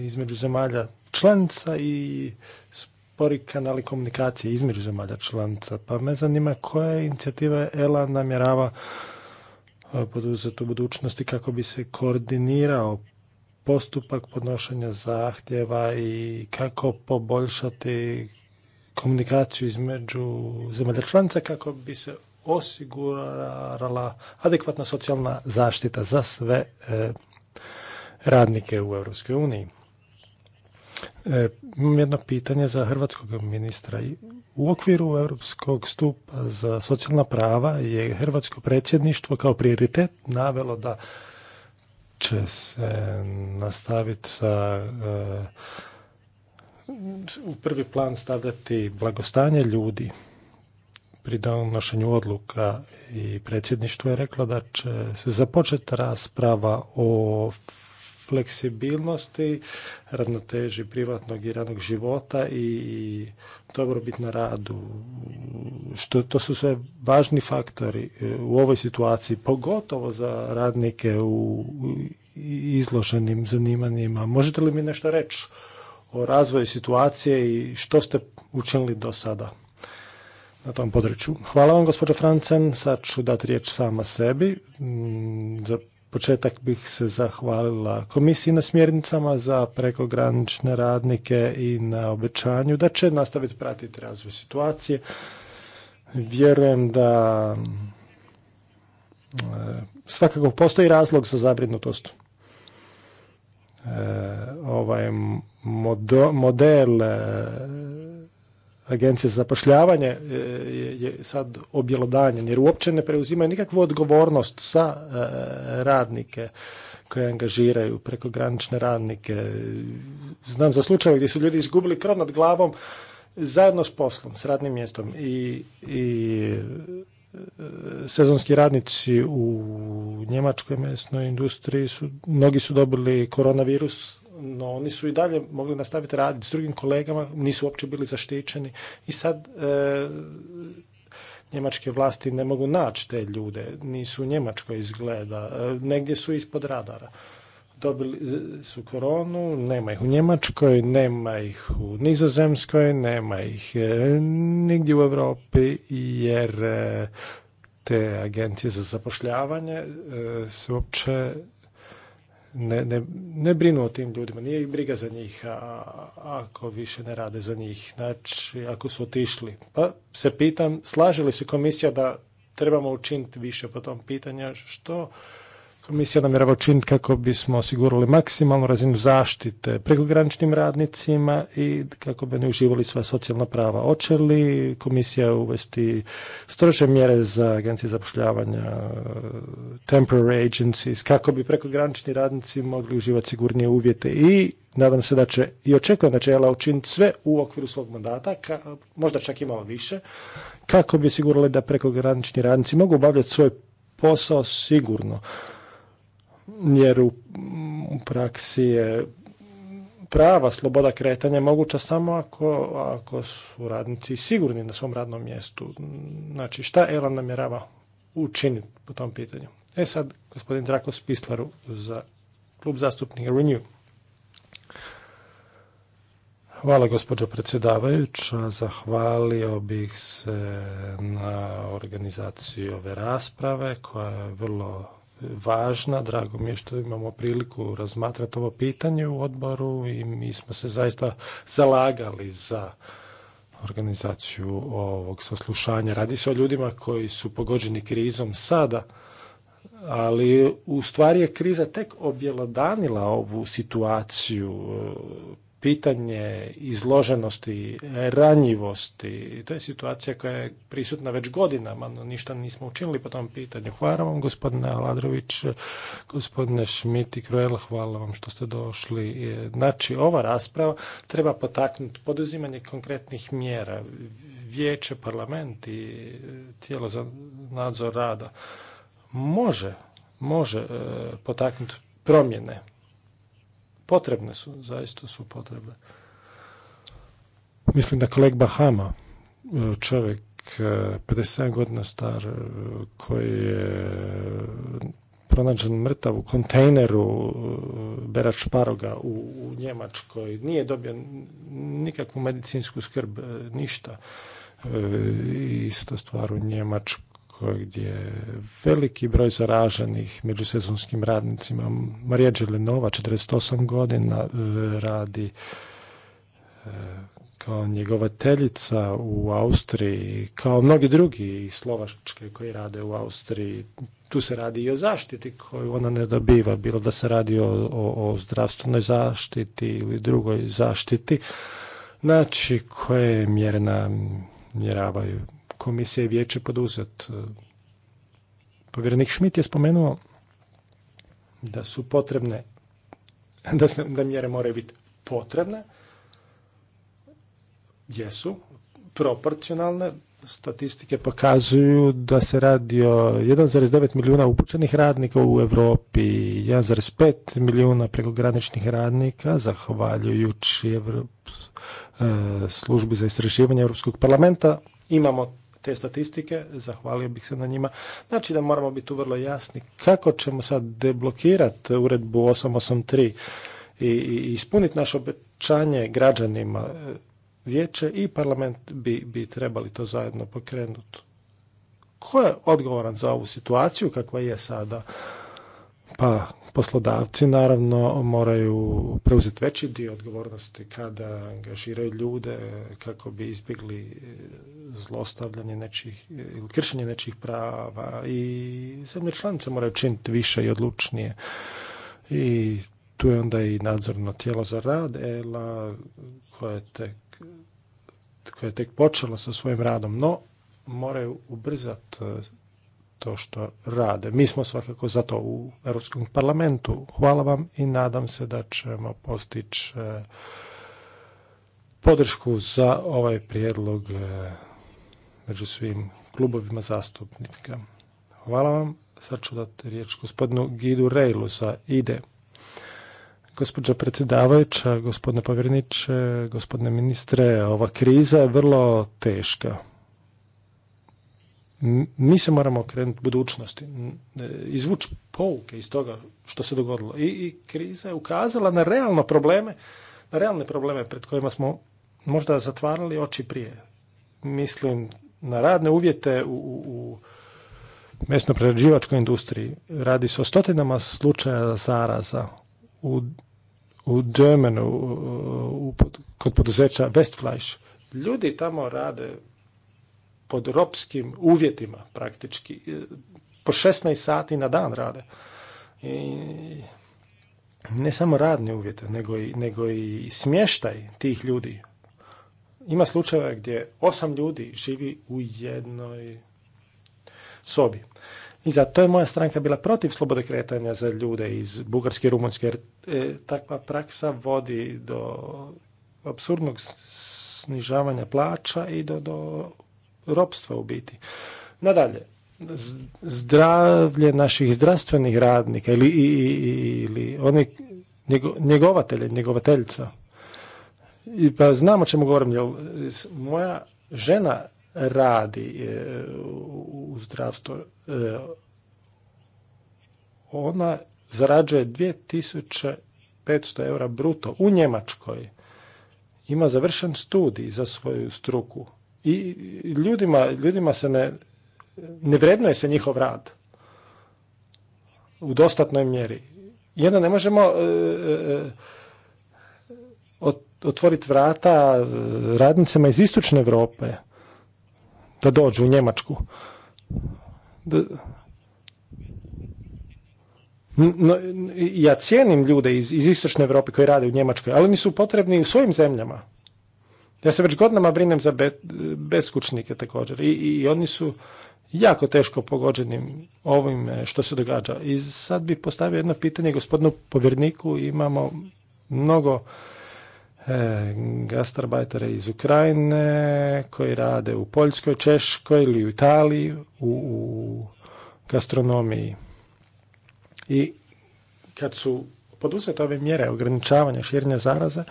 između zemalja članica i spori kanali komunikacije između zemalja članica, pa me zanima koja inicijativa ELA namjerava e, poduzeti u budućnosti kako bi se koordinirao postupak podnošenja zahtjeva i kako poboljšati komunikaciju između zemalja članica kako bi se osigurala adekvatna socijalna zaštita za sve e, radnike u EU. E, imam jedno pitanje za hrvatskog ministra. U okviru Europskog stupa za socijalna prava je hrvatsko predsjedništvo kao prioritet navelo da će se nastaviti sa e, u prvi plan stavljati blagostanje ljudi pri donošenju odluka i predsjedništvo je reklo da će se započeti rasprava o fleksibilnosti, ravnoteži privatnog i radnog života i dobrobit na radu. Što, to su sve važni faktori e, u ovoj situaciji, pogotovo za radnike u izloženim zanimanjima. Možete li mi nešto reći o razvoju situacije i što ste učinili do sada? na tom području. Hvala vam, gospođo Francen. Sad ću dati riječ sama sebi. Mm, za početak bih se zahvalila komisiji na smjernicama za prekogranične radnike i na obećanju da će nastaviti pratiti razvoj situacije. Vjerujem da e, svakako postoji razlog za zabrinutost. E, ovaj model e, agencije za zapošljavanje e, je sad objelodanjen jer uopće ne preuzimaju nikakvu odgovornost sa e, radnike koje angažiraju prekogranične radnike. Znam za slučajeve gdje su ljudi izgubili krov nad glavom zajedno s poslom, s radnim mjestom i, i e, sezonski radnici u njemačkoj mesnoj industriji su, mnogi su dobili koronavirus no oni su i dalje mogli nastaviti raditi s drugim kolegama, nisu uopće bili zaštićeni i sad e, njemačke vlasti ne mogu naći te ljude, nisu u Njemačkoj izgleda, e, negdje su ispod radara. Dobili su koronu, nema ih u Njemačkoj, nema ih u Nizozemskoj, nema ih e, nigdje u Europi jer te agencije za zapošljavanje se uopće ne, ne, ne brinu o tim ljudima, nije ih briga za njih ako više ne rade za njih, znači ako su otišli. Pa se pitam, slaže li se komisija da trebamo učiniti više po tom pitanju? što Komisija namjerava učiniti kako bismo osigurali maksimalnu razinu zaštite prekograničnim radnicima i kako bi ne uživali svoja socijalna prava. Oće li komisija uvesti strože mjere za agencije zapošljavanja, temporary agencies, kako bi prekogranični radnici mogli uživati sigurnije uvjete i nadam se da će i očekujem da će Jela učiniti sve u okviru svog mandata, možda čak i malo više, kako bi osigurali da prekogranični radnici mogu obavljati svoj posao sigurno jer u, praksi je prava sloboda kretanja moguća samo ako, ako su radnici sigurni na svom radnom mjestu. Znači, šta Elan namjerava učiniti po tom pitanju? E sad, gospodin Drako Spislaru za klub zastupnika Renew. Hvala gospođo predsjedavajuća. Zahvalio bih se na organizaciji ove rasprave koja je vrlo važna. Drago mi je što imamo priliku razmatrati ovo pitanje u odboru i mi smo se zaista zalagali za organizaciju ovog saslušanja. Radi se o ljudima koji su pogođeni krizom sada, ali u stvari je kriza tek objelodanila ovu situaciju pitanje izloženosti, ranjivosti. To je situacija koja je prisutna već godinama, no ništa nismo učinili po tom pitanju. Hvala vam, gospodine Aladrović, gospodine Šmit i Kruel, hvala vam što ste došli. Znači, ova rasprava treba potaknuti poduzimanje konkretnih mjera, vijeće, parlament i tijelo za nadzor rada. Može, može e, potaknuti promjene Potrebne su, zaista su potrebne. Mislim da koleg Bahama, e, čovjek 57 e, godina star, e, koji je pronađen mrtav u kontejneru Berač paroga u, Njemačkoj, nije dobio nikakvu medicinsku skrb, ništa. isto stvar u Njemačkoj gdje je veliki broj zaraženih među sezonskim radnicima. Marija Đelenova, 48 godina, e, radi e, kao njegovateljica u Austriji, kao mnogi drugi iz Slovačke koji rade u Austriji. Tu se radi i o zaštiti koju ona ne dobiva, bilo da se radi o, o, o zdravstvenoj zaštiti ili drugoj zaštiti. Znači, koje mjere namjeravaju komisije vijeće poduzet. E, povjerenik Šmit je spomenuo da su potrebne, da, se, da mjere moraju biti potrebne, jesu proporcionalne, statistike pokazuju da se radi o 1,9 milijuna upućenih radnika u Europi, 1,5 milijuna prekograničnih radnika, zahvaljujući e, službi za istraživanje Europskog parlamenta, imamo te statistike, zahvalio bih se na njima. Znači da moramo biti tu vrlo jasni kako ćemo sad deblokirati uredbu 883 i ispuniti naše obećanje građanima. Vijeće i parlament bi, bi trebali to zajedno pokrenuti. Ko je odgovoran za ovu situaciju kakva je sada? Pa Poslodavci naravno moraju preuzeti veći dio odgovornosti kada angažiraju ljude kako bi izbjegli e, zlostavljanje nečih e, ili kršenje nečih prava i zemlje članice moraju činiti više i odlučnije. I tu je onda i nadzorno tijelo za rad, ELA, je tek, koje je tek počelo sa svojim radom, no moraju ubrzati e, to što rade. Mi smo svakako za to u Europskom parlamentu. Hvala vam i nadam se da ćemo postići e, podršku za ovaj prijedlog e, među svim klubovima zastupnika. Hvala vam. Sad ću dati riječ gospodinu Gidu Rejlu za IDE. Gospođa predsjedavajuća, gospodine povjerniče, gospodine ministre, ova kriza je vrlo teška mi se moramo okrenuti budućnosti, e, izvući pouke iz toga što se dogodilo. I, I, kriza je ukazala na realne probleme, na realne probleme pred kojima smo možda zatvarali oči prije. Mislim na radne uvjete u, u, u industriji. Radi se o stotinama slučaja zaraza u, u Dömenu, u, kod poduzeća Westfleisch. Ljudi tamo rade pod ropskim uvjetima praktički. E, po 16 sati na dan rade. I ne samo radne uvjete, nego i, nego i smještaj tih ljudi. Ima slučajeva gdje osam ljudi živi u jednoj sobi. I zato je moja stranka bila protiv slobode kretanja za ljude iz Bugarske i Rumunjske, jer e, takva praksa vodi do absurdnog snižavanja plaća i do, do ropstva u biti. Nadalje, zdravlje naših zdravstvenih radnika ili, ili oni njegovatelje, njegovateljca I pa znam o čemu govorim, jel moja žena radi e, u zdravstvu. E, ona zarađuje 2500 eura bruto u Njemačkoj. Ima završen studij za svoju struku i ljudima, ljudima se ne, ne vrednuje se njihov rad u dostatnoj mjeri. Jedno ne možemo e, e, e, otvoriti vrata radnicama iz istočne Europe da dođu u Njemačku. no, ja cijenim ljude iz, iz istočne Europe koji rade u Njemačkoj, ali oni su potrebni u svojim zemljama. Ja se već godinama brinem za be, beskućnike također I, i oni su jako teško pogođeni ovim e, što se događa. I sad bih postavio jedno pitanje gospodinu povjerniku. Imamo mnogo e, iz Ukrajine koji rade u Poljskoj, Češkoj ili u Italiji u, u gastronomiji. I kad su poduzeti ove mjere ograničavanja širenja zaraze,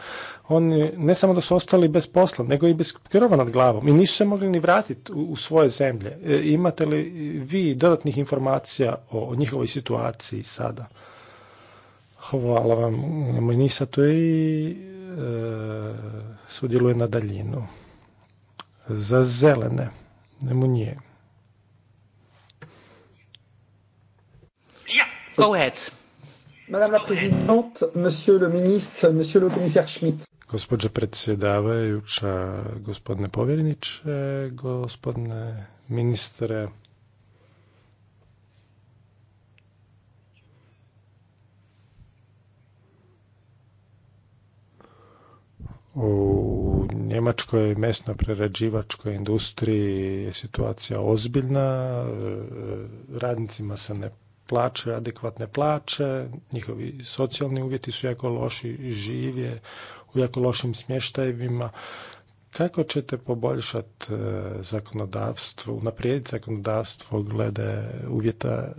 oni ne samo da su ostali bez posla, nego i bez krova nad glavom i nisu se mogli ni vratiti u, svoje zemlje. E, imate li vi dodatnih informacija o, njihovoj situaciji sada? Hvala vam. nisa tu i e, sudjeluje na daljinu. Za zelene. Nemu nije. Go ahead. Madame la monsieur le ministre, monsieur le commissaire Schmidt. Gospođo predsjedavajuća, gospodine povjerniče, gospodine ministre, U njemačkoj mesno prerađivačkoj industriji je situacija ozbiljna, e, radnicima se ne plaće, adekvatne plaće, njihovi socijalni uvjeti su jako loši, živje u jako lošim smještajevima. Kako ćete poboljšati e, zakonodavstvo, naprijediti zakonodavstvo glede uvjeta, e,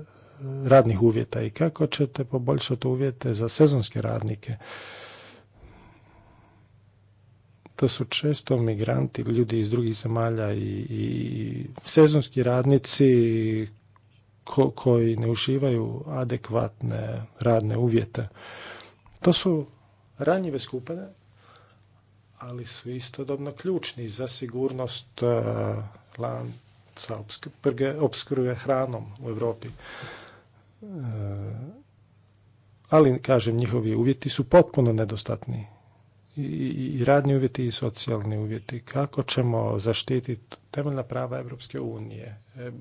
radnih uvjeta i kako ćete poboljšati uvjete za sezonske radnike? To su često migranti, ljudi iz drugih zemalja i, i sezonski radnici koji ne uživaju adekvatne radne uvjete. To su ranjive skupine, ali su istodobno ključni za sigurnost e, lanca opskrbe hranom u Europi. E, ali, kažem, njihovi uvjeti su potpuno nedostatni. I radni uvjeti i socijalni uvjeti. Kako ćemo zaštititi temeljna prava Europske unije, e,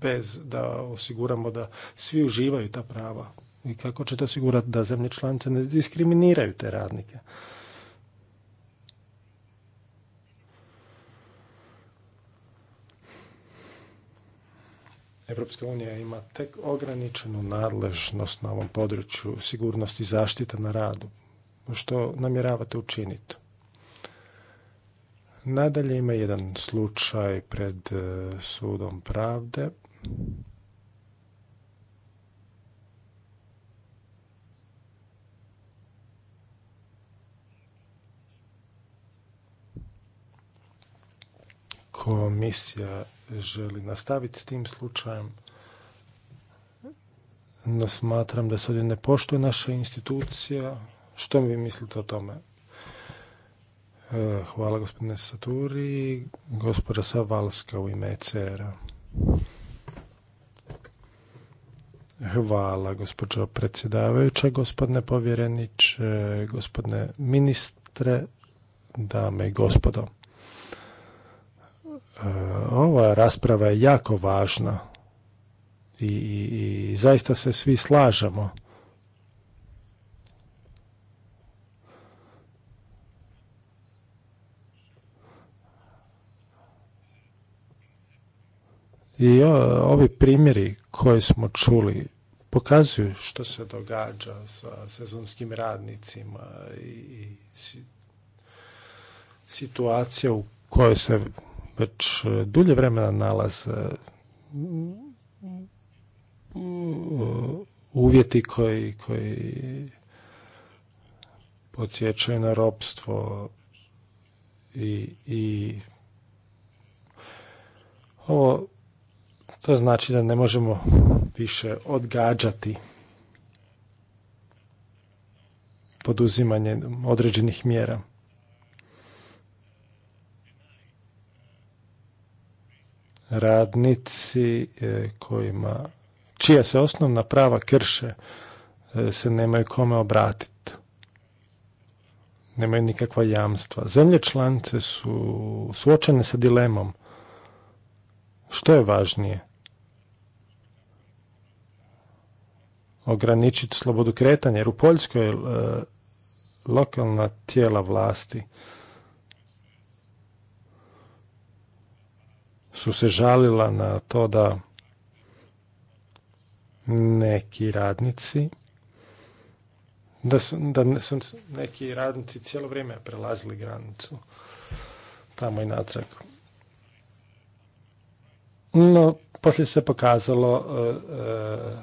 bez da osiguramo da svi uživaju ta prava? I kako ćete osigurati da zemlje članice ne diskriminiraju te radnike? Evropska unija ima tek ograničenu nadležnost na ovom području sigurnosti i zaštita na radu. Što namjeravate učiniti? Nadalje ima jedan slučaj pred e, sudom pravde. Komisija želi nastaviti s tim slučajem, no smatram da se ovdje ne poštuje naša institucija. Što mi mislite o tome? E, hvala gospodine Saturi. Gospoda Savalska u ime ECR-a. Hvala gospođo predsjedavajuća, gospodine povjereniče, gospodine ministre, dame i gospodo. E, ova rasprava je jako važna i zaista se svi slažemo I ovi primjeri koje smo čuli pokazuju što se događa sa sezonskim radnicima i situacija u kojoj se već dulje vremena nalaze mm, uvjeti koji, koji podsjećaju na ropstvo i, i ovo to znači da ne možemo više odgađati poduzimanje određenih mjera. Radnici e, kojima, čija se osnovna prava krše e, se nemaju kome obratiti. Nemaju nikakva jamstva. Zemlje članice su suočene sa dilemom. Što je važnije? ograničiti slobodu kretanja, jer u Poljskoj e, lokalna tijela vlasti su se žalila na to da neki radnici da su, su neki radnici cijelo vrijeme prelazili granicu tamo i natrag. No, poslije se pokazalo e, e,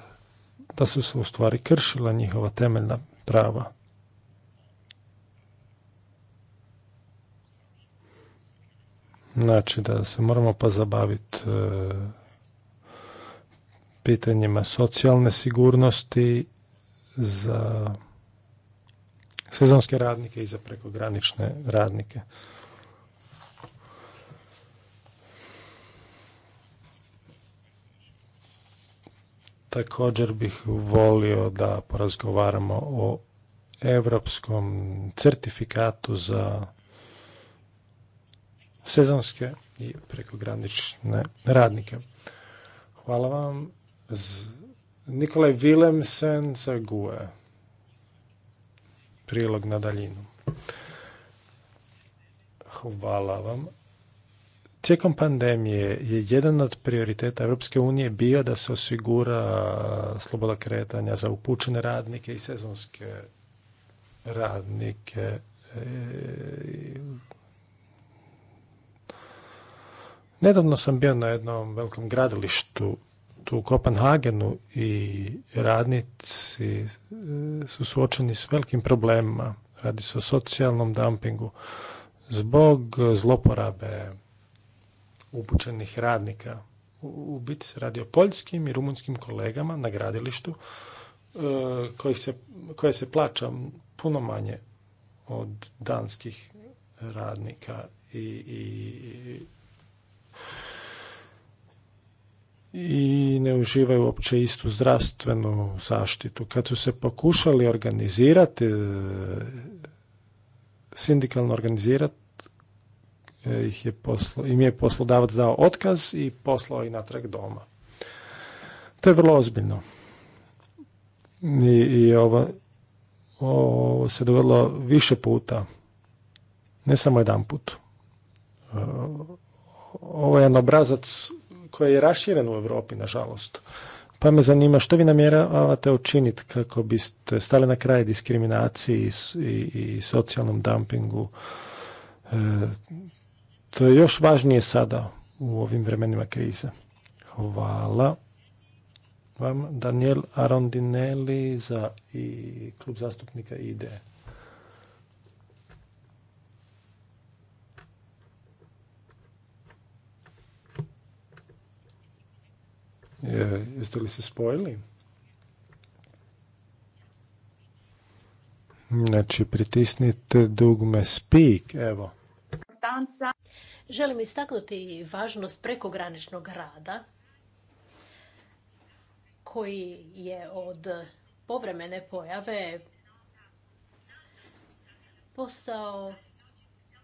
da su se u stvari kršila njihova temeljna prava. Znači da se moramo pa zabaviti e, pitanjima socijalne sigurnosti za sezonske radnike i za prekogranične radnike. Također bih volio da porazgovaramo o europskom certifikatu za sezonske i prekogranične radnike. Hvala vam. Nikolaj Willemsen za GUE. Prilog na daljinu. Hvala vam. Tijekom pandemije je jedan od prioriteta Europske unije bio da se osigura sloboda kretanja za upućene radnike i sezonske radnike. E, nedavno sam bio na jednom velikom gradilištu tu u Kopenhagenu i radnici e, su suočeni s velikim problemima. Radi se o socijalnom dumpingu zbog zloporabe upućenih radnika. U biti se radi o poljskim i rumunskim kolegama na gradilištu e, se, koje se plaća puno manje od danskih radnika i, i, i ne uživaju uopće istu zdravstvenu zaštitu. Kad su se pokušali organizirati, e, sindikalno organizirati, Eh, ih je poslo, im je poslodavac dao otkaz i poslao ih natrag doma. To je vrlo ozbiljno. I, ovo, se dogodilo više puta, ne samo jedan put. Eh, ovo je jedan obrazac koji je raširen u Europi, nažalost. Pa me zanima što vi namjeravate učiniti kako biste stali na kraj diskriminaciji i, i, socijalnom dumpingu eh, to je još važnije sada u ovim vremenima krize. Hvala vam, Daniel Arondinelli za i klub zastupnika IDE. jeste li se spojili? Znači, pritisnite dugme speak, evo tanca Želim istaknuti važnost prekograničnog rada koji je od povremene pojave postao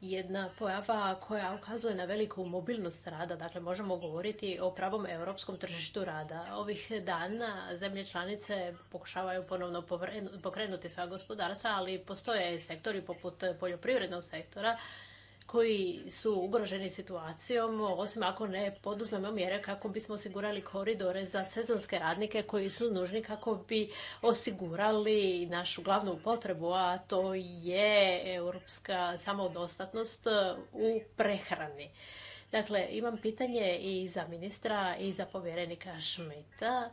jedna pojava koja ukazuje na veliku mobilnost rada. Dakle, možemo govoriti o pravom europskom tržištu rada. Ovih dana zemlje članice pokušavaju ponovno pokrenuti sva gospodarstva, ali postoje sektori poput poljoprivrednog sektora koji su ugroženi situacijom, osim ako ne poduzmemo mjere kako bismo osigurali koridore za sezonske radnike koji su nužni kako bi osigurali našu glavnu potrebu, a to je europska samodostatnost u prehrani. Dakle, imam pitanje i za ministra i za povjerenika Šmita.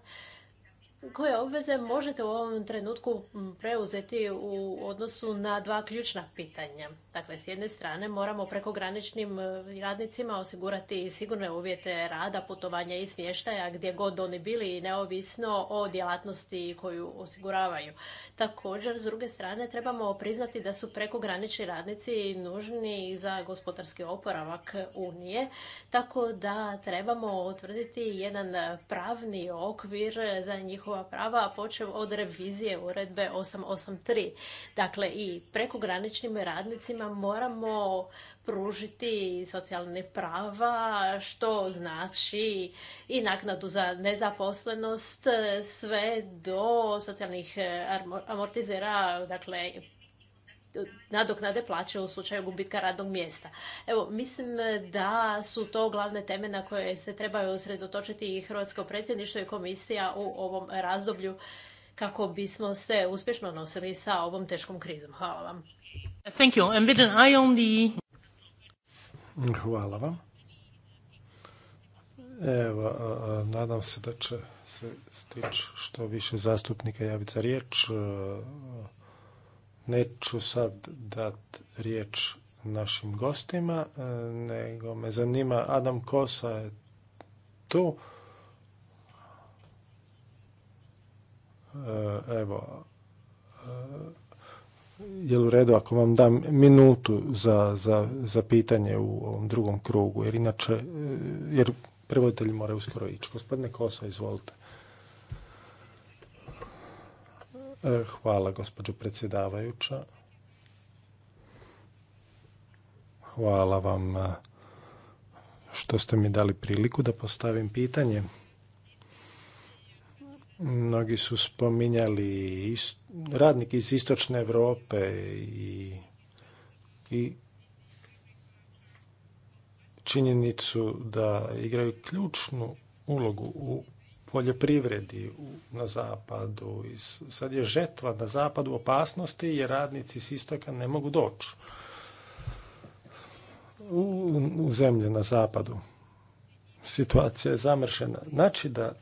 Koje obveze možete u ovom trenutku preuzeti u odnosu na dva ključna pitanja? Dakle, s jedne strane moramo prekograničnim e, radnicima osigurati sigurne uvjete rada, putovanja i smještaja gdje god oni bili neovisno o djelatnosti koju osiguravaju. Također, s druge strane, trebamo priznati da su prekogranični radnici nužni za gospodarski oporavak Unije, tako da trebamo utvrditi jedan pravni okvir za njihova prava, počev od revizije uredbe 883. Dakle, i prekograničnim radnicima moramo pružiti socijalne prava, što znači i naknadu za nezaposlenost, e, sve do socijalnih e, amortizera, dakle nadoknade plaće u slučaju gubitka radnog mjesta. Evo, mislim da su to glavne teme na koje se trebaju usredotočiti i Hrvatsko predsjedništvo i komisija u ovom razdoblju kako bismo se uspješno nosili sa ovom teškom krizom. Hvala vam. Thank you. And with an Hvala vam. Evo, nadam se da će se stići što više zastupnika javiti za riječ. E, neću sad dati riječ našim gostima, e, nego me zanima Adam Kosa je tu. E, evo, je u redu ako vam dam minutu za, za, za pitanje u ovom drugom krugu, jer inače, e, jer prevoditelji moraju uskoro ići. Gospodine Kosa, izvolite. E, hvala, gospođo predsjedavajuća. Hvala vam e, što ste mi dali priliku da postavim pitanje. Mnogi su spominjali radnike iz istočne Europe i, činjenicu da igraju ključnu ulogu u poljoprivredi na zapadu. I sad je žetva na zapadu opasnosti jer radnici s istoka ne mogu doći u, u zemlje na zapadu. Situacija je zamršena. Znači da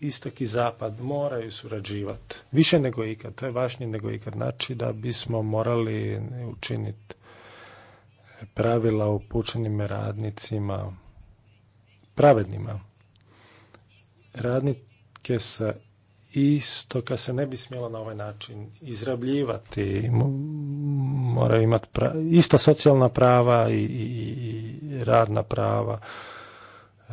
istok i zapad moraju surađivati. Više nego ikad, to je važnije nego ikad. Znači da bismo morali učiniti pravila upućenim radnicima pravednima. Radnike sa istoka se ne bi smjelo na ovaj način izrabljivati. Moraju imati ista socijalna prava i, i, radna prava. E,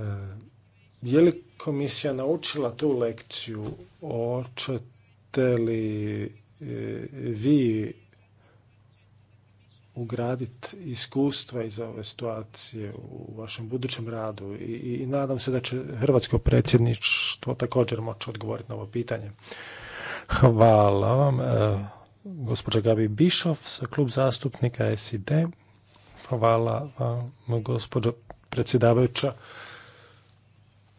je li komisija naučila tu lekciju? Hoćete li e, vi ugraditi iskustva iz ove situacije u vašem budućem radu I, nadam se da će hrvatsko predsjedništvo također moći odgovoriti na ovo pitanje. Hvala vam. E, gospođa Gabi Bišov, klub zastupnika SID. Hvala vam, gospođo predsjedavajuća.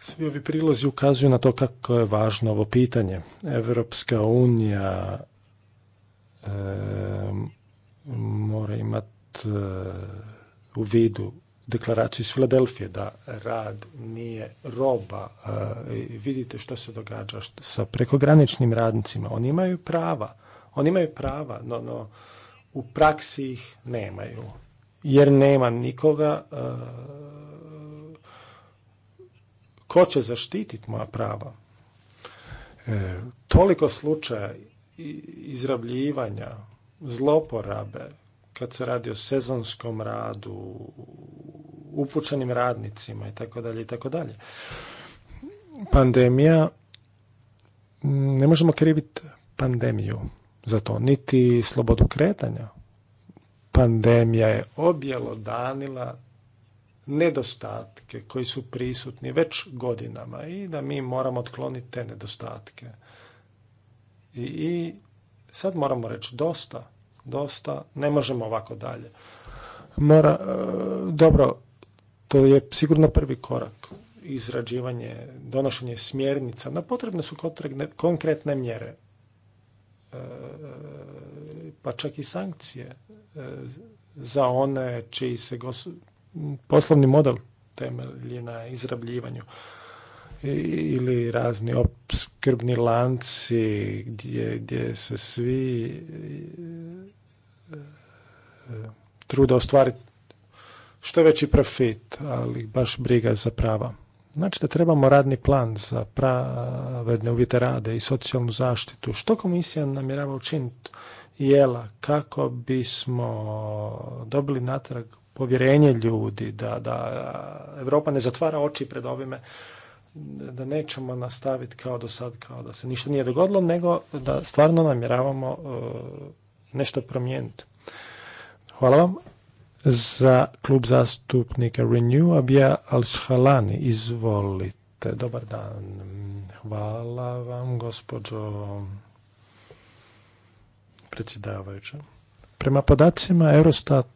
Svi ovi prilozi ukazuju na to kako je važno ovo pitanje. Evropska unija mora imati e, u vidu deklaraciju iz Filadelfije da rad nije roba. E, vidite što se događa sa prekograničnim radnicima. Oni imaju prava. Oni imaju prava, no, no u praksi ih nemaju. Jer nema nikoga e, Ko će zaštititi moja prava? E, toliko slučaja izrabljivanja, zloporabe, kad se radi o sezonskom radu, upućenim radnicima i tako dalje i tako dalje. Pandemija, ne možemo kriviti pandemiju za to, niti slobodu kretanja. Pandemija je objelodanila nedostatke koji su prisutni već godinama i da mi moramo otkloniti te nedostatke. I, i sad moramo reći dosta, dosta, ne možemo ovako dalje. Mora, e, dobro, to je sigurno prvi korak izrađivanje, donošenje smjernica, no potrebne su konkretne mjere, e, pa čak i sankcije e, za one čiji se poslovni model temelji na izrabljivanju ili razni opskrbni lanci gdje, gdje se svi e, trude ostvariti što veći profit, ali baš briga za prava. Znači da trebamo radni plan za pravedne uvjete rade i socijalnu zaštitu. Što komisija namjerava učiniti jela kako bismo dobili natrag povjerenje ljudi, da, da Europa ne zatvara oči pred ovime, da nećemo nastaviti kao do sad, kao da se ništa nije dogodilo, nego da stvarno namjeravamo e, nešto promijeniti. Hvala vam. Za klub zastupnika Renew, Abija al izvolite. Dobar dan. Hvala vam, gospođo predsjedavajuća. Prema podacima Eurostat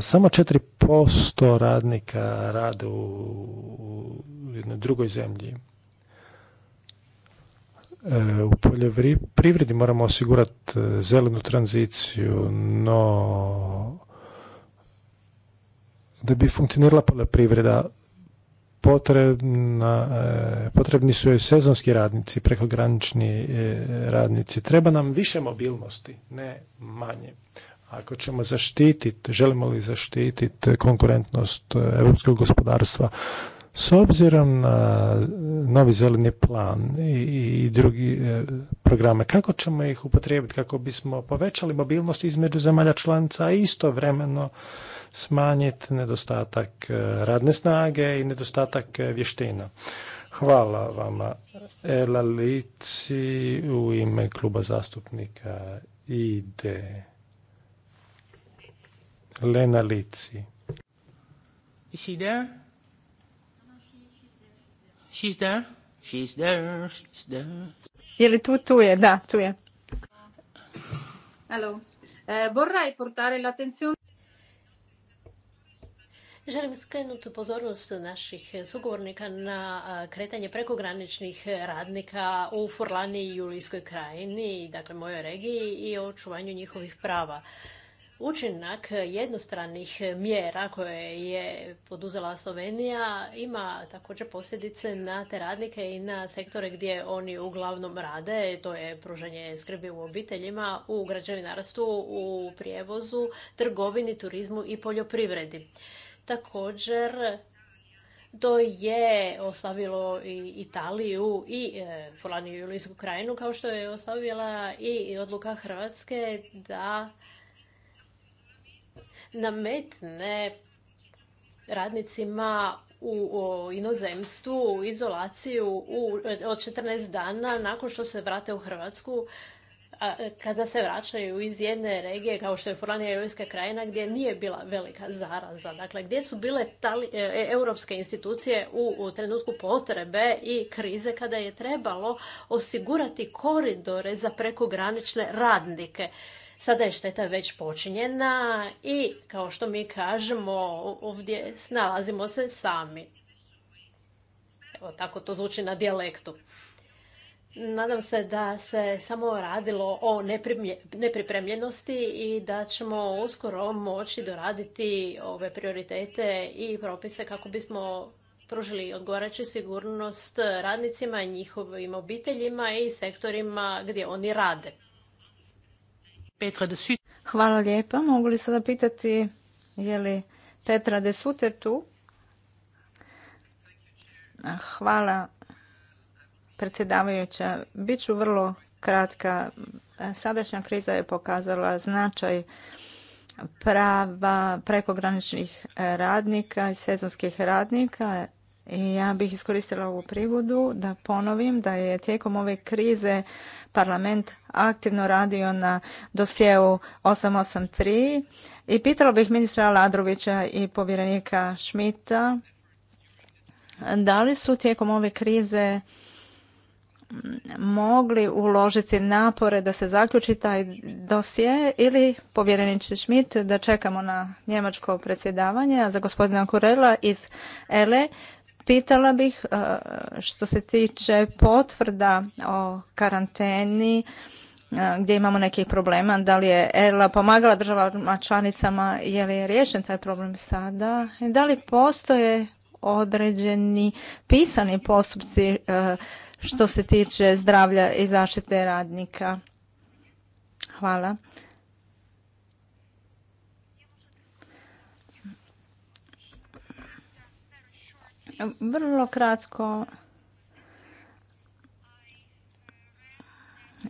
samo 4% radnika rade u jednoj drugoj zemlji. E, u poljoprivredi moramo osigurati e, zelenu tranziciju, no da bi funkcionirala poljoprivreda potrebna, e, potrebni su joj sezonski radnici, prekogranični radnici. Treba nam više mobilnosti, ne manje. Ako ćemo zaštititi, želimo li zaštititi konkurentnost e, europskog gospodarstva, s obzirom na e, novi zeleni plan i, drugi e, programe, kako ćemo ih upotrijebiti kako bismo povećali mobilnost između zemalja članica isto istovremeno smanjiti nedostatak radne snage i nedostatak vještina. Hvala vama. Ela Lici u ime kluba zastupnika ide. Lena Lici. there? She's there. She's there. Je li tu? Tu je, da, tu je. Hello. E, vorrei portare l'attenzione Želim skrenuti pozornost naših sugovornika na kretanje prekograničnih radnika u Furlani i Julijskoj krajini, dakle mojoj regiji i o očuvanju njihovih prava učinak jednostranih mjera koje je poduzela Slovenija ima također posljedice na te radnike i na sektore gdje oni uglavnom rade. To je pružanje skrbi u obiteljima, u građevinarstvu, u prijevozu, trgovini, turizmu i poljoprivredi. Također, to je oslavilo i Italiju i e, i Julijsku krajinu, kao što je oslavila i odluka Hrvatske da nametne radnicima u inozemstvu u izolaciju od 14 dana nakon što se vrate u Hrvatsku kada se vraćaju iz jedne regije kao što je Furlanija i krajina gdje nije bila velika zaraza. Dakle, gdje su bile e, e, europske institucije u trenutku potrebe i krize kada je trebalo osigurati koridore za prekogranične radnike. Sada je šteta već počinjena i, kao što mi kažemo, ovdje snalazimo se sami. Evo, tako to zvuči na dijalektu. Nadam se da se samo radilo o nepripremljenosti i da ćemo uskoro moći doraditi ove prioritete i propise kako bismo pružili odgovarajuću sigurnost radnicima, njihovim obiteljima i sektorima gdje oni rade. Petra de Hvala lijepa. Mogu li sada pitati je li Petra de tu? Hvala predsjedavajuća. Biću vrlo kratka. Sadašnja kriza je pokazala značaj prava prekograničnih radnika i sezonskih radnika ja bih iskoristila ovu prigodu da ponovim da je tijekom ove krize parlament aktivno radio na dosjeu 883 i pitala bih ministra Ladrovića i povjerenika Šmita da li su tijekom ove krize mogli uložiti napore da se zaključi taj dosje ili povjereniče Schmidt da čekamo na njemačko predsjedavanje, a za gospodina Kurela iz ELE Pitala bih e, što se tiče potvrda o karanteni e, gdje imamo nekih problema, da li je ERLA pomagala državama članicama, je li je riješen taj problem sada, da li postoje određeni pisani postupci e, što se tiče zdravlja i zaštite radnika. Hvala. Vrlo kratko.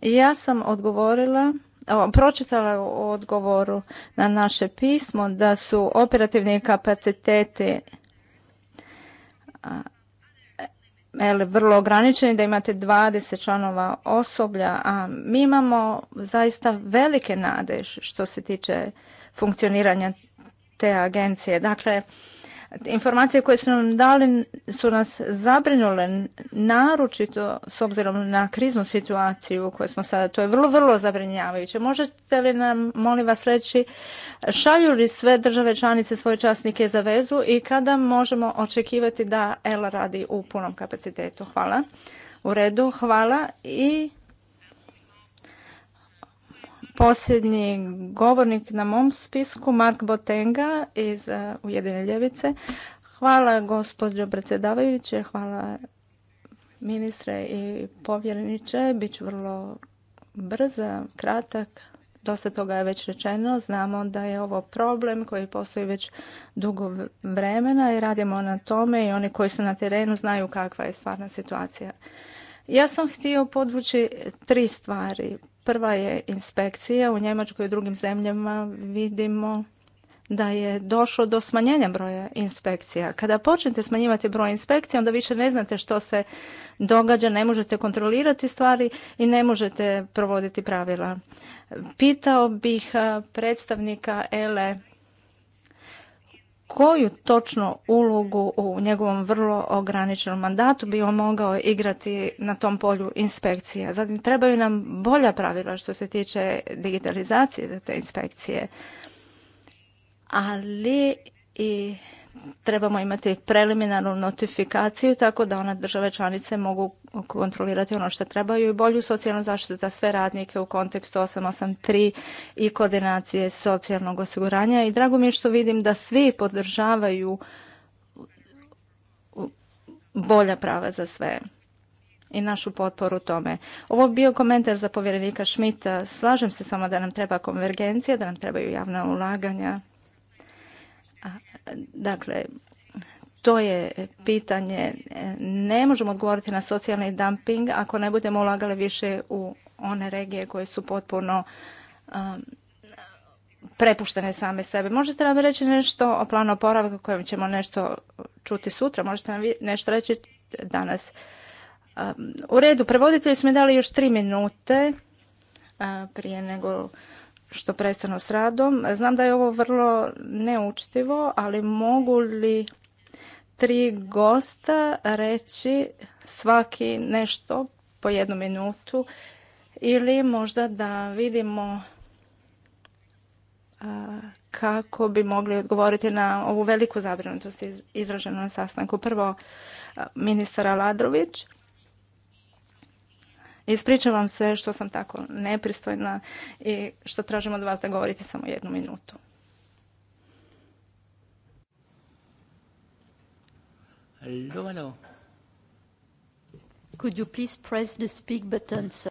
Ja sam odgovorila pročitala u odgovoru na naše pismo da su operativni kapaciteti vrlo ograničeni, da imate 20 članova osoblja, a mi imamo zaista velike nade što se tiče funkcioniranja te agencije. Dakle, Informacije koje su nam dali su nas zabrinule, naročito s obzirom na kriznu situaciju u kojoj smo sada. To je vrlo, vrlo zabrinjavajuće. Možete li nam, molim vas, reći šalju li sve države članice svoje časnike za vezu i kada možemo očekivati da ELA radi u punom kapacitetu? Hvala. U redu, hvala i Posljednji govornik na mom spisku, Mark Botenga iz e, Ujedine ljevice. Hvala gospođo predsjedavajuće, hvala ministre i povjereniče. Biću vrlo brza, kratak. Dosta toga je već rečeno. Znamo da je ovo problem koji postoji već dugo vremena i radimo na tome i oni koji su na terenu znaju kakva je stvarna situacija. Ja sam htio podvući tri stvari. Prva je inspekcija u Njemačkoj i drugim zemljama vidimo da je došlo do smanjenja broja inspekcija. Kada počnete smanjivati broj inspekcija, onda više ne znate što se događa, ne možete kontrolirati stvari i ne možete provoditi pravila. Pitao bih predstavnika ELE koju točno ulogu u njegovom vrlo ograničenom mandatu bi on mogao igrati na tom polju inspekcije. Zatim trebaju nam bolja pravila što se tiče digitalizacije te inspekcije, ali i trebamo imati preliminarnu notifikaciju tako da ona države članice mogu kontrolirati ono što trebaju i bolju socijalnu zaštitu za sve radnike u kontekstu 883 i koordinacije socijalnog osiguranja. I drago mi je što vidim da svi podržavaju bolja prava za sve i našu potporu tome. Ovo bio komentar za povjerenika Šmita. Slažem se s vama da nam treba konvergencija, da nam trebaju javna ulaganja Dakle, to je pitanje. Ne možemo odgovoriti na socijalni dumping ako ne budemo ulagali više u one regije koje su potpuno um, prepuštene same sebe. Možete nam reći nešto o planu oporavka kojem ćemo nešto čuti sutra, možete nam nešto reći danas. Um, u redu, prevoditelji su mi dali još tri minute uh, prije nego što prestanu s radom. Znam da je ovo vrlo neučtivo, ali mogu li tri gosta reći svaki nešto po jednu minutu ili možda da vidimo kako bi mogli odgovoriti na ovu veliku zabrinutost izraženu na sastanku. Prvo, ministar Aladrović. Ispričavam se što sam tako nepristojna i što tražim od vas da govorite samo jednu minutu. Hello,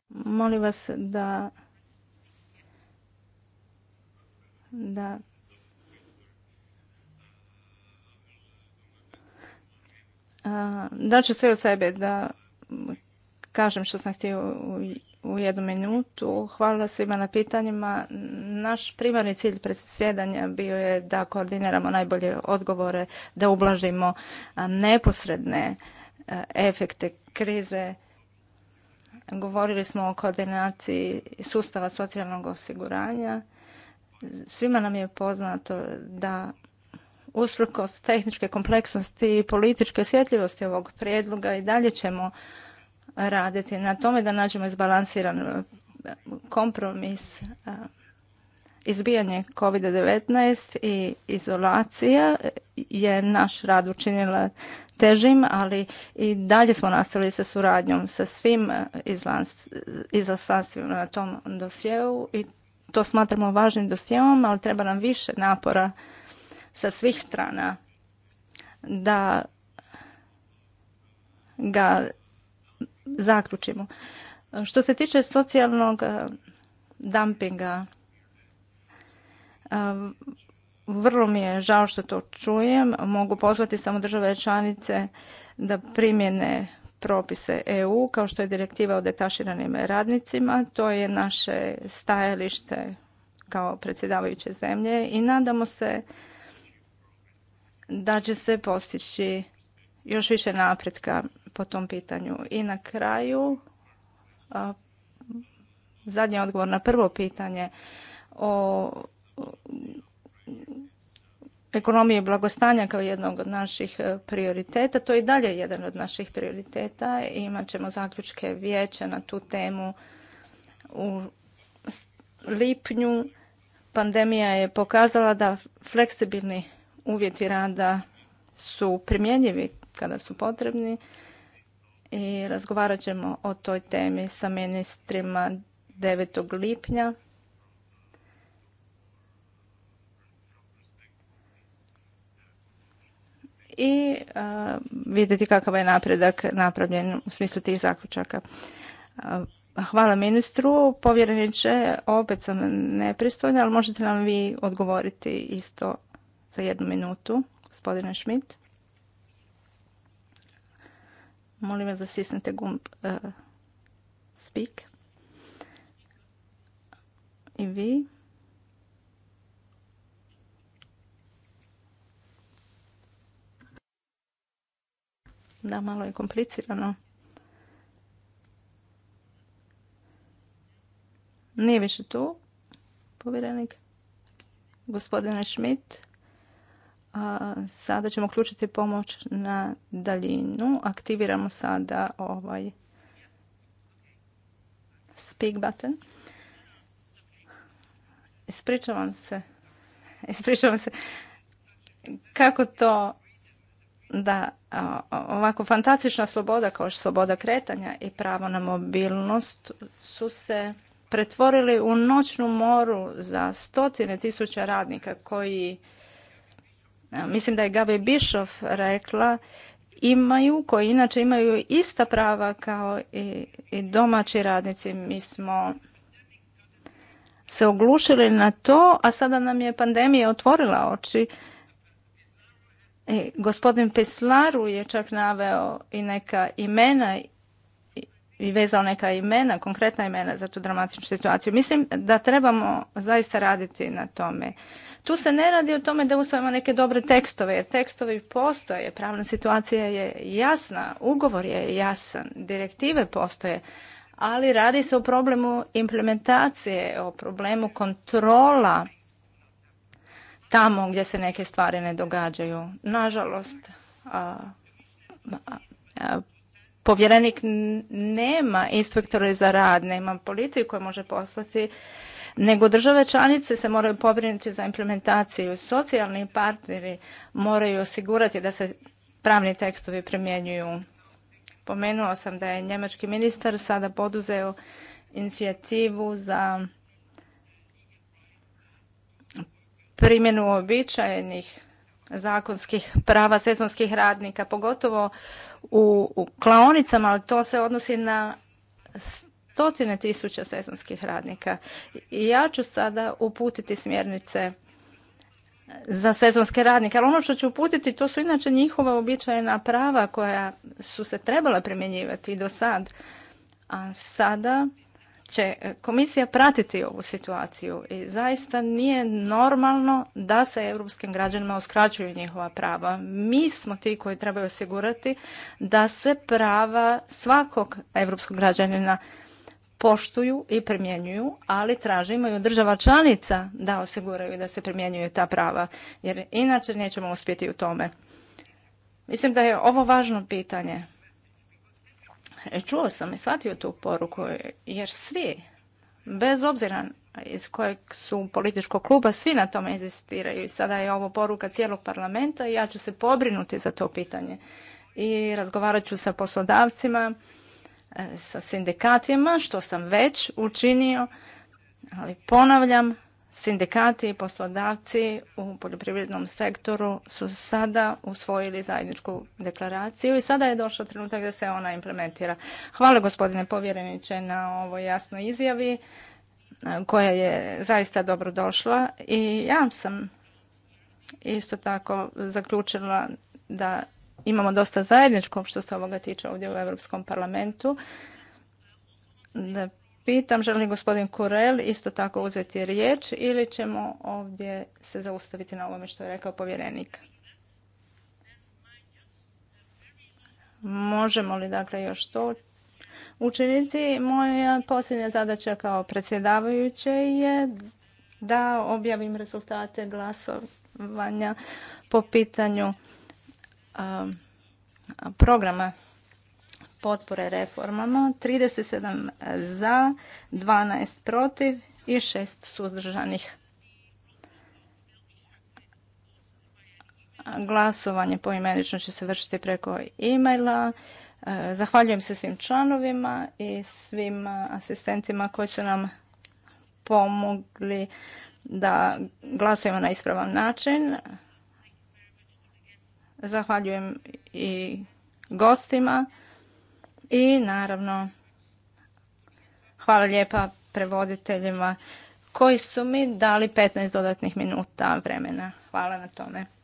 Molim vas da da da ću sve u sebe da kažem što sam htio u jednu minutu. Hvala svima na pitanjima. Naš primarni cilj predsjedanja bio je da koordiniramo najbolje odgovore, da ublažimo neposredne e, efekte krize. Govorili smo o koordinaciji sustava socijalnog osiguranja. Svima nam je poznato da usprkos tehničke kompleksnosti i političke osjetljivosti ovog prijedloga i dalje ćemo raditi na tome da nađemo izbalansiran e, kompromis e, izbijanje COVID-19 i izolacija je naš rad učinila težim, ali i dalje smo nastavili sa suradnjom sa svim e, izaslanstvima na tom dosjeu i to smatramo važnim dosjeom, ali treba nam više napora sa svih strana da ga zaključimo. Što se tiče socijalnog e, dumpinga, e, vrlo mi je žao što to čujem. Mogu pozvati samo države članice da primjene propise EU, kao što je direktiva o detaširanim radnicima. To je naše stajalište kao predsjedavajuće zemlje i nadamo se da će se postići još više napretka po tom pitanju. I na kraju, zadnji odgovor na prvo pitanje o ekonomije blagostanja kao jednog od naših e, prioriteta. To je i dalje jedan od naših prioriteta. Imat ćemo zaključke vijeća na tu temu u lipnju. Pandemija je pokazala da fleksibilni uvjeti rada su primjenjivi kada su potrebni i razgovarat ćemo o toj temi sa ministrima 9. lipnja. i vidjeti kakav je napredak napravljen u smislu tih zaključaka. hvala ministru. Povjereniče, opet sam nepristojna, ali možete nam vi odgovoriti isto za jednu minutu, gospodine Schmidt. Molim vas da sisnete gumb e, speak. I vi. Da, malo je komplicirano. Nije više tu povjerenik. Gospodine Schmidt, a sada ćemo uključiti pomoć na daljinu. Aktiviramo sada ovaj speak button. Ispričavam se. Ispričavam se. Kako to da ovako fantastična sloboda kao što sloboda kretanja i pravo na mobilnost su se pretvorili u noćnu moru za stotine tisuća radnika koji mislim da je Gabi Bišov rekla, imaju, koji inače imaju ista prava kao i, i domaći radnici. Mi smo se oglušili na to, a sada nam je pandemija otvorila oči. E, gospodin Peslaru je čak naveo i neka imena i vezao neka imena, konkretna imena za tu dramatičnu situaciju. Mislim da trebamo zaista raditi na tome. Tu se ne radi o tome da usvajamo neke dobre tekstove, jer tekstovi postoje, pravna situacija je jasna, ugovor je jasan, direktive postoje, ali radi se o problemu implementacije, o problemu kontrola tamo gdje se neke stvari ne događaju. Nažalost, a, povjerenik nema inspektore za rad, nema policiju koja može poslati, nego države članice se moraju pobrinuti za implementaciju. Socijalni partneri moraju osigurati da se pravni tekstovi primjenjuju. Pomenuo sam da je njemački ministar sada poduzeo inicijativu za primjenu običajenih zakonskih prava sezonskih radnika, pogotovo u, klaonicama, ali to se odnosi na stotine tisuća sezonskih radnika. I ja ću sada uputiti smjernice za sezonske radnike. Ali ono što ću uputiti, to su inače njihova običajna prava koja su se trebala primjenjivati do sad. A sada će e, komisija pratiti ovu situaciju i zaista nije normalno da se europskim građanima uskraćuju njihova prava. Mi smo ti koji trebaju osigurati da se prava svakog europskog građanina poštuju i primjenjuju, ali tražimo i od država članica da osiguraju da se primjenjuju ta prava, jer inače nećemo uspjeti u tome. Mislim da je ovo važno pitanje. E, čuo sam i shvatio tu poruku jer svi, bez obzira iz kojeg su političkog kluba, svi na tome inzistiraju i sada je ovo poruka cijelog parlamenta i ja ću se pobrinuti za to pitanje. I razgovarat ću sa poslodavcima, e, sa sindikatima, što sam već učinio, ali ponavljam, Sindikati i poslodavci u poljoprivrednom sektoru su sada usvojili zajedničku deklaraciju i sada je došao trenutak da se ona implementira. Hvala gospodine povjereniče na ovoj jasnoj izjavi e, koja je zaista dobro došla i ja sam isto tako zaključila da imamo dosta zajedničkog što se ovoga tiče ovdje u Europskom parlamentu. Da pitam, želi gospodin Kurel isto tako uzeti riječ ili ćemo ovdje se zaustaviti na ovome što je rekao povjerenik? Možemo li dakle još to učiniti? Moja posljednja zadaća kao predsjedavajuće je da objavim rezultate glasovanja po pitanju programa potpore reformama, 37 za, 12 protiv i 6 suzdržanih. Glasovanje poimenično će se vršiti preko e-maila. E, zahvaljujem se svim članovima i svim asistentima koji su nam pomogli da glasujemo na ispravan način. Zahvaljujem i gostima. I naravno, hvala lijepa prevoditeljima koji su mi dali 15 dodatnih minuta vremena. Hvala na tome.